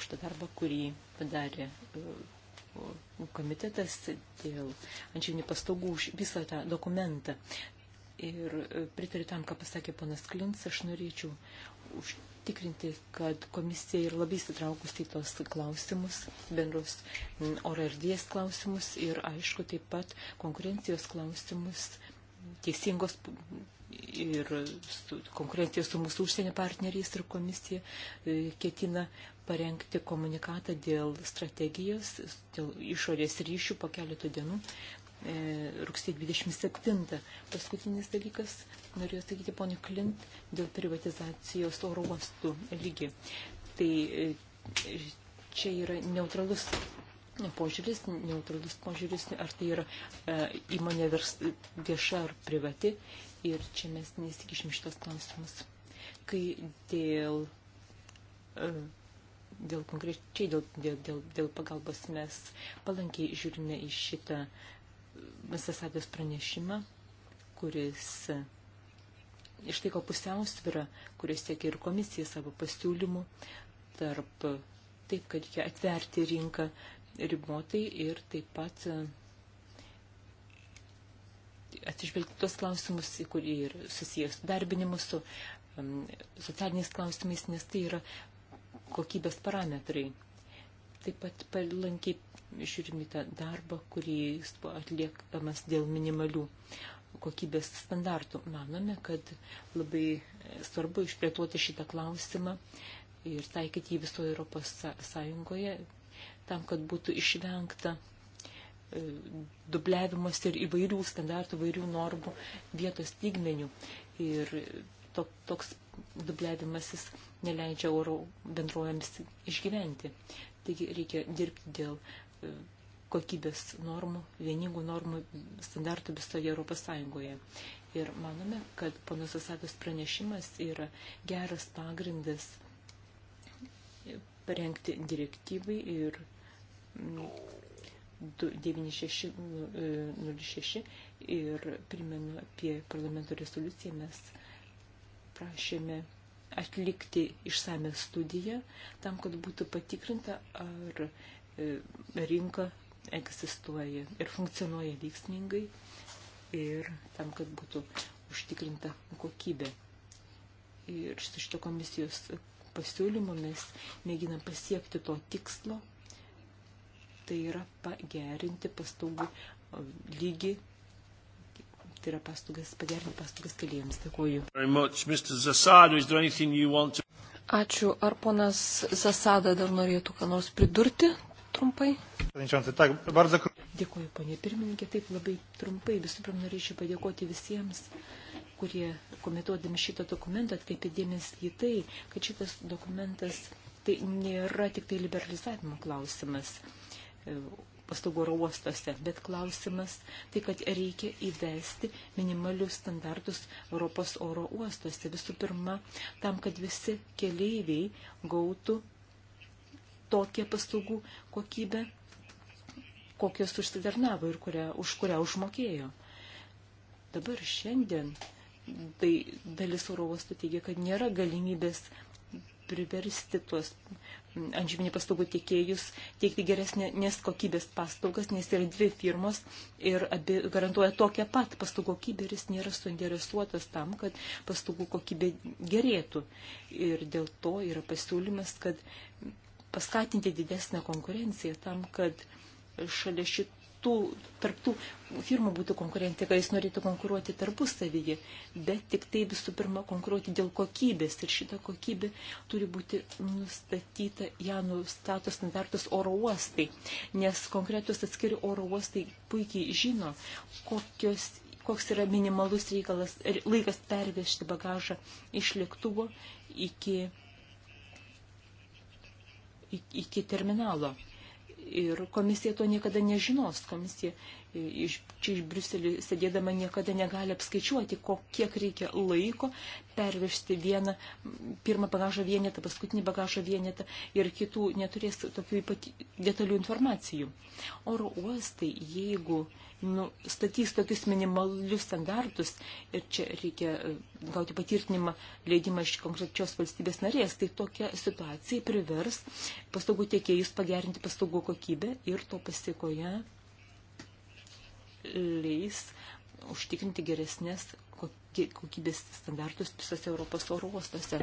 už tą darbą, kurį padarė e, komitetas dėl ančiainių pastogų už visą tą dokumentą. Ir e, pritariu tam, ką pasakė ponas Klins, aš norėčiau užtikrinti, kad komisija ir labai įsitraukusi į tos klausimus, bendros oro erdvės klausimus ir, aišku, taip pat konkurencijos klausimus, teisingos ir su, konkurencija su mūsų užsienio partneriais ir komisija e, ketina parengti komunikatą dėl strategijos, dėl išorės ryšių po keletų dienų, e, rugsėjo 27. Paskutinis dalykas, norėjau sakyti ponio Klint, dėl privatizacijos oro uostų lygi. Tai e, čia yra neutralus požiūris, neutralus požiūris, ar tai yra e, įmonė vers, vieša ar privati ir čia mes nesikišim šitos klausimus. Kai dėl, e, dėl konkrečiai dėl, dėl, dėl, dėl pagalbos mes palankiai žiūrime į šitą e, Sasadės pranešimą, kuris e, išlaiko pusiausvyrą, kuris siekia ir komisija savo pasiūlymų tarp taip, kad reikia atverti rinką ribotai ir taip pat atsižvelgti tuos klausimus, kurie ir susijęs su darbinimu, su um, socialiniais klausimais, nes tai yra kokybės parametrai. Taip pat palankiai žiūrime tą darbą, kurį atliekamas dėl minimalių kokybės standartų. Manome, kad labai svarbu išplėtoti šitą klausimą ir taikyti jį visoje Europos Sąjungoje, tam, kad būtų išvengta dubliavimas ir įvairių standartų, įvairių normų vietos lygmenių. Ir to, toks dubliavimasis neleidžia oro bendruojams išgyventi. Taigi reikia dirbti dėl e, kokybės normų, vieningų normų standartų visoje Europos Sąjungoje. Ir manome, kad ponas Asados pranešimas yra geras pagrindas parengti direktyvai ir 9606 e, ir primenu apie parlamento rezoliuciją mes prašėme atlikti išsame studiją tam, kad būtų patikrinta, ar e, rinka egzistuoja ir funkcionuoja veiksmingai ir tam, kad būtų užtikrinta kokybė. Ir su šito komisijos pasiūlymu mes mėginam pasiekti to tikslo, tai yra pagerinti pastogų lygį, tai yra pastogas, pagerinti pastogas keliems. Dėkuoju. Ačiū. Ar ponas Zasada dar norėtų ką nors pridurti trumpai? Dėkuoju, ponė pirmininkė, taip labai trumpai. Visų pirma, norėčiau padėkoti visiems kurie komentuodami šitą dokumentą atkreipė dėmesį į tai, kad šitas dokumentas tai nėra tik tai liberalizavimo klausimas paslaugų oro uostuose. Bet klausimas tai, kad reikia įvesti minimalius standartus Europos oro uostuose. Visų pirma, tam, kad visi keleiviai gautų tokią paslaugų kokybę, kokios užsidarnavo ir kurią, už kurią užmokėjo. Dabar šiandien tai dalis oro uostų teigia, kad nėra galimybės priversti tuos antžeminių paslaugų tiekėjus teikti geresnės kokybės paslaugas, nes yra dvi firmos ir abi garantuoja tokią pat paslaugų kokybę ir jis nėra suinteresuotas tam, kad paslaugų kokybė gerėtų. Ir dėl to yra pasiūlymas, kad paskatinti didesnę konkurenciją tam, kad šalia šitų tų, tarp tų firmų būtų konkurentai, kad jis norėtų konkuruoti tarpusavyje, bet tik tai visų pirma konkuruoti dėl kokybės ir šita kokybė turi būti nustatyta, ją nustato standartus oro uostai, nes konkretus atskiri oro uostai puikiai žino, kokios koks yra minimalus reikalas, laikas pervežti bagažą iš lėktuvo iki, iki terminalo ir komisija to niekada nežinos. Komisija iš, čia iš Briuselį sėdėdama niekada negali apskaičiuoti, ko, kiek reikia laiko pervežti vieną, pirmą bagažo vienetą, paskutinį bagažo vienetą ir kitų neturės tokių ypati, detalių informacijų. Oro uostai, jeigu nustatys tokius minimalius standartus ir čia reikia e, gauti patvirtinimą leidimą iš konkrečios valstybės narės, tai tokia situacija privers paslaugų tiekėjus pagerinti paslaugų kokybę ir to pasikoje. Ja, leis užtikrinti geresnės kokybės standartus visose Europos oro uostuose.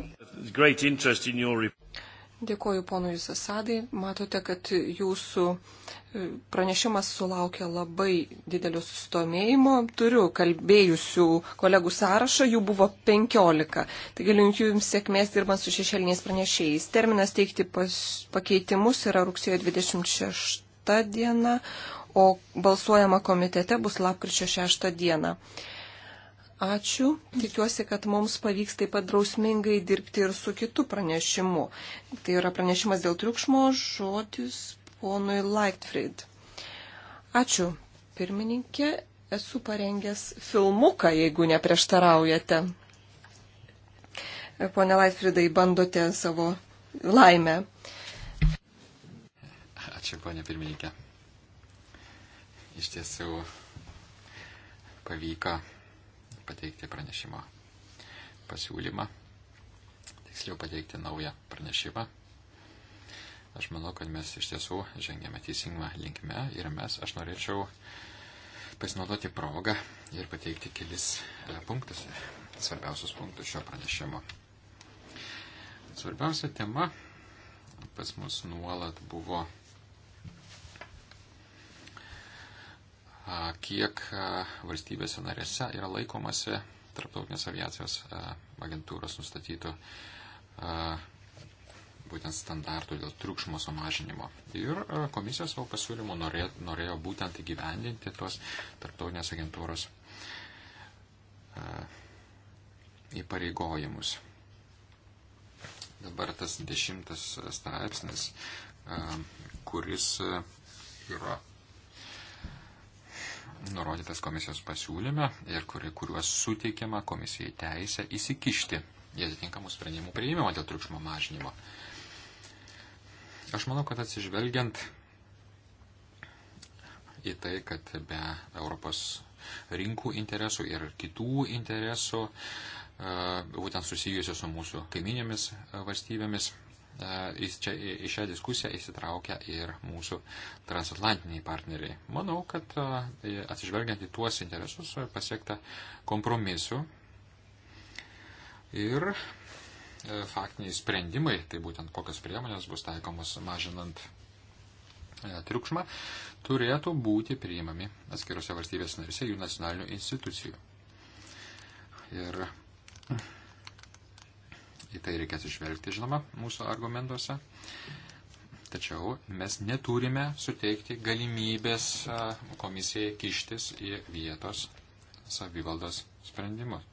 Dėkoju ponui Sasadai. Matote, kad jūsų e, pranešimas sulaukė labai didelio sustomėjimo. Turiu kalbėjusių kolegų sąrašą, jų buvo 15. Taigi linkiu Jums sėkmės dirbant su šešėliniais pranešėjais. Terminas teikti pas, pakeitimus yra rugsėjo 26 diena, o balsuojama komitete bus lapkričio 6 dieną. Ačiū. Tikiuosi, kad mums pavyks taip pat drausmingai dirbti ir su kitu pranešimu. Tai yra pranešimas dėl triukšmo žodis ponui Lightfried. Ačiū, pirmininkė. Esu parengęs filmuką, jeigu neprieštaraujate. Pone Lightfriedai, bandote savo laimę. Ačiū, ponė pirmininkė iš tiesų pavyko pateikti pranešimo pasiūlymą, tiksliau pateikti naują pranešimą. Aš manau, kad mes iš tiesų žengėme teisingą linkme ir mes, aš norėčiau pasinaudoti progą ir pateikti kelis e, punktus, svarbiausius punktus šio pranešimo. Svarbiausia tema pas mus nuolat buvo kiek valstybėse narėse yra laikomasi Tarptautinės aviacijos agentūros nustatytų būtent standartų dėl triukšmo sumažinimo. Ir komisija savo pasiūlymu norėjo, norėjo būtent įgyvendinti tos tarptautinės agentūros įpareigojimus. Dabar tas dešimtas straipsnis, kuris yra nurodytas komisijos pasiūlyme ir kuri, kuriuos suteikiama komisijai teisę įsikišti į atitinkamų sprendimų priėmimą dėl triukšmo mažinimo. Aš manau, kad atsižvelgiant į tai, kad be Europos rinkų interesų ir kitų interesų, e, būtent susijusių su mūsų kaiminėmis e, valstybėmis, čia, į šią diskusiją įsitraukia ir mūsų transatlantiniai partneriai. Manau, kad atsižvelgiant į tuos interesus pasiekta kompromisu ir faktiniai sprendimai, tai būtent kokios priemonės bus taikomos mažinant triukšmą, turėtų būti priimami atskirose valstybės narise jų nacionalinių institucijų. Ir į tai reikės išvelgti, žinoma, mūsų argumentuose. Tačiau mes neturime suteikti galimybės komisijai kištis į vietos savivaldos sprendimus.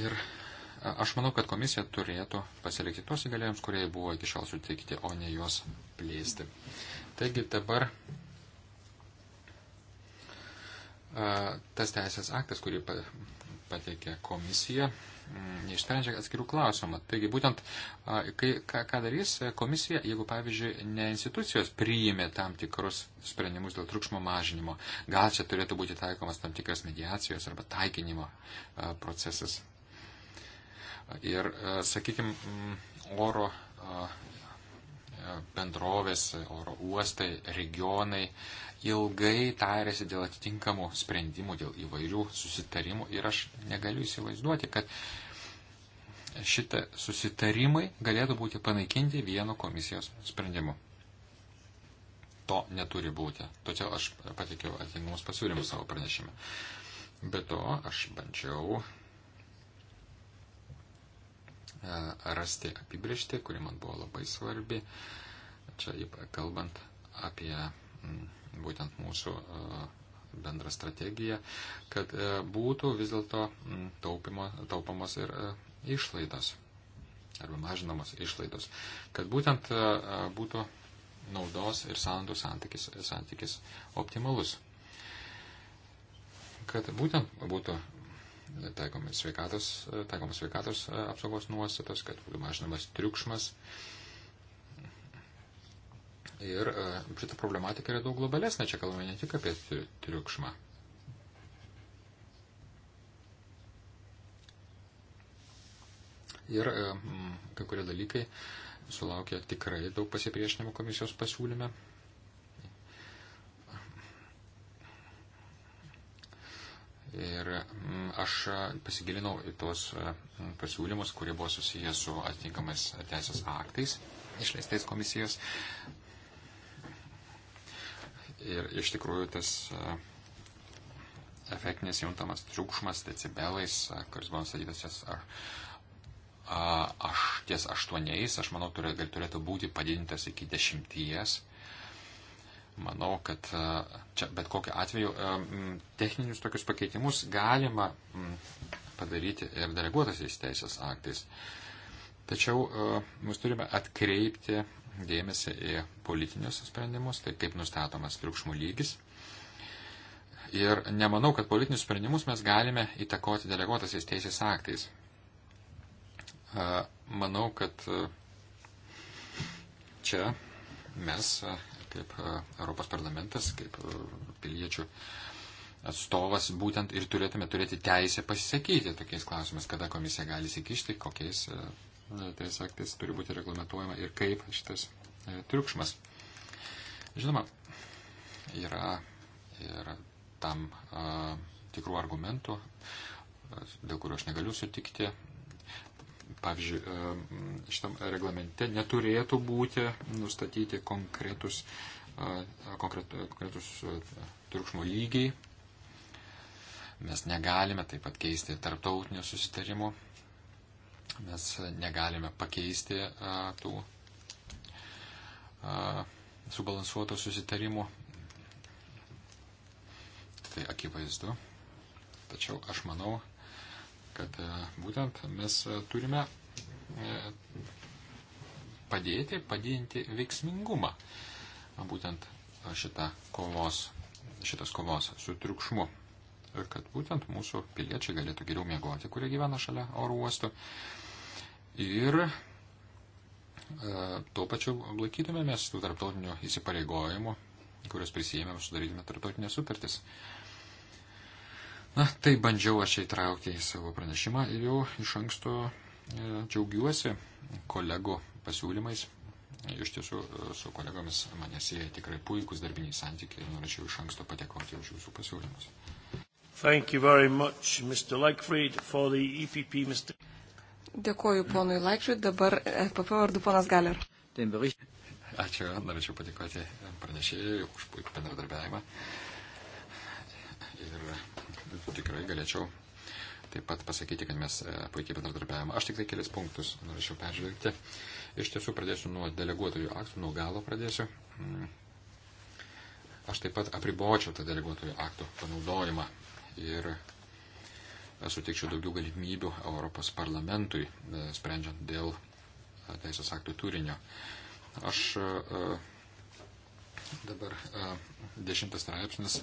Ir aš manau, kad komisija turėtų pasilikti tos įgalėjimus, kurie buvo iki šiol suteikti, o ne juos plėsti. Taigi dabar tas teisės aktas, kurį pateikė komisija, mm, neišsprendžia atskirų klausimų. Taigi būtent, kai, ką, ką darys komisija, jeigu, pavyzdžiui, ne institucijos priimė tam tikrus sprendimus dėl triukšmo mažinimo, gal čia turėtų būti taikomas tam tikras mediacijos arba taikinimo procesas. Ir, sakykime, mm, oro bendrovės, oro uostai, regionai ilgai tarėsi dėl atitinkamų sprendimų, dėl įvairių susitarimų ir aš negaliu įsivaizduoti, kad šitie susitarimai galėtų būti panaikinti vieno komisijos sprendimu. To neturi būti. Todėl aš patikiau atitinkamus pasiūlymus savo pranešime. Be to, aš bandžiau E, rasti apibriešti, kuri man buvo labai svarbi. Čia kalbant apie būtent mūsų e, bendrą strategiją, kad e, būtų vis dėlto taupomos ir išlaidos arba mažinamos išlaidos, kad būtent būtų naudos ir sandų santykis, santykis optimalus. Kad būtent būtų taikomas sveikatos, taikomas sveikatos e, apsaugos nuostatos, kad būtų mažinamas triukšmas. Ir e, šita problematika yra daug globalesnė, čia kalbame ne tik apie triukšmą. Ir e, kai kurie dalykai sulaukia tikrai daug pasipriešinimo komisijos pasiūlyme. Ir mm, aš pasigilinau į tuos mm, pasiūlymus, kurie buvo susijęs su atitinkamais teisės aktais išleistais komisijos. Ir iš tikrųjų tas efektinis juntamas triukšmas decibelais, kuris buvo nustatytas ties ar, aš ties aštuoniais, aš manau, turėtų būti padidintas iki dešimties Manau, kad e, čia bet kokiu atveju e, techninius tokius pakeitimus galima padaryti ir deleguotasiais teisės aktais. Tačiau e, mes turime atkreipti dėmesį į politinius sprendimus, tai kaip nustatomas triukšmų lygis. Ir nemanau, kad politinius sprendimus mes galime įtakoti deleguotasiais teisės aktais. Manau, kad čia mes kaip e, Europos parlamentas, kaip e, piliečių atstovas, būtent ir turėtume turėti teisę pasisakyti tokiais klausimais, kada komisija gali įsikišti, kokiais e, teisės aktais turi būti reglamentuojama ir kaip šitas triukšmas. Žinoma, yra ir tam a, tikrų argumentų, dėl kurių aš negaliu sutikti, pavyzdžiui, e, šitam reglamente neturėtų būti nustatyti konkretus, e, konkret, konkretus e, triukšmo lygiai. Mes negalime taip pat keisti tarptautinių susitarimų. Mes negalime pakeisti tų subalansuotų susitarimų. Tai akivaizdu. Tačiau aš manau, kad e, būtent mes e, turime e, padėti, padidinti veiksmingumą būtent šitą kovos, šitas kovos su triukšmu. Ir kad būtent mūsų piliečiai galėtų geriau miegoti, kurie gyvena šalia oro uostų. Ir e, tuo pačiu laikytumėmės tų tarptautinių įsipareigojimų, kuriuos prisijėmėm sudarydami tarptautinės sutartis. E, Na, tai bandžiau aš įtraukti į savo pranešimą ir jau iš anksto e, džiaugiuosi kolegų pasiūlymais. Iš tiesų, e, su kolegomis mane sieja tikrai puikūs darbiniai santykiai ir norėčiau iš anksto patekoti už jūsų pasiūlymus. Much, Mr. Lightfried, EPP, e Mr. Dėkoju ponui Laikšui, dabar PP vardu ponas Galer. Ačiū, norėčiau padėkoti pranešėjui už puikų bendradarbiavimą. Ir tikrai galėčiau taip pat pasakyti, kad mes e, puikiai bendradarbiavame. Aš tik tai kelis punktus norėčiau peržvelgti. Iš tiesų pradėsiu nuo deleguotojų aktų, nuo galo pradėsiu. Mm. Aš taip pat apribočiau tą deleguotojų aktų panaudojimą ir e, suteikčiau daugiau galimybių Europos parlamentui, e, sprendžiant dėl teisės aktų turinio. Aš dabar dešimtas straipsnis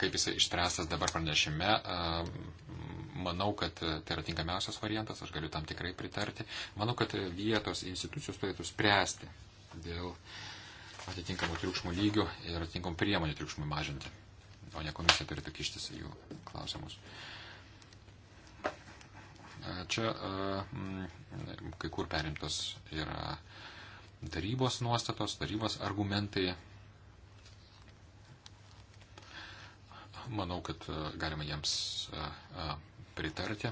kaip jisai išspręstas dabar pranešime, manau, kad tai yra tinkamiausias variantas, aš galiu tam tikrai pritarti. Manau, kad vietos institucijos turėtų spręsti dėl atitinkamų triukšmų lygių ir atitinkamų priemonių triukšmui mažinti, o ne komisija turėtų kištis į jų klausimus. Čia kai kur perimtos yra tarybos nuostatos, tarybos argumentai manau, kad e, galima jiems e, e, pritarti,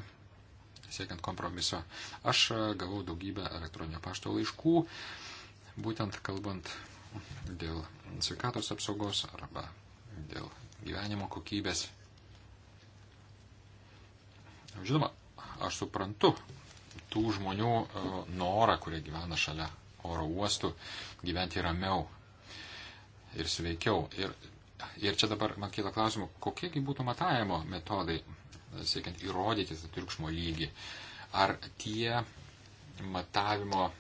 siekiant kompromiso. Aš gavau daugybę elektroninio pašto laiškų, būtent kalbant dėl sveikatos apsaugos arba dėl gyvenimo kokybės. Žinoma, aš suprantu tų žmonių norą, kurie gyvena šalia oro uostų, gyventi ramiau ir sveikiau. Ir Ir čia dabar man kyla klausimų, kokiegi būtų matavimo metodai, e, siekiant įrodyti tą triukšmo lygį. Ar tie matavimo e,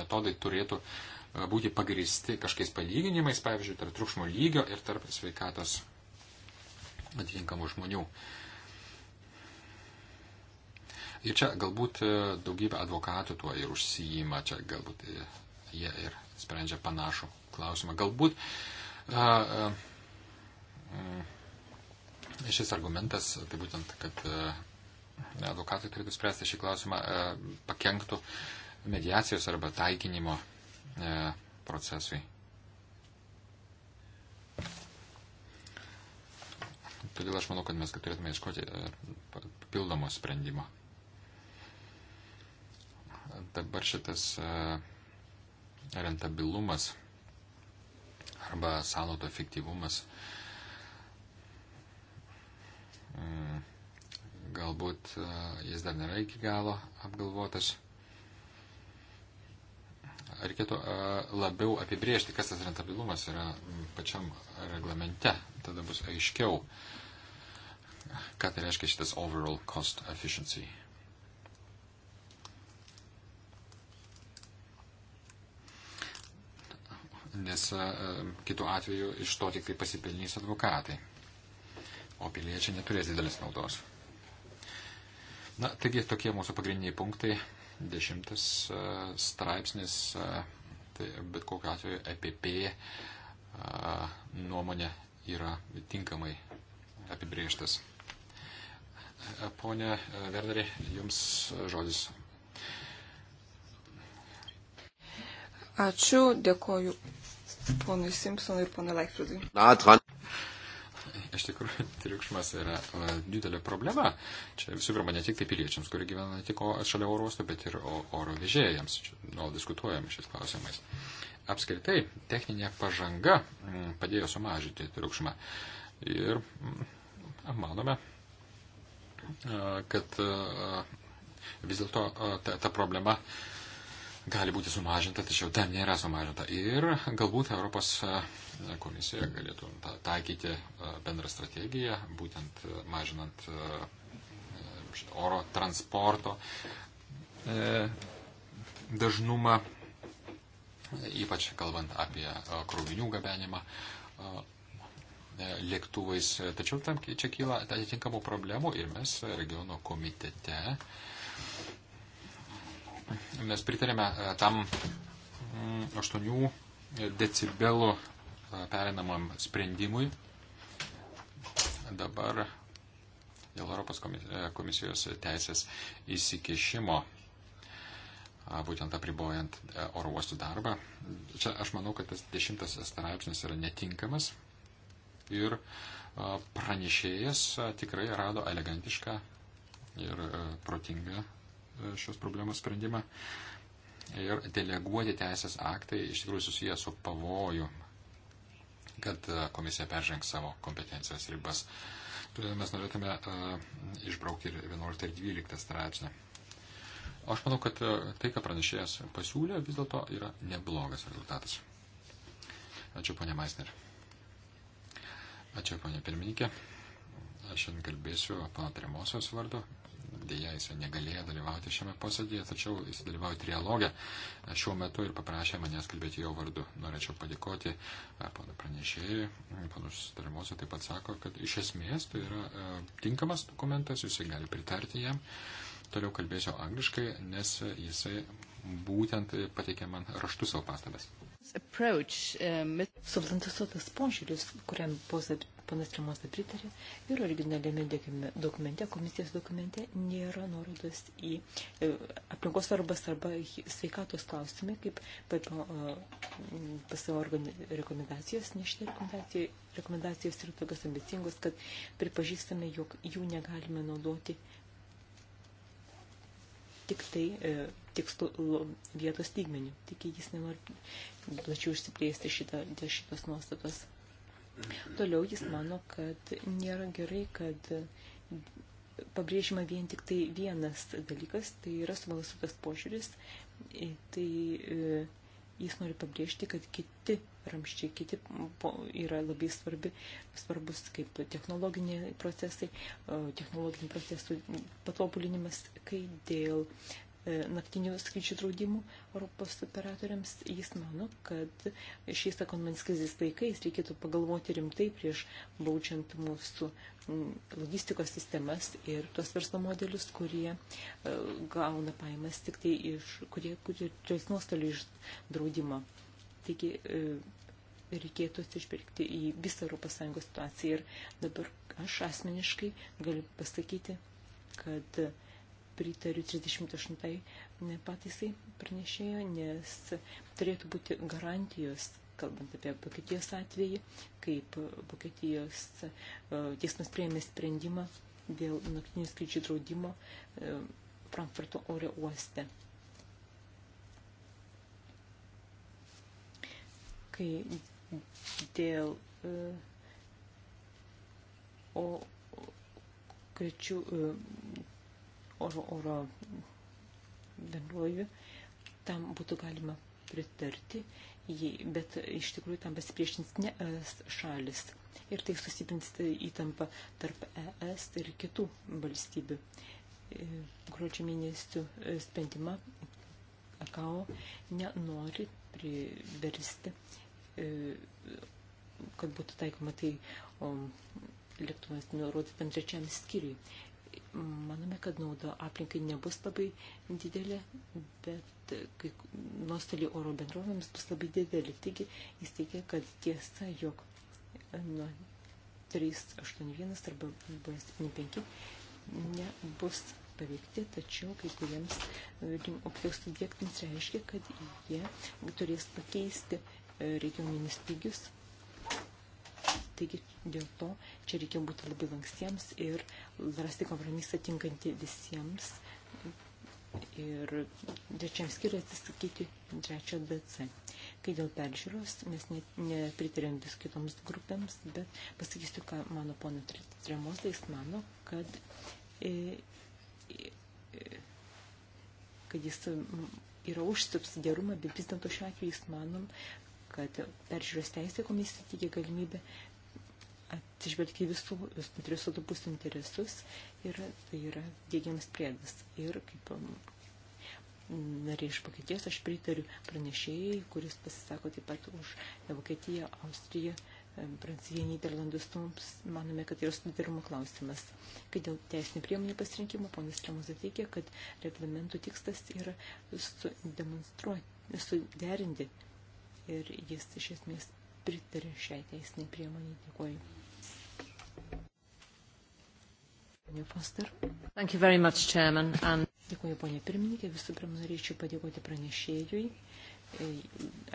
metodai turėtų e, būti pagristi kažkokiais palyginimais, pavyzdžiui, tarp triukšmo lygio ir tarp sveikatos atitinkamų žmonių. Ir čia galbūt daugybė advokatų tuo ir užsijima, čia galbūt jie ir sprendžia panašų klausimą. Galbūt uh, A, a, mm, šis argumentas, tai būtent, kad e, advokatai turėtų spręsti šį klausimą, a, e, pakenktų mediacijos arba taikinimo a, e, procesui. Todėl aš manau, kad mes turėtume ieškoti papildomo sprendimo. Dabar šitas rentabilumas arba sąnaudų efektyvumas mm, galbūt e, jis dar nėra iki galo apgalvotas. Reikėtų e, labiau apibriežti, kas tas rentabilumas yra mm, pačiam reglamente. Tada bus aiškiau, ką tai reiškia šitas overall cost efficiency. nes e, kitų atveju iš to tik tai pasipelnys advokatai, o piliečiai neturės didelės naudos. Na, taigi tokie mūsų pagrindiniai punktai. Dešimtas e, straipsnis, e, tai bet kokiu atveju EPP nuomonė yra tinkamai apibrieštas. Pone Verderį, jums žodis. Ačiū, dėkoju ponui Simpsonui ir ponui Laikfridui. Iš tikrųjų, triukšmas yra a, didelė problema. Čia visų pirma, ne tik tai piliečiams, kurie gyvena ne tik o, šalia oro uosto, bet ir o, oro vežėjams. Čia nuolat diskutuojame šiais klausimais. Apskritai, techninė pažanga m, padėjo sumažinti triukšmą. Ir m, manome, a, kad a, vis dėlto ta, ta problema a, gali būti sumažinta, tačiau ten nėra sumažinta. Ir galbūt Europos e, komisija galėtų taikyti e, bendrą strategiją, būtent e, mažinant oro transporto dažnumą, ypač kalbant apie krovinių gabenimą lėktuvais. Tačiau tam čia kyla atitinkamų problemų ir mes regiono komitete uh, Mes pritarėme e, tam 8 mm, decibelų e, perinamam sprendimui. Dabar dėl Europos e, komisijos teisės įsikešimo, būtent apribojant oro uostų darbą. Čia aš manau, kad tas dešimtas straipsnis yra netinkamas ir pranešėjas tikrai rado elegantišką ir protingą šios problemos sprendimą. Ir deleguoti teisės aktai iš tikrųjų susiję su pavoju, kad e, komisija peržengs savo kompetencijos ribas. Todėl mes norėtume uh, išbraukti ir 11 ir 12 straipsnį. Aš manau, kad uh, tai, ką pranešėjas pasiūlė, vis dėlto yra neblogas rezultatas. Ačiū, ponė Maisner. Ačiū, ponė pirmininkė. Aš šiandien kalbėsiu pana Tremosios vardu dėja jisai negalėjo dalyvauti šiame posėdėje, tačiau jis dalyvauja trialogę šiuo metu ir paprašė manęs kalbėti jo vardu. Norėčiau padėkoti e, panu pranešėjui, e, panu sutarimuose taip pat sako, kad iš esmės tai yra e, tinkamas dokumentas, jūs gali pritarti jam. Toliau kalbėsiu angliškai, nes jisai būtent pateikė man raštu savo pastabas. Suprantu, tas požiūris, kuriam posėdį panas Tremosa pritarė ir originaliame dokumente, komisijos dokumente nėra nuorodos į e, aplinkos svarbas arba sveikatos klausimai, kaip PSO e, rekomendacijos, nes šitie rekomendacijos, rekomendacijos yra tokios ambicingos, kad pripažįstame, jog jų negalime naudoti tik tai e, tikslų vietos lygmenių. Tik jis nenori plačiau išsiplėsti šitą, dėl šitos nuostatos. Toliau jis mano, kad nėra gerai, kad pabrėžima vien tik tai vienas dalykas, tai yra subalansuotas požiūris, e, tai e, jis nori pabrėžti, kad kiti ramščiai, kiti yra labai svarbi, svarbus kaip technologiniai procesai, technologinių procesų patobulinimas, kai dėl E, naktinių skrydžių draudimų Europos operatoriams, jis mano, kad šiais ekonominės krizės laikais reikėtų pagalvoti rimtai prieš baudžiant mūsų logistikos sistemas ir tuos verslo modelius, kurie e, gauna pajamas tik tai iš, kurie, kurie turės nuostolių iš draudimo. Taigi e, reikėtų atsižvelgti į visą ES situaciją ir dabar aš asmeniškai galiu pasakyti, kad uh, pritariu 38 pataisai pranešėjo, nes turėtų būti garantijos, kalbant apie Vokietijos atvejį, kaip Vokietijos teismas prieėmė sprendimą dėl naktinių skrydžių draudimo Frankfurto oro uoste. Kai dėl o krečių oro, oro bendruoju, tam būtų galima pritarti, bet iš tikrųjų tam pasipriešins ne ES šalis. Ir tai susiprins tai įtampa tarp ES ir kitų valstybių. E, gruodžio mėnesių e, sprendimą AKO nenori priversti, e, kad būtų taikoma tai lėktuvas nurodytam trečiam skyriui manome, kad nauda aplinkai nebus labai didelė, bet kai nuostoliai oro bendrovėms bus labai didelė. Taigi jis teigia, kad tiesa, jog nuo 381 arba 75 nebus paveikti, tačiau kai kuriems optikos e, subjektams reiškia, kad jie turės pakeisti e, regioninius lygius. Taigi Dėl to čia reikia būti labai lankstiems ir rasti kompromisą tinkantį visiems. Ir trečiam skiriu atsisakyti trečio DC. Kai dėl peržiūros, mes nepritarėm vis kitoms grupėms, bet pasakysiu, ką mano pono Tremos, jis mano, kad, e, e, kad jis yra už subsidiarumą, bet vis dėlto šiuo atveju jis manom, kad peržiūros teisė komisija teikia galimybę atsižvelgti visų interesuotų pusių interesus ir tai yra dėgiamas priedas. Ir kaip um, narė iš Vokietijos, aš pritariu pranešėjai, kuris pasisako taip pat už Vokietiją, Austriją, um, Prancūziją, Niderlandus, mums manome, kad tai yra sudarumo klausimas. Kai dėl teisinių priemonių pasirinkimo, ponas Lemus ateikia, kad reglamentų tikslas yra sudemonstruoti, suderinti ir jis iš esmės pritarė šiai teisiniai priemoniai. Dėkuoju. Pane Foster. Thank you very much, Chairman. And... Dėkuoju, ponė pirmininkė. Visų pirma, norėčiau padėkoti pranešėjui. E,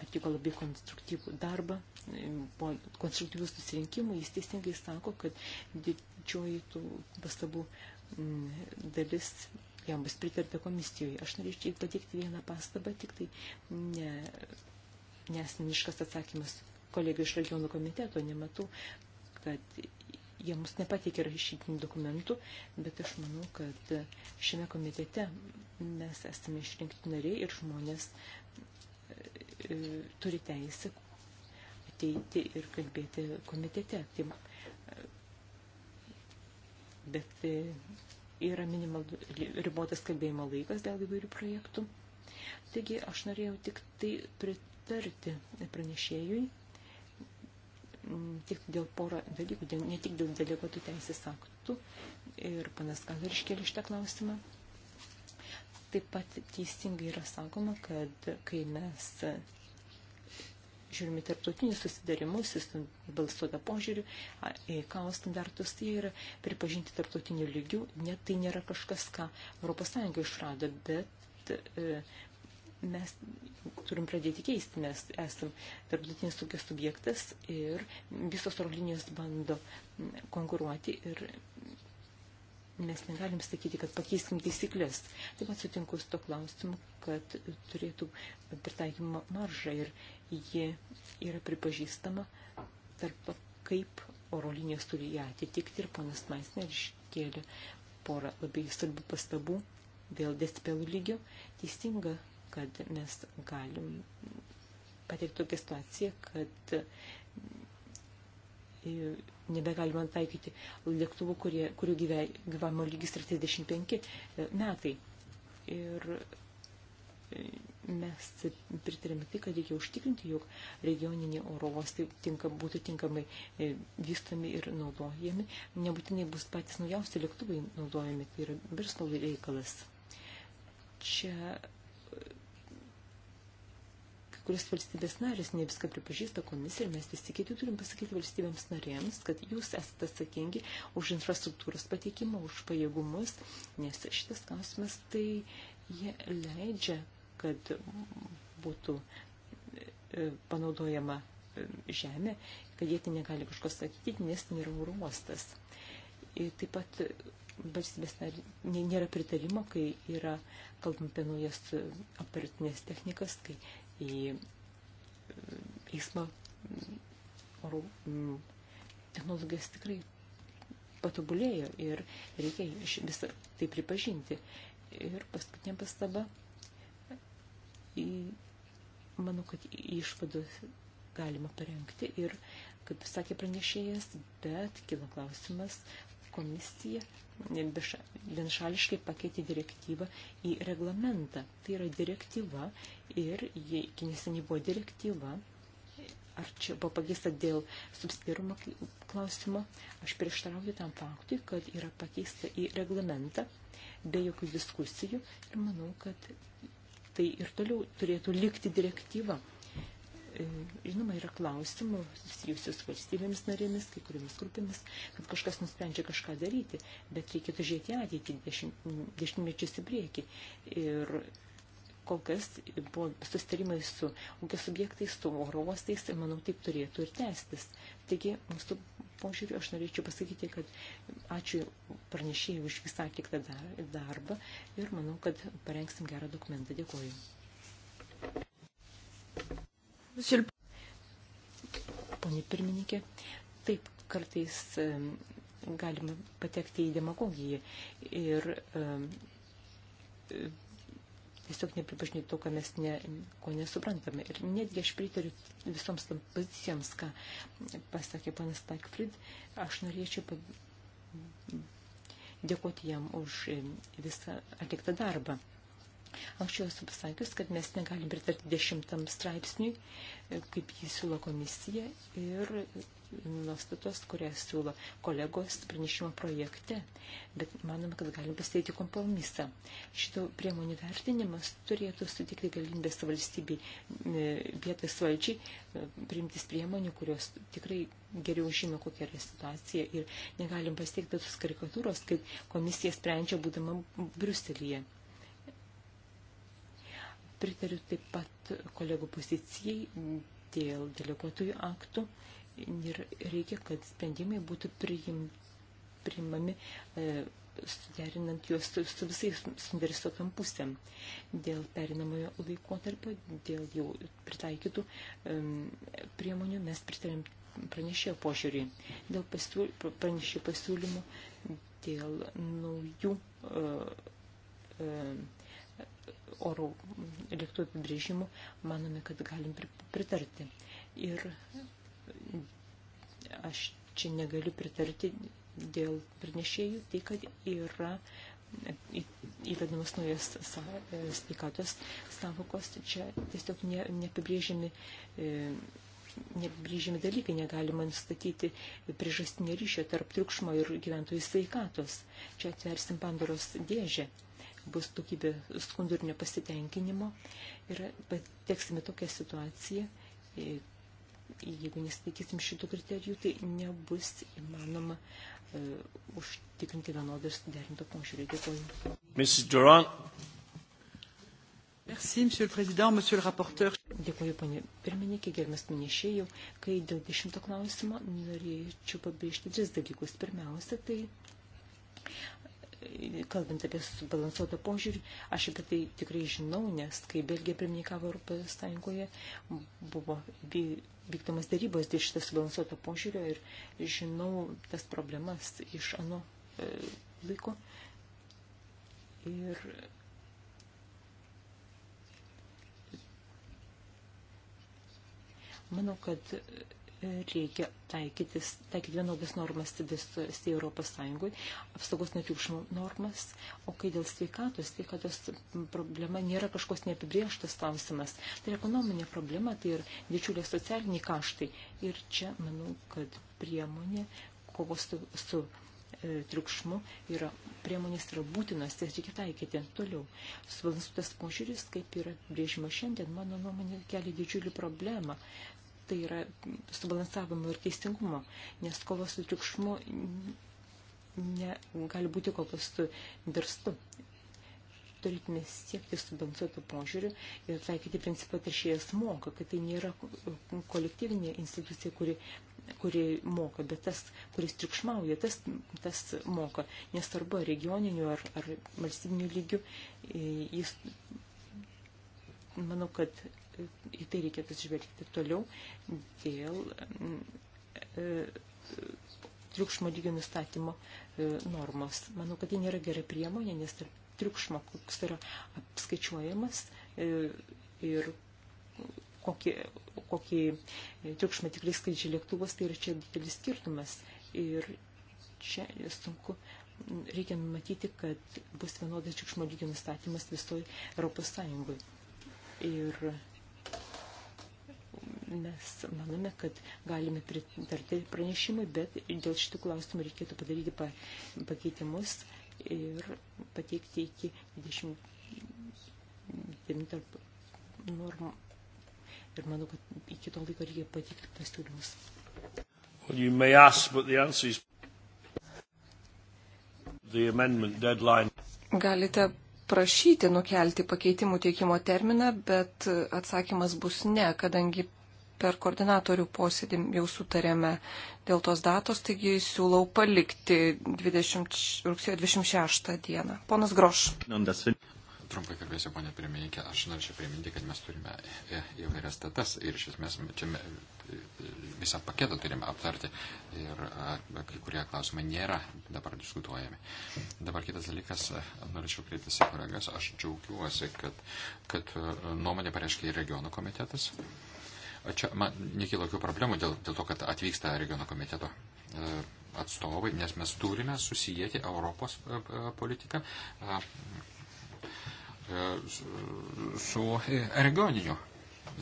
atliko labai konstruktyvų darbą. E, po konstruktyvių susirinkimų jis teisingai sako, kad didžioji tų pastabų dalis jam bus pritarta komisijoje. Aš norėčiau pateikti vieną pastabą, tik tai ne, nesmeniškas atsakymas kolegų iš regionų komiteto, nematau, kad jie mus nepateikė rašytinių dokumentų, bet aš manau, kad šiame komitete mes esame išrinkti nariai ir žmonės e, e, turi teisę ateiti ir kalbėti komitete. Tai, e, bet yra minimal ribotas kalbėjimo laikas dėl įvairių projektų. Taigi aš norėjau tik tai pritarti pranešėjui tik dėl porą dalykų, dėl, ne tik dėl deleguotų teisės aktų. Ir panas Kaler iškėlė šitą klausimą. Taip pat teisingai yra sakoma, kad kai mes žiūrime tarptautinius susidarimus, balsuotą požiūrį, IKAO standartus, tai yra pripažinti tarptautiniu lygiu, net tai nėra kažkas, ką ES išrado, bet e, mes turim pradėti keisti, mes esam tarptautinis tokias subjektas ir visos oro linijos bando konkuruoti ir mes negalim sakyti, kad pakeiskim taisyklės. Taip pat sutinku su to klausimu, kad turėtų pritaikymą maržą ir ji yra pripažįstama tarp kaip oro linijos turi ją atitikti ir ponas Maisner iškėlė porą labai svarbių pastabų dėl decibelų lygio. Teisinga kad mes galim pateikti tokią situaciją, kad nebegalima taikyti lėktuvų, kurie, kurių gyvavimo lygis yra 35 e, metai. Ir e, mes pritarėme tai, kad reikia užtikrinti, jog regioniniai oro uostai tinka, būtų tinkamai e, vystomi ir naudojami. Nebūtinai bus patys naujausi lėktuvai naudojami, tai yra verslo reikalas. Čia kurios valstybės narės ne viską pripažįsta komisija ir mes visi kiti turim pasakyti valstybėms narėms, kad jūs esate atsakingi už infrastruktūros pateikimą, už pajėgumus, nes šitas klausimas tai jie leidžia, kad būtų e, panaudojama e, žemė, kad jie ten negali kažko sakyti, nes ten yra oro uostas. Ir e, taip pat valstybės nėra pritarimo, kai yra kalbam apie naujas operatinės technikas, kai į eismą oro technologijos tikrai patobulėjo ir reikia visą tai pripažinti. Ir paskutinė pastaba, manau, kad išvados galima parengti ir, kaip sakė pranešėjas, bet kila klausimas, komisija vienšališkai pakeitė direktyvą į reglamentą. Tai yra direktyva ir jie iki neseniai buvo direktyva. Ar čia buvo pakeista dėl subsidiarumo klausimo? Aš prieštarauju tam faktui, kad yra pakeista į reglamentą be jokių diskusijų ir manau, kad tai ir toliau turėtų likti direktyva E, žinoma, yra klausimų susijusius valstybėms narėmis, kai kuriomis grupėmis, kad kažkas nusprendžia kažką daryti, bet reikėtų žiūrėti ateitį dešimtmečius į priekį. Ir kol kas buvo sustarimai su ūkio subjektais, su oro uostais ir manau taip turėtų ir tęstis. Taigi, mūsų požiūriu, aš norėčiau pasakyti, kad ačiū pranešėjai už visą atliktą darbą ir manau, kad parengsim gerą dokumentą. Dėkuoju. Pone pirmininkė, taip kartais galima patekti į demagogiją ir tiesiog nepripažinti to, ką mes ne, ko nesuprantame. Ir netgi aš pritariu visoms tam pozicijoms, ką pasakė panas Takfrid, aš norėčiau pa... dėkoti jam už visą atliktą darbą. Anksčiau esu pasakius, kad mes negalim pritarti dešimtam straipsniui, e, kaip jį siūlo komisija ir e, nuostatos, kurią siūlo kolegos pranešimo projekte, bet manome, kad galim pasteiti kompromisą. Šito priemonių vertinimas turėtų sutikti galimybės valstybei e, vietos valdžiai priimtis priemonių, kurios tikrai geriau žino, kokia yra situacija ir negalim pasiekti tos karikatūros, kaip komisija sprendžia būdama Bruselėje. Pritariu taip pat kolegų pozicijai dėl deleguotojų aktų ir reikia, kad sprendimai būtų priim, priimami e, suderinant juos su, su visais suinteresuotam pusėm dėl perinamojo laikotarpio, dėl jau pritaikytų e, priemonių mes pritarėm pranešėjo požiūrį, dėl pasiūl, pranešėjo pasiūlymų, dėl naujų e, e, orų lėktuvų apibrėžimų, manome, kad galim pritarti. Ir aš čia negaliu pritarti dėl pranešėjų, tai kad yra įvedamas naujas e, sveikatos savokos, tai čia tiesiog ne, neapibrėžiami, e, neapibrėžiami dalykai, negalima nustatyti priežastinį ryšio tarp triukšmo ir gyventojų sveikatos. Čia atversim Pandoros dėžę bus daugybė skundų ir nepasitenkinimo ir pateksime tokią situaciją, e, jeigu nesitaikysim šitų kriterijų, tai nebus įmanoma uh, užtikrinti vienodą ir suderinto požiūrį. Dėkuoju. Mrs. Durant. Merci, Monsieur le Président, Monsieur le Rapporteur. Dėkuoju, ponė pirmininkė, gerbiamas minėšėjau, kai dėl dešimto klausimo norėčiau pabrėžti tris dalykus. Pirmiausia, tai kalbant apie subalansuotą požiūrį, aš apie tai tikrai žinau, nes kai Belgija pirmininkavo Europos Sąjungoje, buvo vykdomas darybos dėl šitą subalansuotą požiūrio ir žinau tas problemas iš ano e, laiko. Ir manau, kad reikia taikytis, taikyti vienodas normas visai Europos Sąjungui, apsaugos nuo triukšmo normas, o kai dėl sveikatos, sveikatos problema nėra kažkoks neapibrieštas klausimas, tai ekonominė problema, tai ir didžiulė socialiniai kaštai. Ir čia manau, kad priemonė kovos su, su e, triukšmu yra priemonės yra būtinas, jas tai reikia taikyti toliau. Subalansuotas požiūris, kaip yra brėžimas šiandien, mano nuomonė kelia didžiulį problemą tai yra subalansavimo ir teisingumo, nes kovos su triukšmu negali būti kovos su virstu. Turėtume siekti subalansuotų požiūrių ir taikyti principą teršėjas moka, kad tai nėra kolektyvinė institucija, kuri kuri moka, bet tas, kuris triukšmauja, tas, tas moka. Nesvarbu, regioniniu ar, ar valstybiniu lygiu, jis, manau, kad į tai reikėtų atsižvelgti toliau dėl e, triukšmo lygio nustatymo e, normos. Manau, kad tai nėra gera priemonė, nes triukšmo, koks yra apskaičiuojamas e, ir kokį, kokį triukšmą tikrai skleidžia lėktuvas, tai yra čia didelis skirtumas. Ir čia sunku, reikia numatyti, kad bus vienodas triukšmo lygio nustatymas visoje Europos Sąjungoje. Ir Mes manome, kad galime pritarti pranešimui, bet dėl šitų klausimų reikėtų padaryti pa, pakeitimus ir pateikti iki 29 normų. Ir manau, kad iki to laiko reikia pateikti pasiūlymus. Well, you may ask, but the answer is the amendment deadline. Galite prašyti nukelti pakeitimų teikimo terminą, bet atsakymas bus ne, kadangi per koordinatorių posėdį jau sutarėme dėl tos datos, taigi siūlau palikti 20, rugsėjo 26 dieną. Ponas Groš. Trumpai kalbėsiu, ponė pirmininkė, aš norėčiau priminti, kad mes turime e, įvairias datas ir iš esmės čia visą paketą turime aptarti ir kai kurie klausimai nėra dabar diskutuojami. Dabar kitas dalykas, norėčiau kreiptis į kolegas, aš džiaugiuosi, kad, kad nuomonė pareiškia ir regionų komitetas. Čia man nekyla jokių problemų dėl, dėl to, kad atvyksta regiono komiteto e, atstovai, nes mes turime susijęti Europos e, e, politiką su regioniniu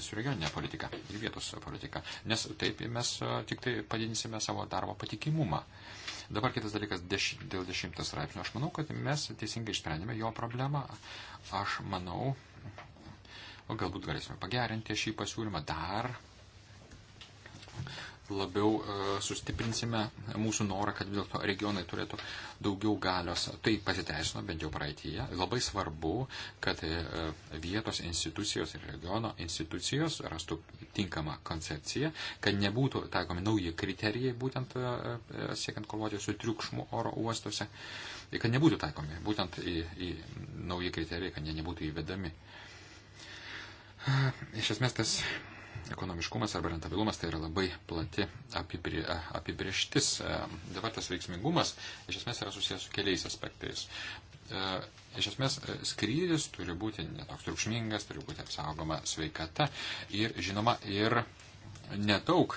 su regioninė politika ir vietos politika, nes taip mes tik tai padidinsime savo darbo patikimumą. Dabar kitas dalykas deš, dėl dešimtas straipsnio. Aš manau, kad mes teisingai išsprendėme jo problemą. Aš manau, o galbūt galėsime pagerinti šį pasiūlymą dar labiau e, sustiprinsime mūsų norą, kad vis dėlto regionai turėtų daugiau galios. Tai pasiteisino bent jau praeitie. Labai svarbu, kad e, vietos institucijos ir regiono institucijos rastų tinkamą koncepciją, kad nebūtų taikomi nauji kriterijai būtent e, siekiant kovoti su triukšmu oro uostuose, kad nebūtų taikomi būtent į, į nauji kriterijai, kad jie nebūtų įvedami. Uh, Iš esmės tas ekonomiškumas arba rentabilumas tai yra labai plati apibri, apibrieštis. E, dabar tas veiksmingumas iš esmės yra susijęs su keliais aspektais. E, iš esmės e, skrydis turi būti netoks triukšmingas, turi būti apsaugoma sveikata ir žinoma ir nedaug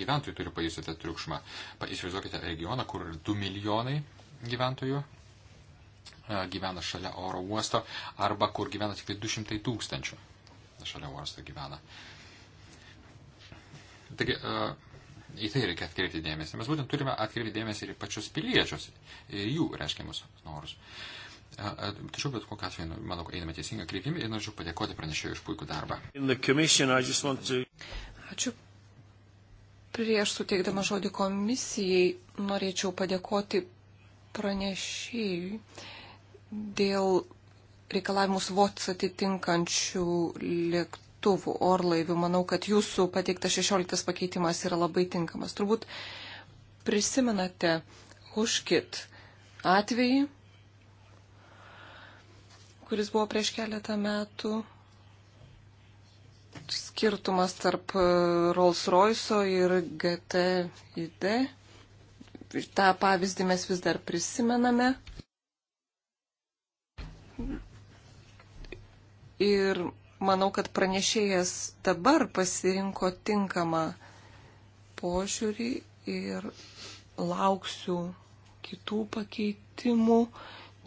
gyventojų turi pajusti tą triukšmą. Įsivaizduokite regioną, kur 2 milijonai gyventojų gyvena šalia oro uosto arba kur gyvena tik 200 tai tūkstančių šalia uosto gyvena. Taigi, e, į tai reikia atkreipti dėmesį. Mes būtent turime atkreipti dėmesį ir pačius piliečius, ir jų reiškiamus norus. E, e, tačiau bet kokiu atveju, manau, einame teisingą kryptimį ir norėčiau padėkoti pranešėjui už puikų darbą. To... Ačiū. Prieš suteikdama žodį komisijai, norėčiau padėkoti pranešėjui dėl reikalavimus VOTS atitinkančių lėktuvų, orlaivių. Manau, kad jūsų pateiktas 16 pakeitimas yra labai tinkamas. Turbūt prisimenate Huškit atvejį, kuris buvo prieš keletą metų. Skirtumas tarp Rolls Royce'o ir GTID. Ta pavyzdį mes vis dar prisimename Ir manau, kad pranešėjas dabar pasirinko tinkamą požiūrį ir lauksiu kitų pakeitimų.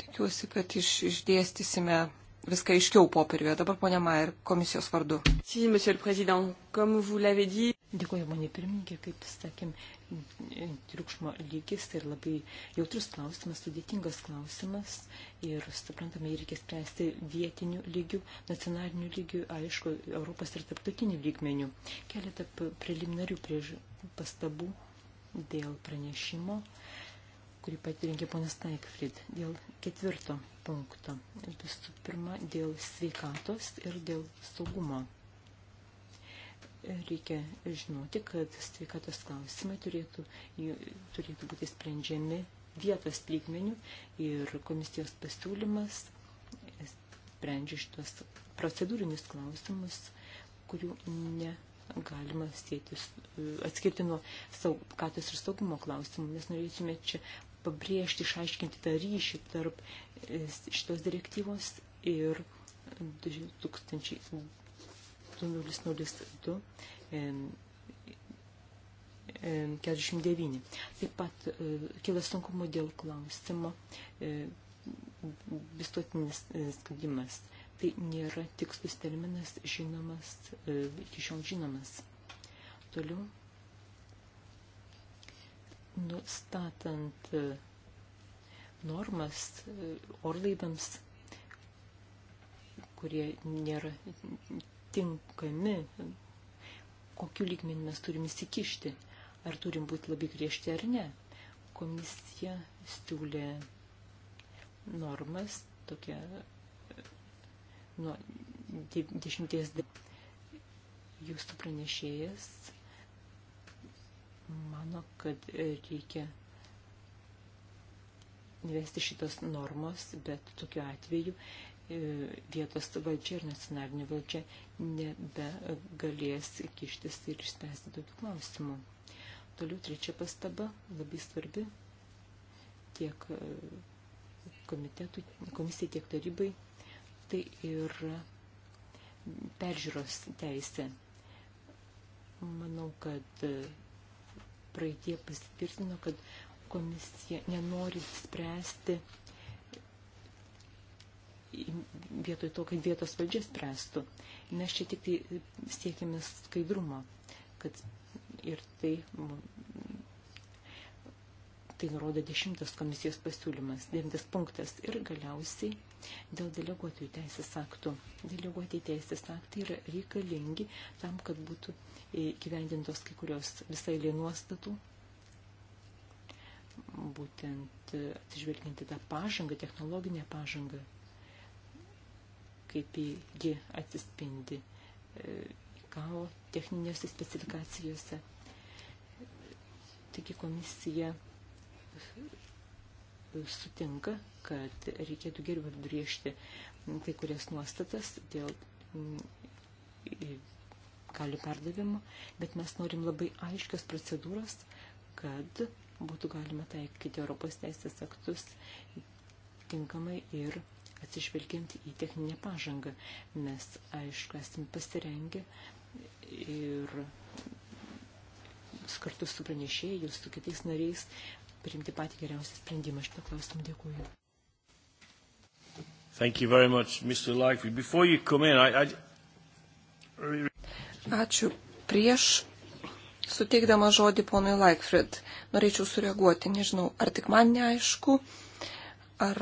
Tikiuosi, kad iš, išdėstysime viską aiškiau popieriuje. Dabar ponia Mair, komisijos vardu. Si, Dėkuoju, mane pirmininkė, kaip sakėm, triukšmo lygis ir tai labai jautrus klausimas, sudėtingas klausimas ir, suprantame, jį reikia spręsti vietinių lygių, nacionalinių lygių, aišku, Europos ir tarptautinių lygmenių. Keletą preliminarių priež pastabų dėl pranešimo, kurį patirinkė ponas Taikfrid, dėl ketvirto punkto. Visų pirma, dėl sveikatos ir dėl saugumo Reikia žinoti, kad sveikatos klausimai turėtų, turėtų būti sprendžiami vietos lygmenių ir komisijos pasiūlymas sprendžia šitos procedūrinius klausimus, kurių negalima sėti, atskirti nuo saugatos ir saugumo klausimų. Mes norėtume čia pabrėžti, išaiškinti tą ryšį tarp e, šitos direktyvos ir 2000 8002 49. Taip pat kilas sunkumų dėl klausimo visuotinis skaidimas. Tai nėra tikslus terminas žinomas, iki šiol žinomas. Toliau, nustatant normas orlaidams, kurie nėra tinkami, kokiu lygmeniu mes turim įsikišti, ar turim būti labai griežti ar ne. Komisija siūlė normas, tokia nuo dešimties jūsų pranešėjas mano, kad reikia įvesti šitos normos, bet tokiu atveju E, vietos valdžia ir nacionalinė valdžia nebegalės kištis ir išspręsti daugiau klausimų. Toliau trečia pastaba, labai svarbi tiek e, komitetų, komisijai, tiek tarybai, tai ir peržiūros teisė. Manau, kad e, praeitie pasitvirtino, kad komisija nenori spręsti vietoj to, kad vietos valdžia spręstų. Mes čia tik tai siekime skaidrumo, kad ir tai, tai nurodo dešimtas komisijos pasiūlymas, devintas punktas ir galiausiai dėl deleguotojų teisės aktų. Deleguotieji teisės aktai yra reikalingi tam, kad būtų gyvendintos kai kurios visai lė nuostatų, būtent atsižvelginti tą pažangą, technologinę pažangą kaip ji atsispindi e, ICAO techninėse specifikacijose. Taigi komisija sutinka, kad reikėtų geriau apbriežti kai kurias nuostatas dėl mm, galių perdavimo, bet mes norim labai aiškios procedūros, kad būtų galima taikyti Europos teisės aktus tinkamai ir atsižvelgiant į techninę pažangą. Mes, aišku, esame pasirengę ir kartu su pranešėjai ir su kitais nariais priimti patį geriausią sprendimą. Šitą klausimą dėkuoju. Thank you very much, Mr. Likely. Before you come in, I, I... Ačiū. Prieš suteikdama žodį ponui Laikfrid, norėčiau sureaguoti. Nežinau, ar tik man neaišku, ar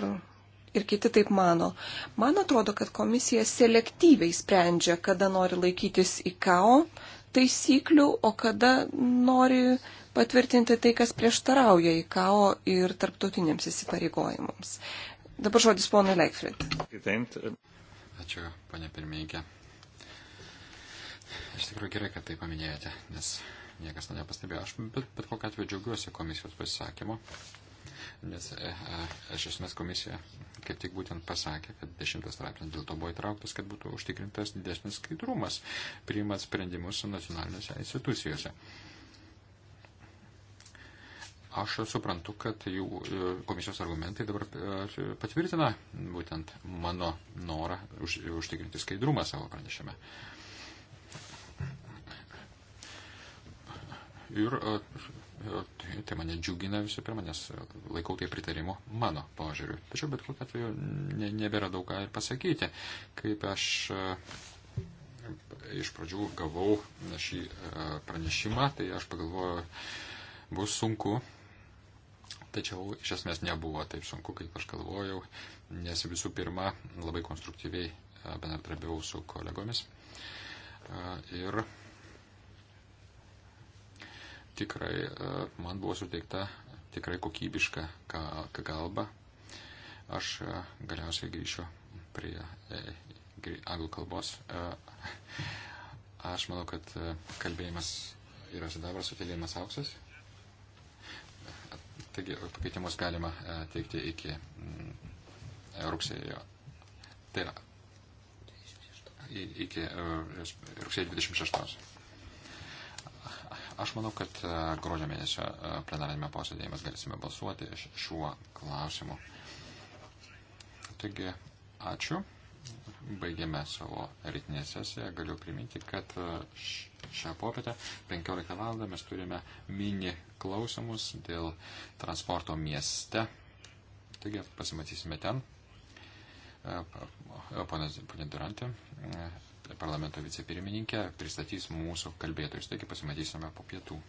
ir kiti taip mano. Man atrodo, kad komisija selektyviai sprendžia, kada nori laikytis IKO taisyklių, o kada nori patvirtinti tai, kas prieštarauja IKO ir tarptautiniams įsipareigojimams. Dabar žodis ponui Leikfrid. Ačiū, ponė pirmininkė. Iš tikrųjų gerai, kad tai paminėjote, nes niekas to nepastebėjo. Aš bet, bet kokiu atveju džiaugiuosi komisijos pasisakymu. Nes aš e, e, esmės komisija kaip tik būtent pasakė, kad 10 straipsnis dėl to buvo įtrauktas, kad būtų užtikrintas didesnis skaidrumas, priimant sprendimus nacionalinėse institucijose. Aš suprantu, kad jų e, komisijos argumentai dabar patvirtina būtent mano norą už, užtikrinti skaidrumą savo pranešime. Ir Tai, tai mane džiugina visų pirma, nes laikau tai pritarimo mano požiūriu. Tačiau bet kokiu atveju ne, nebėra daug ką ir pasakyti. Kaip aš e, iš pradžių gavau šį e, pranešimą, tai aš pagalvojau, bus sunku. Tačiau iš esmės nebuvo taip sunku, kaip aš galvojau, nes visų pirma labai konstruktyviai e, bendradarbiavau su kolegomis. Ir tikrai e, man buvo suteikta tikrai kokybiška kalba. Aš e, galiausiai grįšiu prie e, anglų kalbos. Aš manau, kad kalbėjimas yra sidabras, sutėlėjimas auksas. Taigi pakeitimus galima teikti iki mm, rugsėjo. Tai yra iki rugsėjo 26. Aš manau, kad e, gruodžio mėnesio e, plenarinėme posėdėje mes galėsime balsuoti šiuo klausimu. Taigi, ačiū. Baigėme savo rytinę sesiją. Galiu priminti, kad e, šią popietę 15 val. mes turime mini klausimus dėl transporto mieste. Taigi, pasimatysime ten. Pane Durantė parlamento vicepirmininkė pristatys mūsų kalbėtojus. Taigi pasimatysime po pietų.